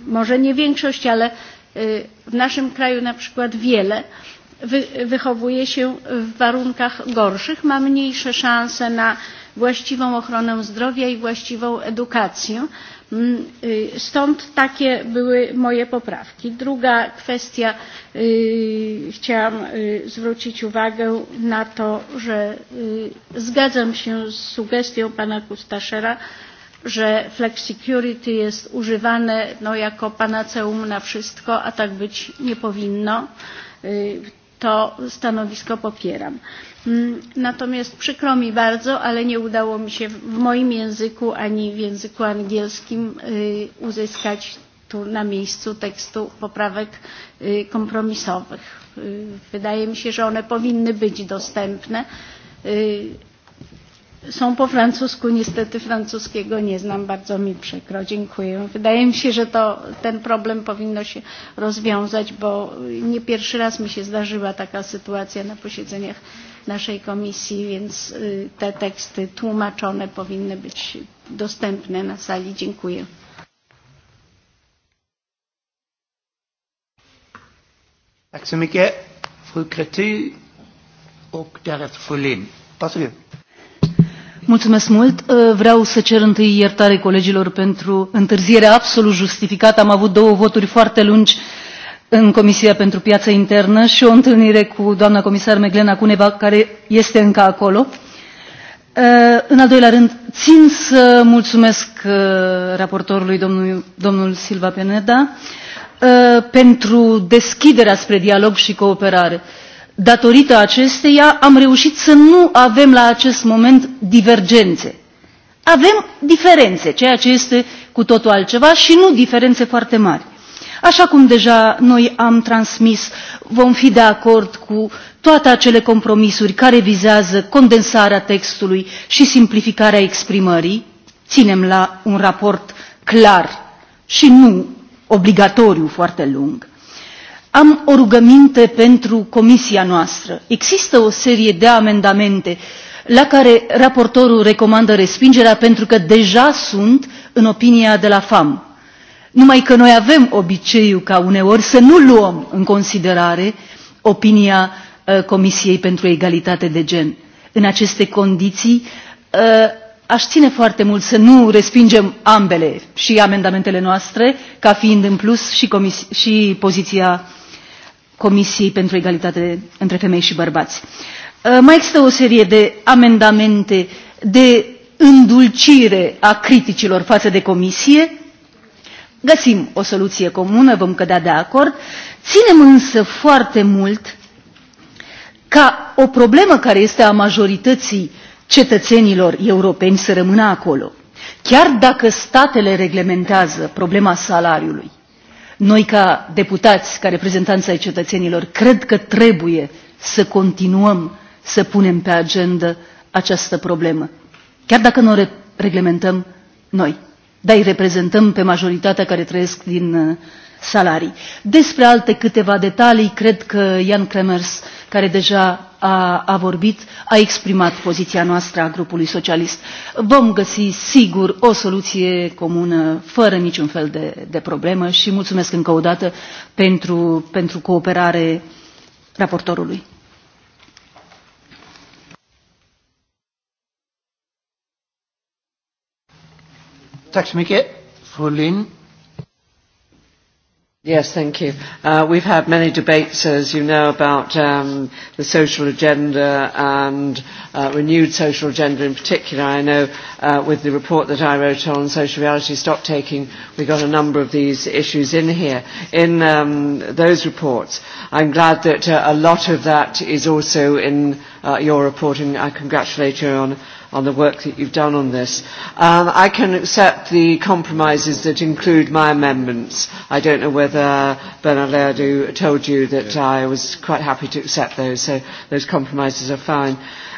S: może nie większość ale w naszym kraju na przykład wiele wy, wychowuje się w warunkach gorszych, ma mniejsze szanse na właściwą ochronę zdrowia i właściwą edukację. Mm, stąd takie były moje poprawki. Druga kwestia, yy, chciałam yy, zwrócić uwagę na to, że yy, zgadzam się z sugestią pana Kustaszera, że flexicurity jest używane no, jako panaceum na wszystko, a tak być nie powinno to stanowisko popieram. Mm, natomiast przykro mi bardzo, ale nie udało mi się w moim języku ani w języku angielskim uzyskać tu na miejscu tekstu poprawek kompromisowych. Wydaje mi się, że one powinny być dostępne są po francusku, niestety francuskiego nie znam, bardzo mi przykro, dziękuję. Wydaje mi się, że to, ten problem powinno się rozwiązać, bo nie pierwszy raz mi się zdarzyła taka sytuacja na posiedzeniach naszej komisji, więc te teksty tłumaczone powinny być dostępne na sali. Dziękuję.
A: Tack så mycket. Fru Kretu och därefter fru Lind. Varsågod.
P: Mulțumesc mult. Uh, vreau să cer întâi iertare colegilor pentru întârzierea absolut justificată. Am avut două voturi foarte lungi în Comisia pentru Piața Internă și o întâlnire cu doamna comisar Meglena Cuneva, care este încă acolo. Uh, în al doilea rând, țin să mulțumesc uh, raportorului domnul, domnul Silva Peneda pentru deschiderea spre dialog și cooperare datorită acesteia am reușit să nu avem la acest moment divergențe. Avem diferențe, ceea ce este cu totul altceva și nu diferențe foarte mari. Așa cum deja noi am transmis, vom fi de acord cu toate acele compromisuri care vizează condensarea textului și simplificarea exprimării. Ținem la un raport clar și nu obligatoriu foarte lung am o rugăminte pentru comisia noastră. Există o serie de amendamente la care raportorul recomandă respingerea pentru că deja sunt în opinia de la FAM. Numai că noi avem obiceiul ca uneori să nu luăm în considerare opinia uh, Comisiei pentru Egalitate de Gen. În aceste condiții uh, aș ține foarte mult să nu respingem ambele și amendamentele noastre ca fiind în plus și, și poziția Comisiei pentru Egalitate între Femei și Bărbați. Uh, mai există o serie de amendamente de îndulcire a criticilor față de Comisie. Găsim o soluție comună, vom cădea de acord. Ținem însă foarte mult ca o problemă care este a majorității cetățenilor europeni să rămână acolo. Chiar dacă statele reglementează problema salariului, Noi, ca deputați, ca reprezentanți ai cetățenilor, cred că trebuie să continuăm să punem pe agenda această problemă. Chiar dacă nu o reglementăm noi, dar îi reprezentăm pe majoritatea care trăiesc din uh, salarii. Despre alte câteva detalii, cred că Ian Kremers care deja a, a vorbit, a exprimat poziția noastră a grupului socialist. Vom găsi sigur o soluție comună, fără niciun fel de, de problemă și mulțumesc încă o dată pentru, pentru cooperare raportorului.
N: Tack så mycket, fru Lind. Yes, thank you. Uh, we've had many debates, as you know, about um, the social agenda and uh, renewed social agenda in particular. I know uh, with the report that I wrote on social reality stock taking, we got a number of these issues in here. In um, those reports, I'm glad that uh, a lot of that is also in uh, your report, and I congratulate you on on the work that you've done on this. Um, I can accept the compromises that include my amendments. I don't know whether Bernardo told you that yeah. I was quite happy to accept those, so those compromises are fine.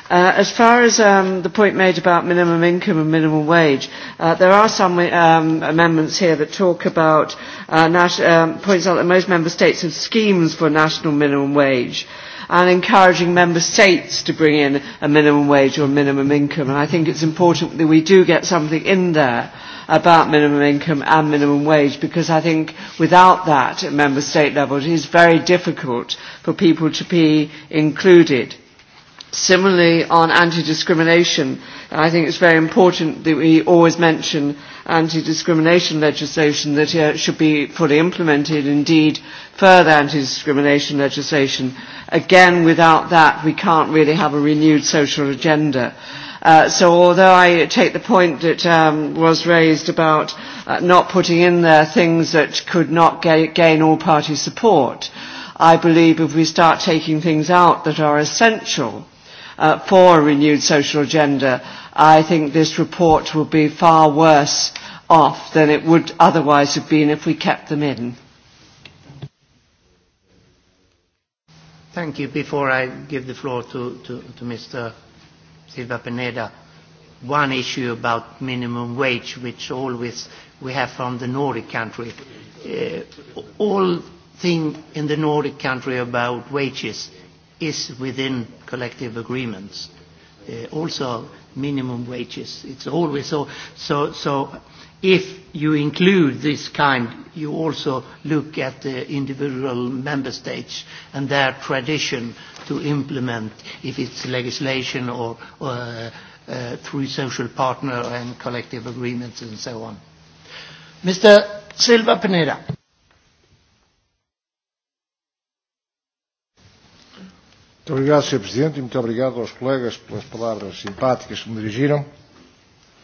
N: Uh, as far as um, the point made about minimum income and minimum wage, uh, there are some um, amendments here that talk about, uh, nat- um, points out that most member states have schemes for national minimum wage. Uh, and encouraging member states to bring in a minimum wage or minimum income. And I think it's important that we do get something in there about minimum income and minimum wage because I think without that at member state level it is very difficult for people to be included Similarly, on anti-discrimination, I think it's very important that we always mention anti-discrimination legislation that uh, should be fully implemented, indeed further anti-discrimination legislation. Again, without that, we can't really have a renewed social agenda. Uh, so although I take the point that um, was raised about uh, not putting in there things that could not ga gain all-party support, I believe if we start taking things out that are essential uh, for a renewed social agenda, I think this report will be far worse off than it would otherwise have been if we kept them in.
A: Thank you. Before I give the floor to, to, to Mr. Silva Pineda, one issue about minimum wage, which always we have from the Nordic country. Uh, all thing in the Nordic country about wages is within collective agreements. Uh, also minimum wages. It's always so. So, so if you include this kind, you also look at the individual member states and their tradition to implement, if it's legislation or, or uh, uh, through social partner and collective agreements and so on. Mr. Silva Pineda.
Q: Muito obrigado, Sr. Presidente, e muito obrigado aos colegas pelas palavras simpáticas que me dirigiram.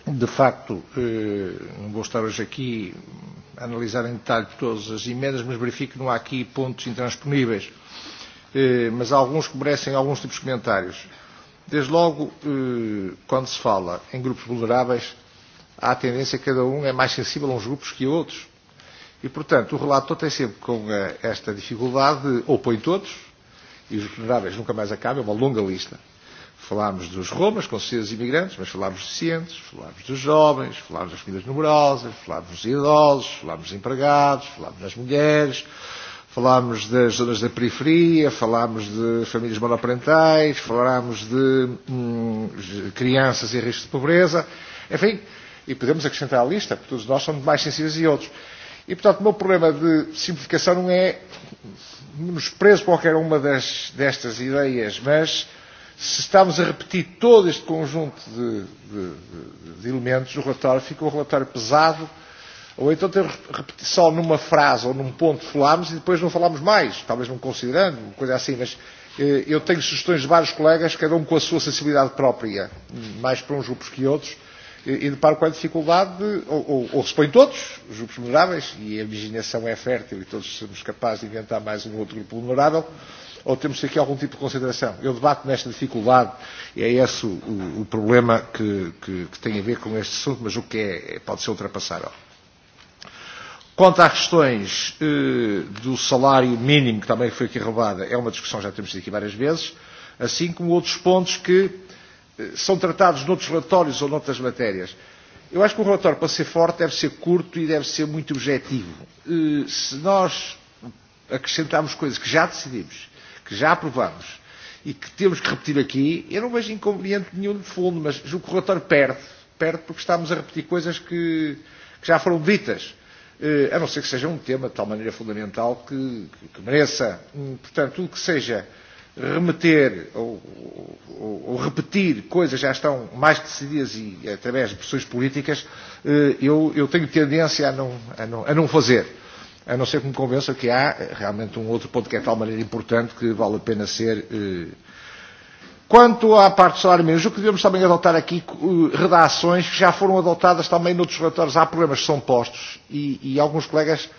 Q: De facto, eh, não vou estar hoje aqui a analisar em detalhe todas as emendas, mas verifico que não há aqui pontos intransponíveis, eh, mas há alguns que merecem alguns tipos de comentários. Desde logo, eh, quando se fala em grupos vulneráveis, há a tendência que cada um é mais sensível a uns grupos que a outros. E, portanto, o relator tem sempre com esta dificuldade, ou põe todos, e os vulneráveis nunca mais acaba, é uma longa lista. Falámos dos romas, considerados imigrantes, mas falámos dos cientes, falámos dos jovens, falámos das famílias numerosas, falámos dos idosos, falámos dos empregados, falámos das mulheres, falámos das zonas da periferia, falámos de famílias monoparentais, falámos de hum, crianças em risco de pobreza, enfim, e podemos acrescentar à lista, porque todos nós somos mais sensíveis e outros. E, portanto, o meu problema de simplificação não é menosprezo qualquer uma das, destas ideias, mas se estamos a repetir todo este conjunto de, de, de elementos, o relatório fica um relatório pesado, ou então ter repetição numa frase ou num ponto falámos e depois não falámos mais, talvez não considerando, coisa assim, mas eh, eu tenho sugestões de vários colegas, cada um com a sua sensibilidade própria, mais para uns grupos que outros, E, e deparo com a dificuldade, ou, ou, ou se põe todos os grupos vulneráveis, e a imaginação é fértil e todos somos capazes de inventar mais um outro grupo vulnerável, ou temos aqui algum tipo de consideração. Eu debato nesta dificuldade, e é esse o, o, o problema que, que, que tem a ver com este assunto, mas o que é, pode ser ultrapassável. Quanto às questões eh, do salário mínimo, que também foi aqui roubada, é uma discussão que já temos tido aqui várias vezes, assim como outros pontos que são tratados noutros relatórios ou noutras matérias. Eu acho que o um relatório, para ser forte, deve ser curto e deve ser muito objetivo. Eh, se nós acrescentarmos coisas que já decidimos, que já aprovamos e que temos que repetir aqui, eu não vejo inconveniente nenhum de fundo, mas julgo que o relatório perde. Perde porque estamos a repetir coisas que, que já foram ditas eh, a não ser que seja um tema de tal maneira fundamental que, que, que mereça, um, portanto, tudo que seja remeter ou, ou, ou repetir coisas já estão mais decididas e através de pressões políticas, eh, eu, eu tenho tendência a não, a, não, a não fazer. A não ser que me convença que há realmente um outro ponto que é de tal maneira importante que vale a pena ser. Eh, quanto à parte do salário mínimo, julgo que devemos também adotar aqui eh, redações que já foram adotadas também noutros relatórios. Há problemas que são postos e, e alguns colegas uh,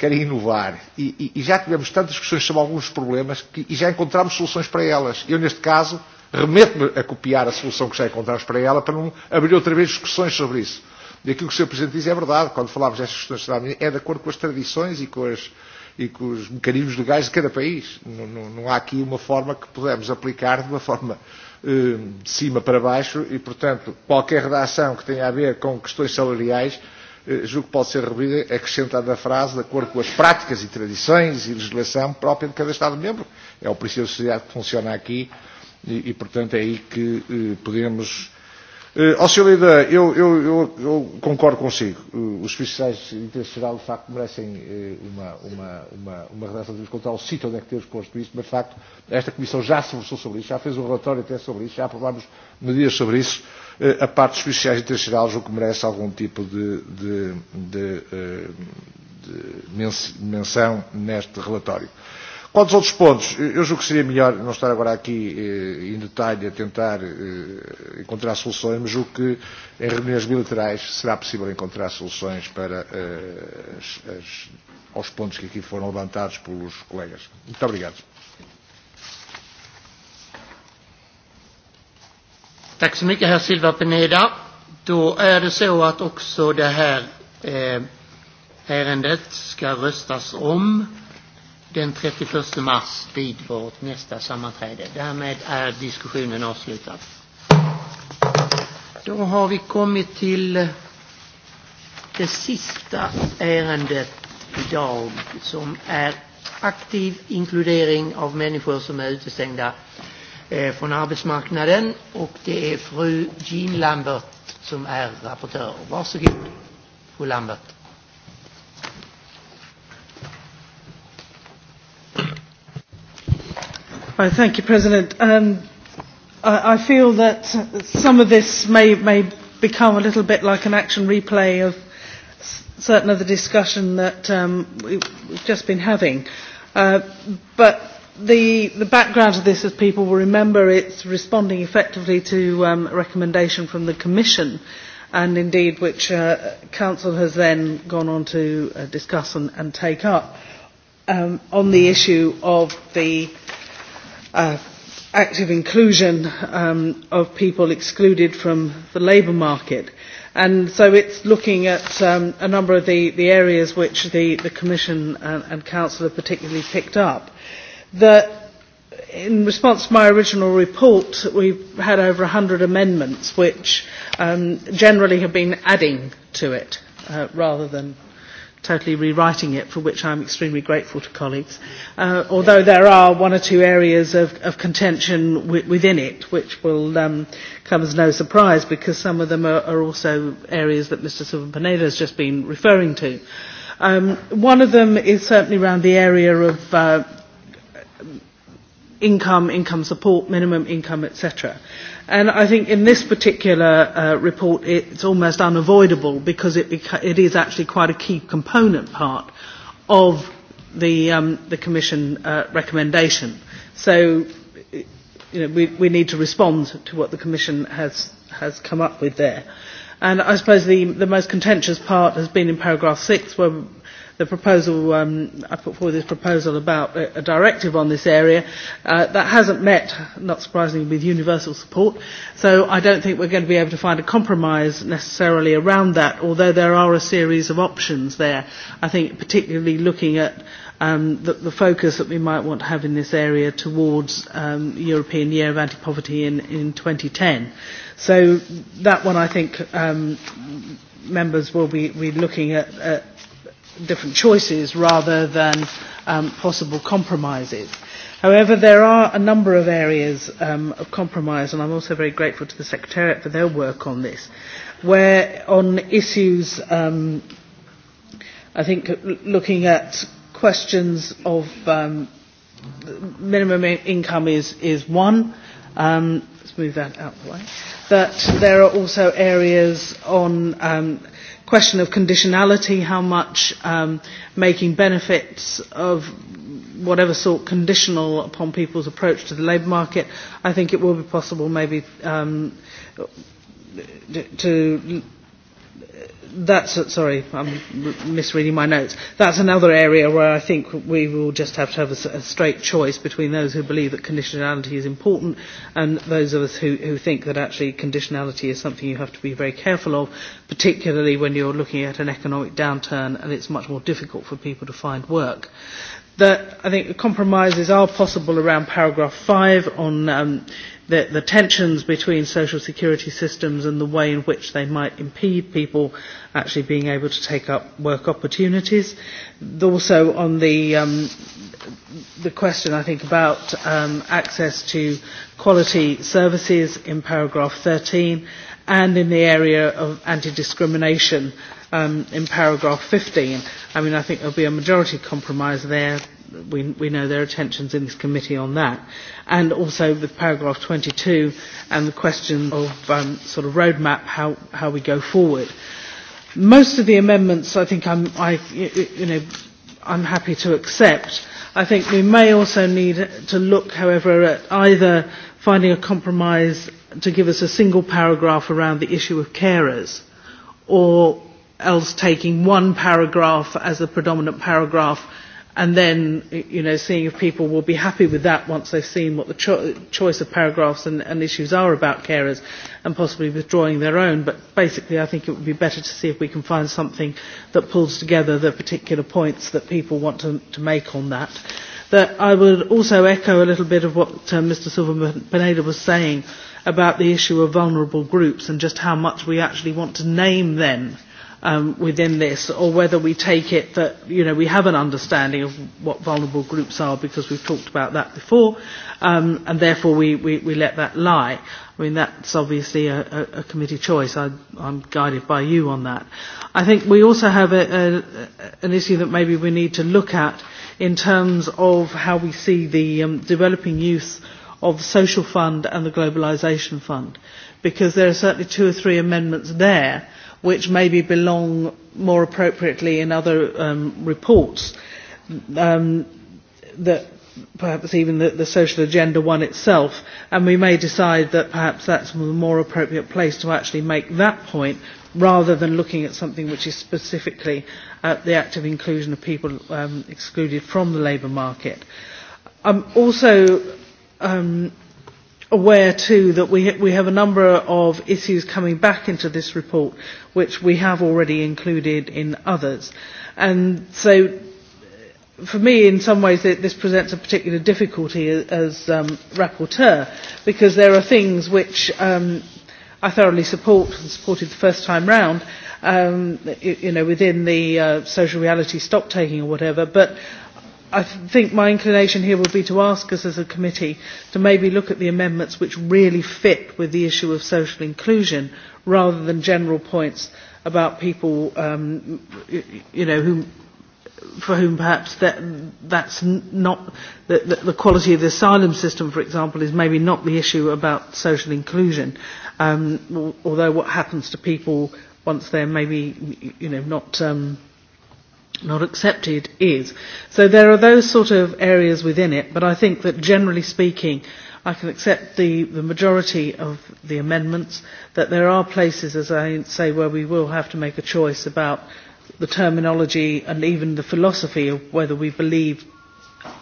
Q: querem inovar e, e, e já tivemos tantas questões sobre alguns problemas que, e já encontramos soluções para elas. Eu, neste caso, remeto-me a copiar a solução que já encontramos para ela para não abrir outra vez discussões sobre isso. E aquilo que o Sr. Presidente diz é verdade, quando falamos destas questões da União, é de acordo com as tradições e com, as, e com os mecanismos legais de cada país. Não, não, não há aqui uma forma que podemos aplicar de uma forma eh, de cima para baixo e, portanto, qualquer redação que tenha a ver com questões salariais Eh, julgo que pode ser acrescentada a frase de acordo com as práticas e tradições e legislação própria de cada Estado-membro. É o princípio da sociedade que funciona aqui e, e portanto, é aí que eh, podemos. Eh, ao Sr. Lida, eu, eu, eu, eu concordo consigo. Eh, os fiscais de interesse geral, de facto, merecem eh, uma, uma, uma, uma redação de contra o sítio onde é que temos posto isto, mas, de facto, esta Comissão já se versou sobre isso, já fez um relatório até sobre isso, já aprovámos medidas sobre isso. Eh, a partes especiais interesses gerais, o que merece algum tipo de, de, de, eh, de menção neste relatório. Quanto aos outros pontos, eh, eu julgo que seria melhor não estar agora aqui eh, em detalhe a tentar eh, encontrar soluções, mas julgo que em reuniões bilaterais será possível encontrar soluções para eh, as, as, aos pontos que aqui foram levantados pelos colegas. Muito obrigado.
A: Tack så mycket, herr Silva Peneda. Då är det så att också det här eh, ärendet ska röstas om den 31 mars vid vårt nästa sammanträde. Därmed är diskussionen avslutad. Då har vi kommit till det sista ärendet idag som är aktiv inkludering av människor som är utestängda eh, från arbetsmarknaden och det är fru Jean Lambert som är rapportör. Varsågod, fru Lambert.
T: Well, thank you, President. Um, I, I feel that some of this may, may become a little bit like an action replay of certain of the discussion that um, we've just been having. Uh, but the, the background of this, as people will remember, it's responding effectively to um, a recommendation from the Commission, and indeed which uh, Council has then gone on to uh, discuss and, and take up um, on the issue of the uh, active inclusion um, of people excluded from the labour market. And so it's looking at um, a number of the, the areas which the, the Commission and, uh, and Council have particularly picked up that in response to my original report, we had over 100 amendments which um, generally have been adding to it uh, rather than totally rewriting it, for which I'm extremely grateful to colleagues, uh, although there are one or two areas of, of contention w- within it, which will um, come as no surprise because some of them are, are also areas that Mr. Silva Pineda has just been referring to. Um, one of them is certainly around the area of uh, income, income support, minimum income, etc. And I think in this particular uh, report, it's almost unavoidable because it, beca- it is actually quite a key component part of the, um, the Commission uh, recommendation. So you know, we, we need to respond to what the Commission has, has come up with there. And I suppose the, the most contentious part has been in paragraph 6, where the proposal, um, I put forward this proposal about a, a directive on this area. Uh, that hasn't met, not surprisingly, with universal support. So I don't think we're going to be able to find a compromise necessarily around that, although there are a series of options there. I think particularly looking at um, the, the focus that we might want to have in this area towards um, European Year of Anti-Poverty in, in 2010. So that one I think um, members will be, be looking at, at different choices rather than um, possible compromises. However, there are a number of areas um, of compromise, and I'm also very grateful to the Secretariat for their work on this, where on issues, um, I think, looking at questions of um, minimum income is, is one. Um, let's move that out of the way. That there are also areas on um, question of conditionality, how much um, making benefits of whatever sort conditional upon people's approach to the labour market, I think it will be possible maybe um, to that's sorry, I'm misreading my notes. That's another area where I think we will just have to have a, a straight choice between those who believe that conditionality is important and those of us who, who think that actually conditionality is something you have to be very careful of, particularly when you're looking at an economic downturn and it's much more difficult for people to find work. That I think compromises are possible around paragraph five on. Um, the, the tensions between social security systems and the way in which they might impede people actually being able to take up work opportunities. Also on the, um, the question, I think, about um, access to quality services in paragraph 13 and in the area of anti-discrimination um, in paragraph 15. I mean, I think there will be a majority compromise there we, we know there are tensions in this committee on that. And also with paragraph 22 and the question of um, sort of roadmap, how, how we go forward. Most of the amendments I think I'm, I, you know, I'm happy to accept. I think we may also need to look, however, at either finding a compromise to give us a single paragraph around the issue of carers or else taking one paragraph as the predominant paragraph and then you know seeing if people will be happy with that once they've seen what the cho- choice of paragraphs and, and issues are about carers and possibly withdrawing their own but basically I think it would be better to see if we can find something that pulls together the particular points that people want to, to make on that that I would also echo a little bit of what uh, Mr Silverman Pineda was saying about the issue of vulnerable groups and just how much we actually want to name them uh, um, within this, or whether we take it that you know we have an understanding of what vulnerable groups are because we've talked about that before, um, and therefore we, we, we let that lie. I mean that's obviously a, a, a committee choice. I, I'm guided by you on that. I think we also have a, a, an issue that maybe we need to look at in terms of how we see the um, developing use of the social fund and the globalisation fund, because there are certainly two or three amendments there which maybe belong more appropriately in other um, reports, um, that perhaps even the, the social agenda one itself, and we may decide that perhaps that's the more appropriate place to actually make that point rather than looking at something which is specifically at the active inclusion of people um, excluded from the labour market. I'm um, also um, aware too that we, ha we have a number of issues coming back into this report which we have already included in others. And so for me in some ways it, this presents a particular difficulty as um, rapporteur because there are things which um, I thoroughly support and supported the first time round um, you, you know, within the uh, social reality stock taking or whatever, but I think my inclination here would be to ask us as a committee to maybe look at the amendments which really fit with the issue of social inclusion rather than general points about people um, you know, who, for whom perhaps that, that's not, that, that the quality of the asylum system, for example, is maybe not the issue about social inclusion, um, although what happens to people once they're maybe, you know, not um, not accepted is. So there are those sort of areas within it, but I think that generally speaking, I can accept the, the majority of the amendments, that there are places, as I say, where we will have to make a choice about the terminology and even the philosophy of whether we believe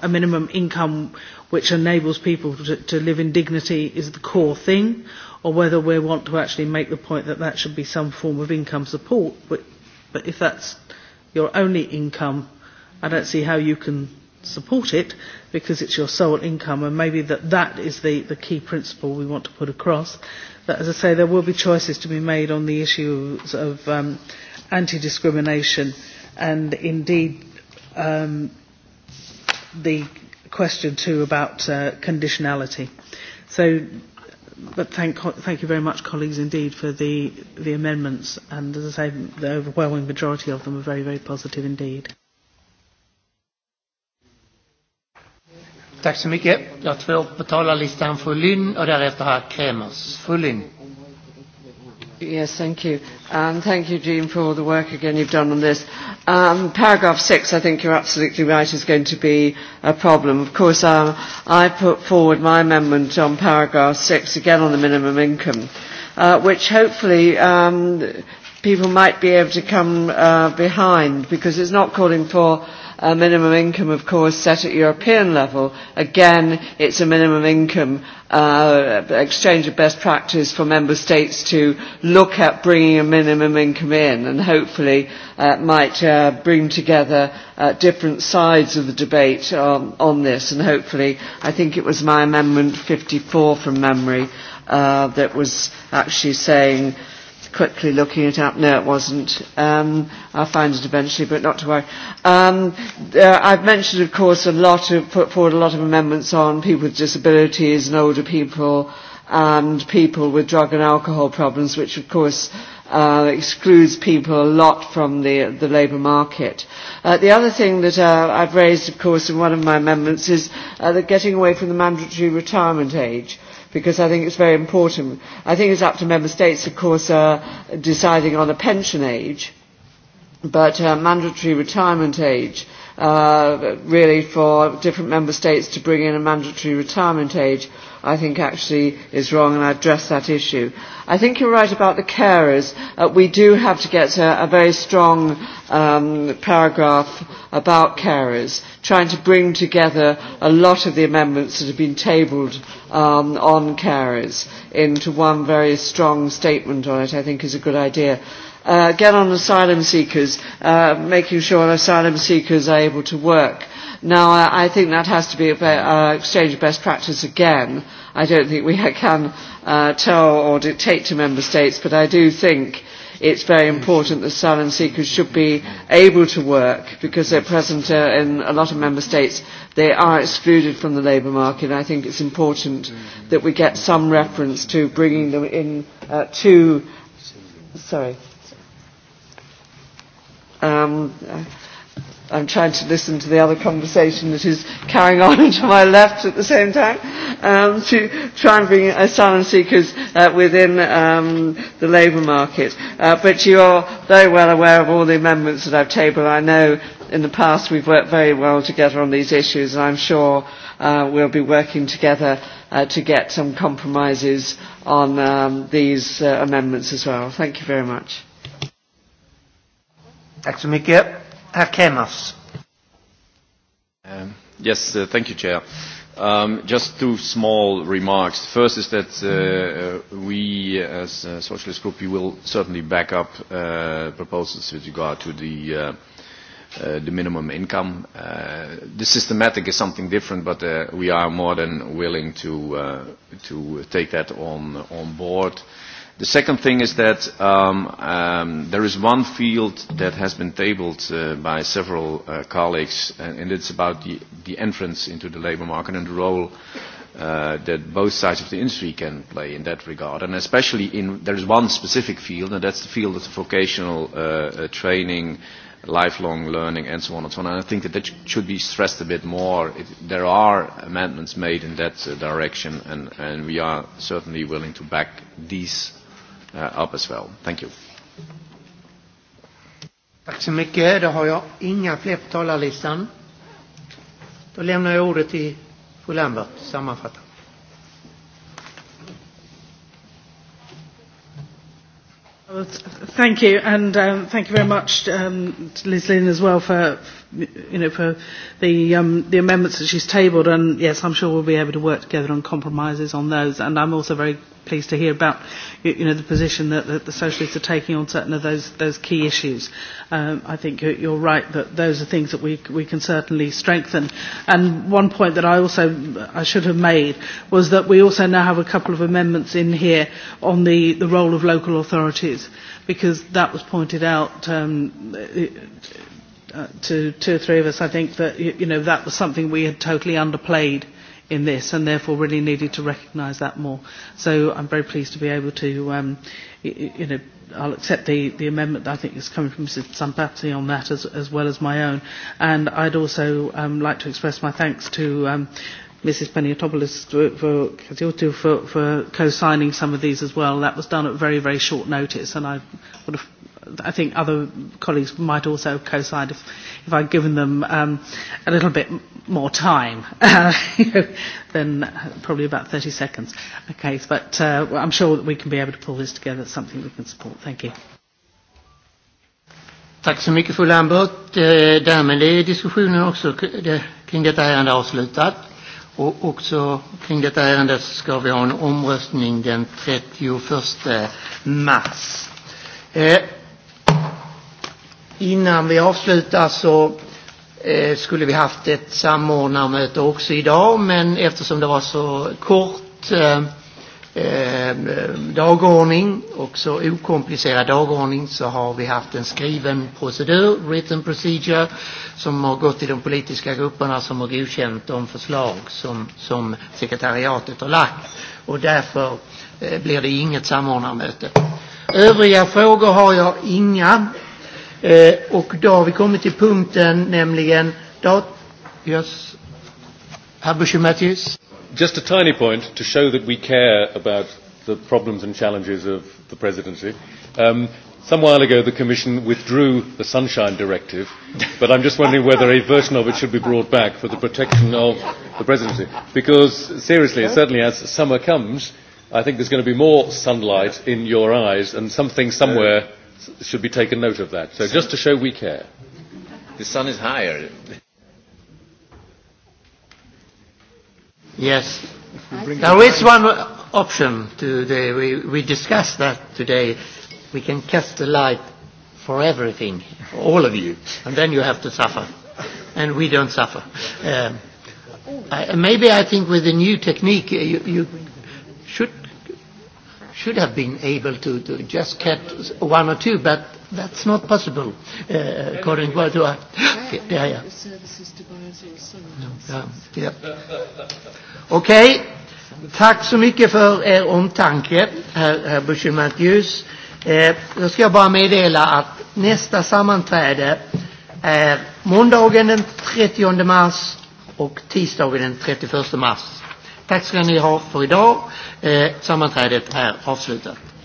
T: a minimum income which enables people to, to live in dignity is the core thing, or whether we want to actually make the point that that should be some form of income support. But, but if that's your only income, I don't see how you can support it because it's your sole income and maybe that that is the, the key principle we want to put across. But as I say, there will be choices to be made on the issues of um, anti-discrimination and indeed um, the question too about uh, conditionality. So but thank, thank you very much, colleagues, indeed, for the, the amendments. And as I say, the overwhelming majority of them are very, very positive indeed. Tack så mycket. Jag tror på
A: talarlistan fru Lynn och därefter herr Kremers. Fru Lynn.
N: Yes, thank you. Um, thank you, Jean, for all the work again you've done on this. Um, paragraph six, I think you're absolutely right, is going to be a problem. Of course, um, I put forward my amendment on paragraph six, again on the minimum income, uh, which hopefully um, people might be able to come uh, behind because it's not calling for a minimum income, of course, set at European level. Again, it's a minimum income uh, exchange of best practice for member states to look at bringing a minimum income in and hopefully uh, might uh, bring together uh, different sides of the debate um, on this and hopefully I think it was my amendment 54 from memory uh, that was actually saying uh, quickly looking it up. No, it wasn't. Um, I'll find it eventually, but not to worry. Um, uh, I've mentioned, of course, a lot of, put forward a lot of amendments on people with disabilities and older people and people with drug and alcohol problems, which, of course, uh, excludes people a lot from the, the labour market. Uh, the other thing that uh, I've raised, of course, in one of my amendments is uh, the getting away from the mandatory retirement age. Uh, because I think it's very important. I think it's up to member states, of course, uh, deciding on a pension age, but uh, mandatory retirement age. Uh, really for different member states to bring in a mandatory retirement age I think actually is wrong, and I address that issue. I think you're right about the carers. Uh, we do have to get a, a very strong um, paragraph about carers, trying to bring together a lot of the amendments that have been tabled um, on carers into one very strong statement on it, I think is a good idea uh, get on asylum seekers, uh, making sure asylum seekers are able to work. Now, I, I think that has to be an uh, exchange of best practice again. I don't think we can uh, tell or dictate to member states, but I do think it's very important that asylum seekers should be able to work because at present uh, in a lot of member states they are excluded from the labour market. I think it's important mm-hmm. that we get some reference to bringing them in uh, to, sorry, Um, I'm trying to listen to the other conversation that is carrying on to my left at the same time um, to try and bring asylum seekers uh, within um, the labour market. Uh, but you are very well aware of all the amendments that I've tabled. I know in the past we've worked very well together on these issues and I'm sure uh, we'll be working together uh, to get some compromises on um, these uh, amendments as well. Thank you very much. Tack så mycket. Herr Kemas.
C: Um, yes, uh, thank you, Chair. Um, just two small remarks. First is that uh, uh, we, as a socialist group, we will certainly back up uh, proposals with regard to the, uh, uh, the minimum income. Uh, the systematic is something different, but uh, we are more than willing to, uh, to take that on, on board. Uh, The second thing is that um, um, there is one field that has been tabled uh, by several uh, colleagues, and, uh, and it's about the, the entrance into the labour market and the role uh, that both sides of the industry can play in that regard. And especially in, there is one specific field, and that's the field of the vocational uh, uh, training, lifelong learning, and so on and so on. And I think that that should be stressed a bit more. It, there are amendments made in that uh, direction, and, and we are certainly willing to back these uh, eh, up as well. Thank you.
A: Tack så mycket. Då har jag inga fler på talarlistan. Då lämnar jag ordet till fru Lambert, sammanfatta.
T: Thank you, and um, thank you very much um, to Liz Lynn as well for, you know, for the, um, the amendments that she's tabled. And yes, I'm sure we'll be able to work together on compromises on those. And I'm also very pleased to hear about, you, you know, the position that, that the Socialists are taking on certain of those, those key issues. Um, I think you're, you're right that those are things that we, we can certainly strengthen. And one point that I also I should have made was that we also now have a couple of amendments in here on the, the role of local authorities because that was pointed out um, uh, to two or three of us, I think that you, you know that was something we had totally underplayed in this, and therefore really needed to recognise that more. So I'm very pleased to be able to, um, you, you know, I'll accept the, the amendment that I think is coming from Mrs. Sampatsi on that, as, as well as my own. And I'd also um, like to express my thanks to. Um, Mrs. Peniotopoulos for, for, for, for co-signing some of these as well. That was done at very, very short notice, and I would have I think other colleagues might also co-sign if, if I'd given them um, a little bit more time uh, than probably about 30 seconds. Okay, but uh, I'm sure that we can be able to pull this together. It's something we can support. Thank you. Tack så mycket fru Lambert. Därmed är
A: diskussionen också kring detta ärende avslutad. Och också kring detta ärende ska vi ha en omröstning den 31 mars. Eh, Innan vi avslutar så eh, skulle vi haft ett samordnarmöte också idag, men eftersom det var så kort eh, eh, dagordning och så okomplicerad dagordning så har vi haft en skriven procedur, written procedure, som har gått till de politiska grupperna som har godkänt de förslag som, som sekretariatet har lagt. Och därför eh, blir det inget samordnarmöte. Övriga frågor har jag inga. Eh, och då har vi kommit till punkten nämligen... Yes. Habushi Matthews.
F: Just a tiny point to show that we care about the problems and challenges of the presidency. Um, some while ago, the Commission withdrew the Sunshine Directive, but I'm just wondering whether a version of it should be brought back for the protection of the presidency. Because, seriously, certainly as summer comes, I think there's going to be more sunlight in your eyes and something somewhere uh, should be taken note of that. So just to show we care. The sun is higher. Yes.
B: There
G: is one
A: option today. We, we discussed that today. We can cast the light for everything, for all of you, and then you have to suffer. And we don't suffer. Um, I, maybe I think with the new technique, uh, you, you should should have been able to, to just get one or two, but that's not possible, uh, according well, to what I... Yeah, yeah. yeah. The
B: services device also no, yeah, yeah. Okay.
A: Tack så mycket för er omtanke, herr, herr Bushy Matthews. Eh, då ska jag bara meddela att nästa sammanträde är måndagen den 30 mars och tisdagen den 31 mars. Tack ska ni ha
P: för idag. Eh, sammanträdet är avslutat.